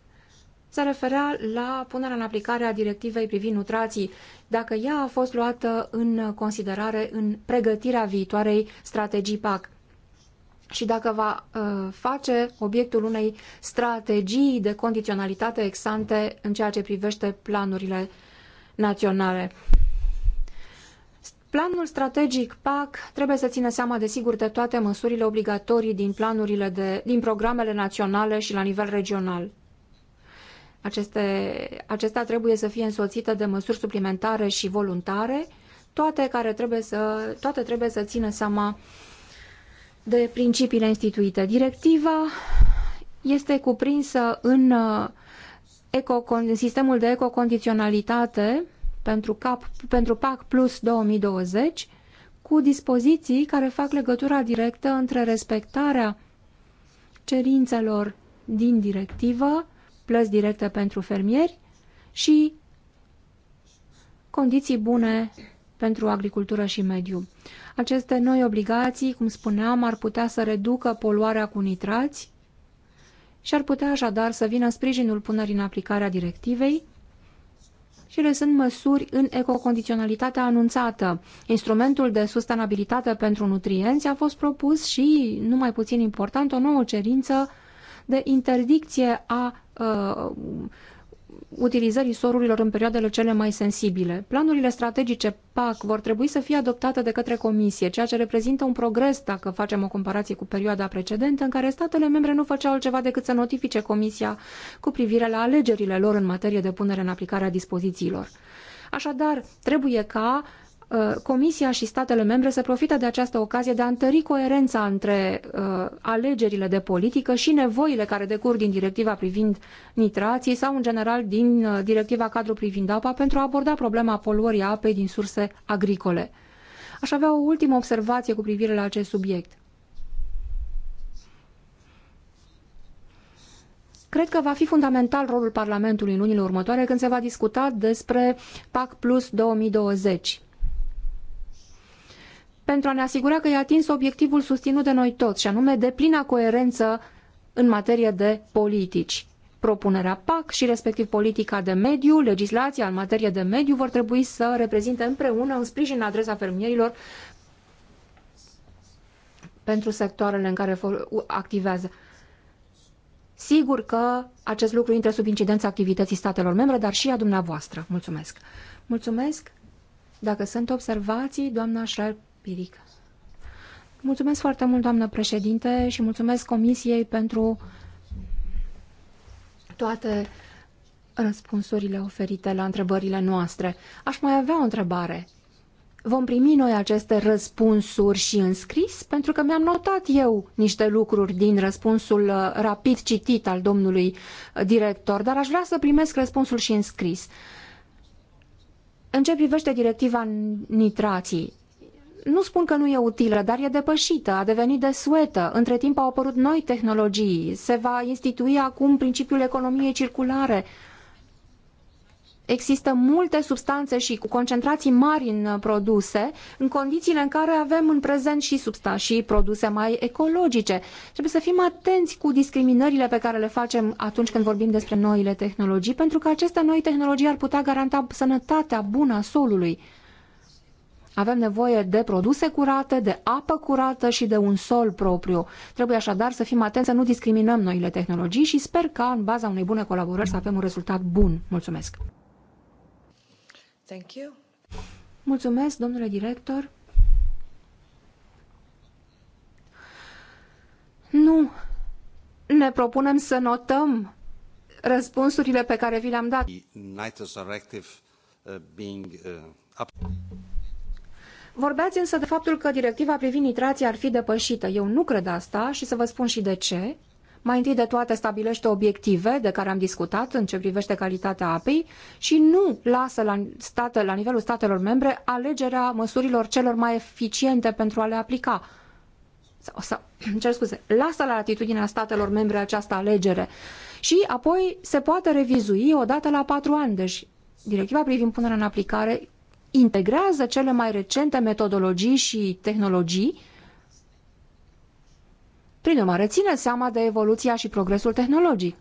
[SPEAKER 4] se referea la punerea în aplicare a directivei privind nutrații, dacă ea a fost luată în considerare în pregătirea viitoarei strategii PAC și dacă va uh, face obiectul unei strategii de condiționalitate exante în ceea ce privește planurile naționale. Planul strategic PAC trebuie să țină seama, desigur, de toate măsurile obligatorii din planurile de, din programele naționale și la nivel regional. Aceste, acestea trebuie să fie însoțite de măsuri suplimentare și voluntare, toate, care trebuie să, toate trebuie să țină seama de principiile instituite. Directiva este cuprinsă în, uh, eco, în sistemul de ecocondiționalitate pentru, CAP, pentru PAC Plus 2020 cu dispoziții care fac legătura directă între respectarea cerințelor din directivă plăți directe pentru fermieri și condiții bune pentru agricultură și mediu. Aceste noi obligații, cum spuneam, ar putea să reducă poluarea cu nitrați și ar putea așadar să vină sprijinul punerii în aplicarea directivei și le sunt măsuri în ecocondiționalitatea anunțată. Instrumentul de sustenabilitate pentru nutrienți a fost propus și, nu mai puțin important, o nouă cerință de interdicție a uh, utilizării sorurilor în perioadele cele mai sensibile. Planurile strategice PAC vor trebui să fie adoptate de către Comisie, ceea ce reprezintă un progres dacă facem o comparație cu perioada precedentă în care statele membre nu făceau altceva decât să notifice Comisia cu privire la alegerile lor în materie de punere în aplicare a dispozițiilor. Așadar, trebuie ca Uh, Comisia și statele membre să profite de această ocazie de a întări coerența între uh, alegerile de politică și nevoile care decur din directiva privind nitrații sau, în general, din uh, directiva cadru privind apa pentru a aborda problema poluării apei din surse agricole. Aș avea o ultimă observație cu privire la acest subiect. Cred că va fi fundamental rolul Parlamentului în lunile următoare când se va discuta despre PAC Plus 2020 pentru a ne asigura că e atins obiectivul susținut de noi toți, și anume deplina coerență în materie de politici. Propunerea PAC și respectiv politica de mediu, legislația în materie de mediu vor trebui să reprezinte împreună un sprijin la adresa fermierilor pentru sectoarele în care activează. Sigur că acest lucru intră sub incidența activității statelor membre, dar și a dumneavoastră. Mulțumesc. Mulțumesc. Dacă sunt observații, doamna Schreier Piric. Mulțumesc foarte mult, doamnă președinte, și mulțumesc Comisiei pentru toate răspunsurile oferite la întrebările noastre. Aș mai avea o întrebare. Vom primi noi aceste răspunsuri și în scris? Pentru că mi-am notat eu niște lucruri din răspunsul uh, rapid citit al domnului uh, director, dar aș vrea să primesc răspunsul și în scris. În ce privește directiva nitrații, nu spun că nu e utilă, dar e depășită, a devenit desuetă. Între timp au apărut noi tehnologii, se va institui acum principiul economiei circulare. Există multe substanțe și cu concentrații mari în produse, în condițiile în care avem în prezent și, substanțe și produse mai ecologice. Trebuie să fim atenți cu discriminările pe care le facem atunci când vorbim despre noile tehnologii, pentru că aceste noi tehnologii ar putea garanta sănătatea bună a solului. Avem nevoie de produse curate, de apă curată și de un sol propriu. Trebuie așadar să fim atenți să nu discriminăm noile tehnologii și sper ca în baza unei bune colaborări să avem un rezultat bun. Mulțumesc! Thank you. Mulțumesc, domnule director. Nu. Ne propunem să notăm răspunsurile pe care vi le-am dat. Vorbeați însă de faptul că directiva privind nitrații ar fi depășită. Eu nu cred asta și să vă spun și de ce. Mai întâi de toate stabilește obiective de care am discutat în ce privește calitatea apei și nu lasă la, state, la nivelul statelor membre alegerea măsurilor celor mai eficiente pentru a le aplica. Sau, sau, cer scuze, lasă la latitudinea statelor membre această alegere și apoi se poate revizui odată la patru ani. Deci directiva privind punerea în aplicare integrează cele mai recente metodologii și tehnologii, prin urmare ține seama de evoluția și progresul tehnologic.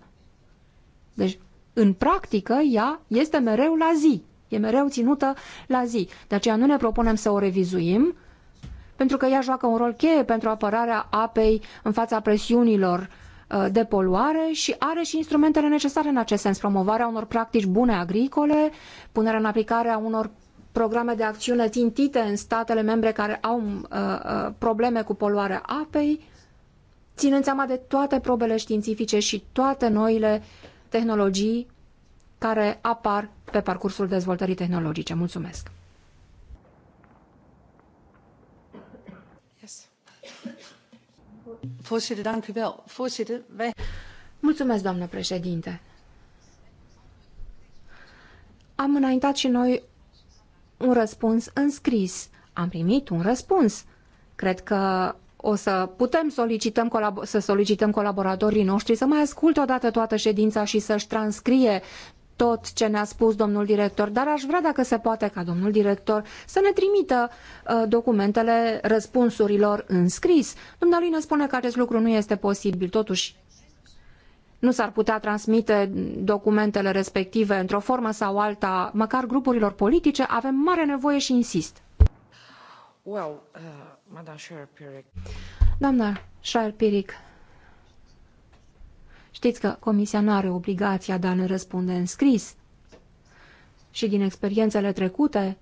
[SPEAKER 4] Deci, în practică, ea este mereu la zi, e mereu ținută la zi. De aceea nu ne propunem să o revizuim, pentru că ea joacă un rol cheie pentru apărarea apei în fața presiunilor uh, de poluare și are și instrumentele necesare în acest sens, promovarea unor practici bune agricole, punerea în aplicare a unor programe de acțiune țintite în statele membre care au uh, uh, probleme cu poluarea apei, ținând seama de toate probele științifice și toate noile tehnologii care apar pe parcursul dezvoltării tehnologice. Mulțumesc! Mulțumesc, doamnă președinte! Am înaintat și noi un răspuns înscris. Am primit un răspuns. Cred că o să putem solicităm să solicităm colaboratorii noștri să mai asculte odată toată ședința și să-și transcrie tot ce ne-a spus domnul director, dar aș vrea, dacă se poate, ca domnul director să ne trimită uh, documentele răspunsurilor în scris. Dumnealui ne spune că acest lucru nu este posibil, totuși nu s-ar putea transmite documentele respective într-o formă sau alta, măcar grupurilor politice, avem mare nevoie și insist.
[SPEAKER 3] Well, uh,
[SPEAKER 4] Doamna Shire-Piric, știți că Comisia nu are obligația de a ne răspunde în scris și din experiențele trecute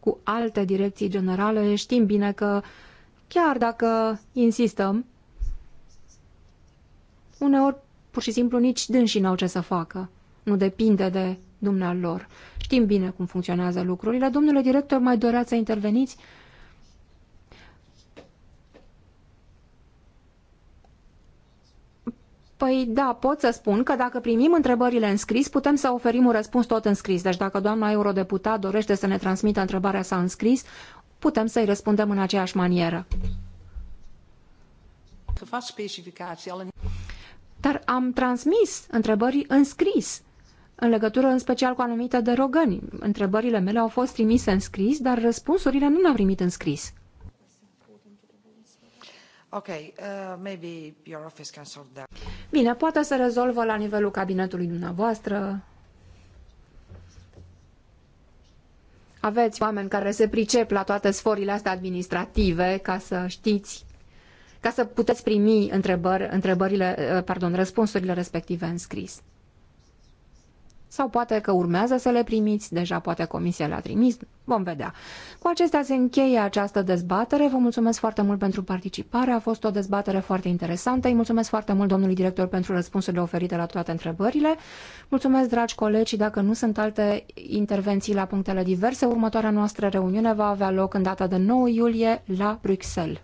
[SPEAKER 4] cu alte direcții generale știm bine că chiar dacă insistăm, uneori pur și simplu nici dânsii n-au ce să facă. Nu depinde de dumnealor. Știm bine cum funcționează lucrurile. Domnule director, mai doreați să interveniți? Păi da, pot să spun că dacă primim întrebările în scris, putem să oferim un răspuns tot în scris. Deci dacă doamna eurodeputat dorește să ne transmită întrebarea sa în scris, putem să-i răspundem în aceeași manieră. specificații dar am transmis întrebări în scris, în legătură în special cu anumite derogări. Întrebările mele au fost trimise în scris, dar răspunsurile nu le-am primit în scris.
[SPEAKER 2] Okay, uh, maybe your office can solve that.
[SPEAKER 4] Bine, poate să rezolvă la nivelul cabinetului dumneavoastră. Aveți oameni care se pricep la toate sforile astea administrative, ca să știți ca să puteți primi întrebări, întrebările, eh, pardon, răspunsurile respective în scris. Sau poate că urmează să le primiți, deja poate comisia le-a trimis, vom vedea. Cu acestea se încheie această dezbatere. Vă mulțumesc foarte mult pentru participare, a fost o dezbatere foarte interesantă. Îi mulțumesc foarte mult domnului director pentru răspunsurile oferite la toate întrebările. Mulțumesc, dragi colegi, dacă nu sunt alte intervenții la punctele diverse, următoarea noastră reuniune va avea loc în data de 9 iulie la Bruxelles.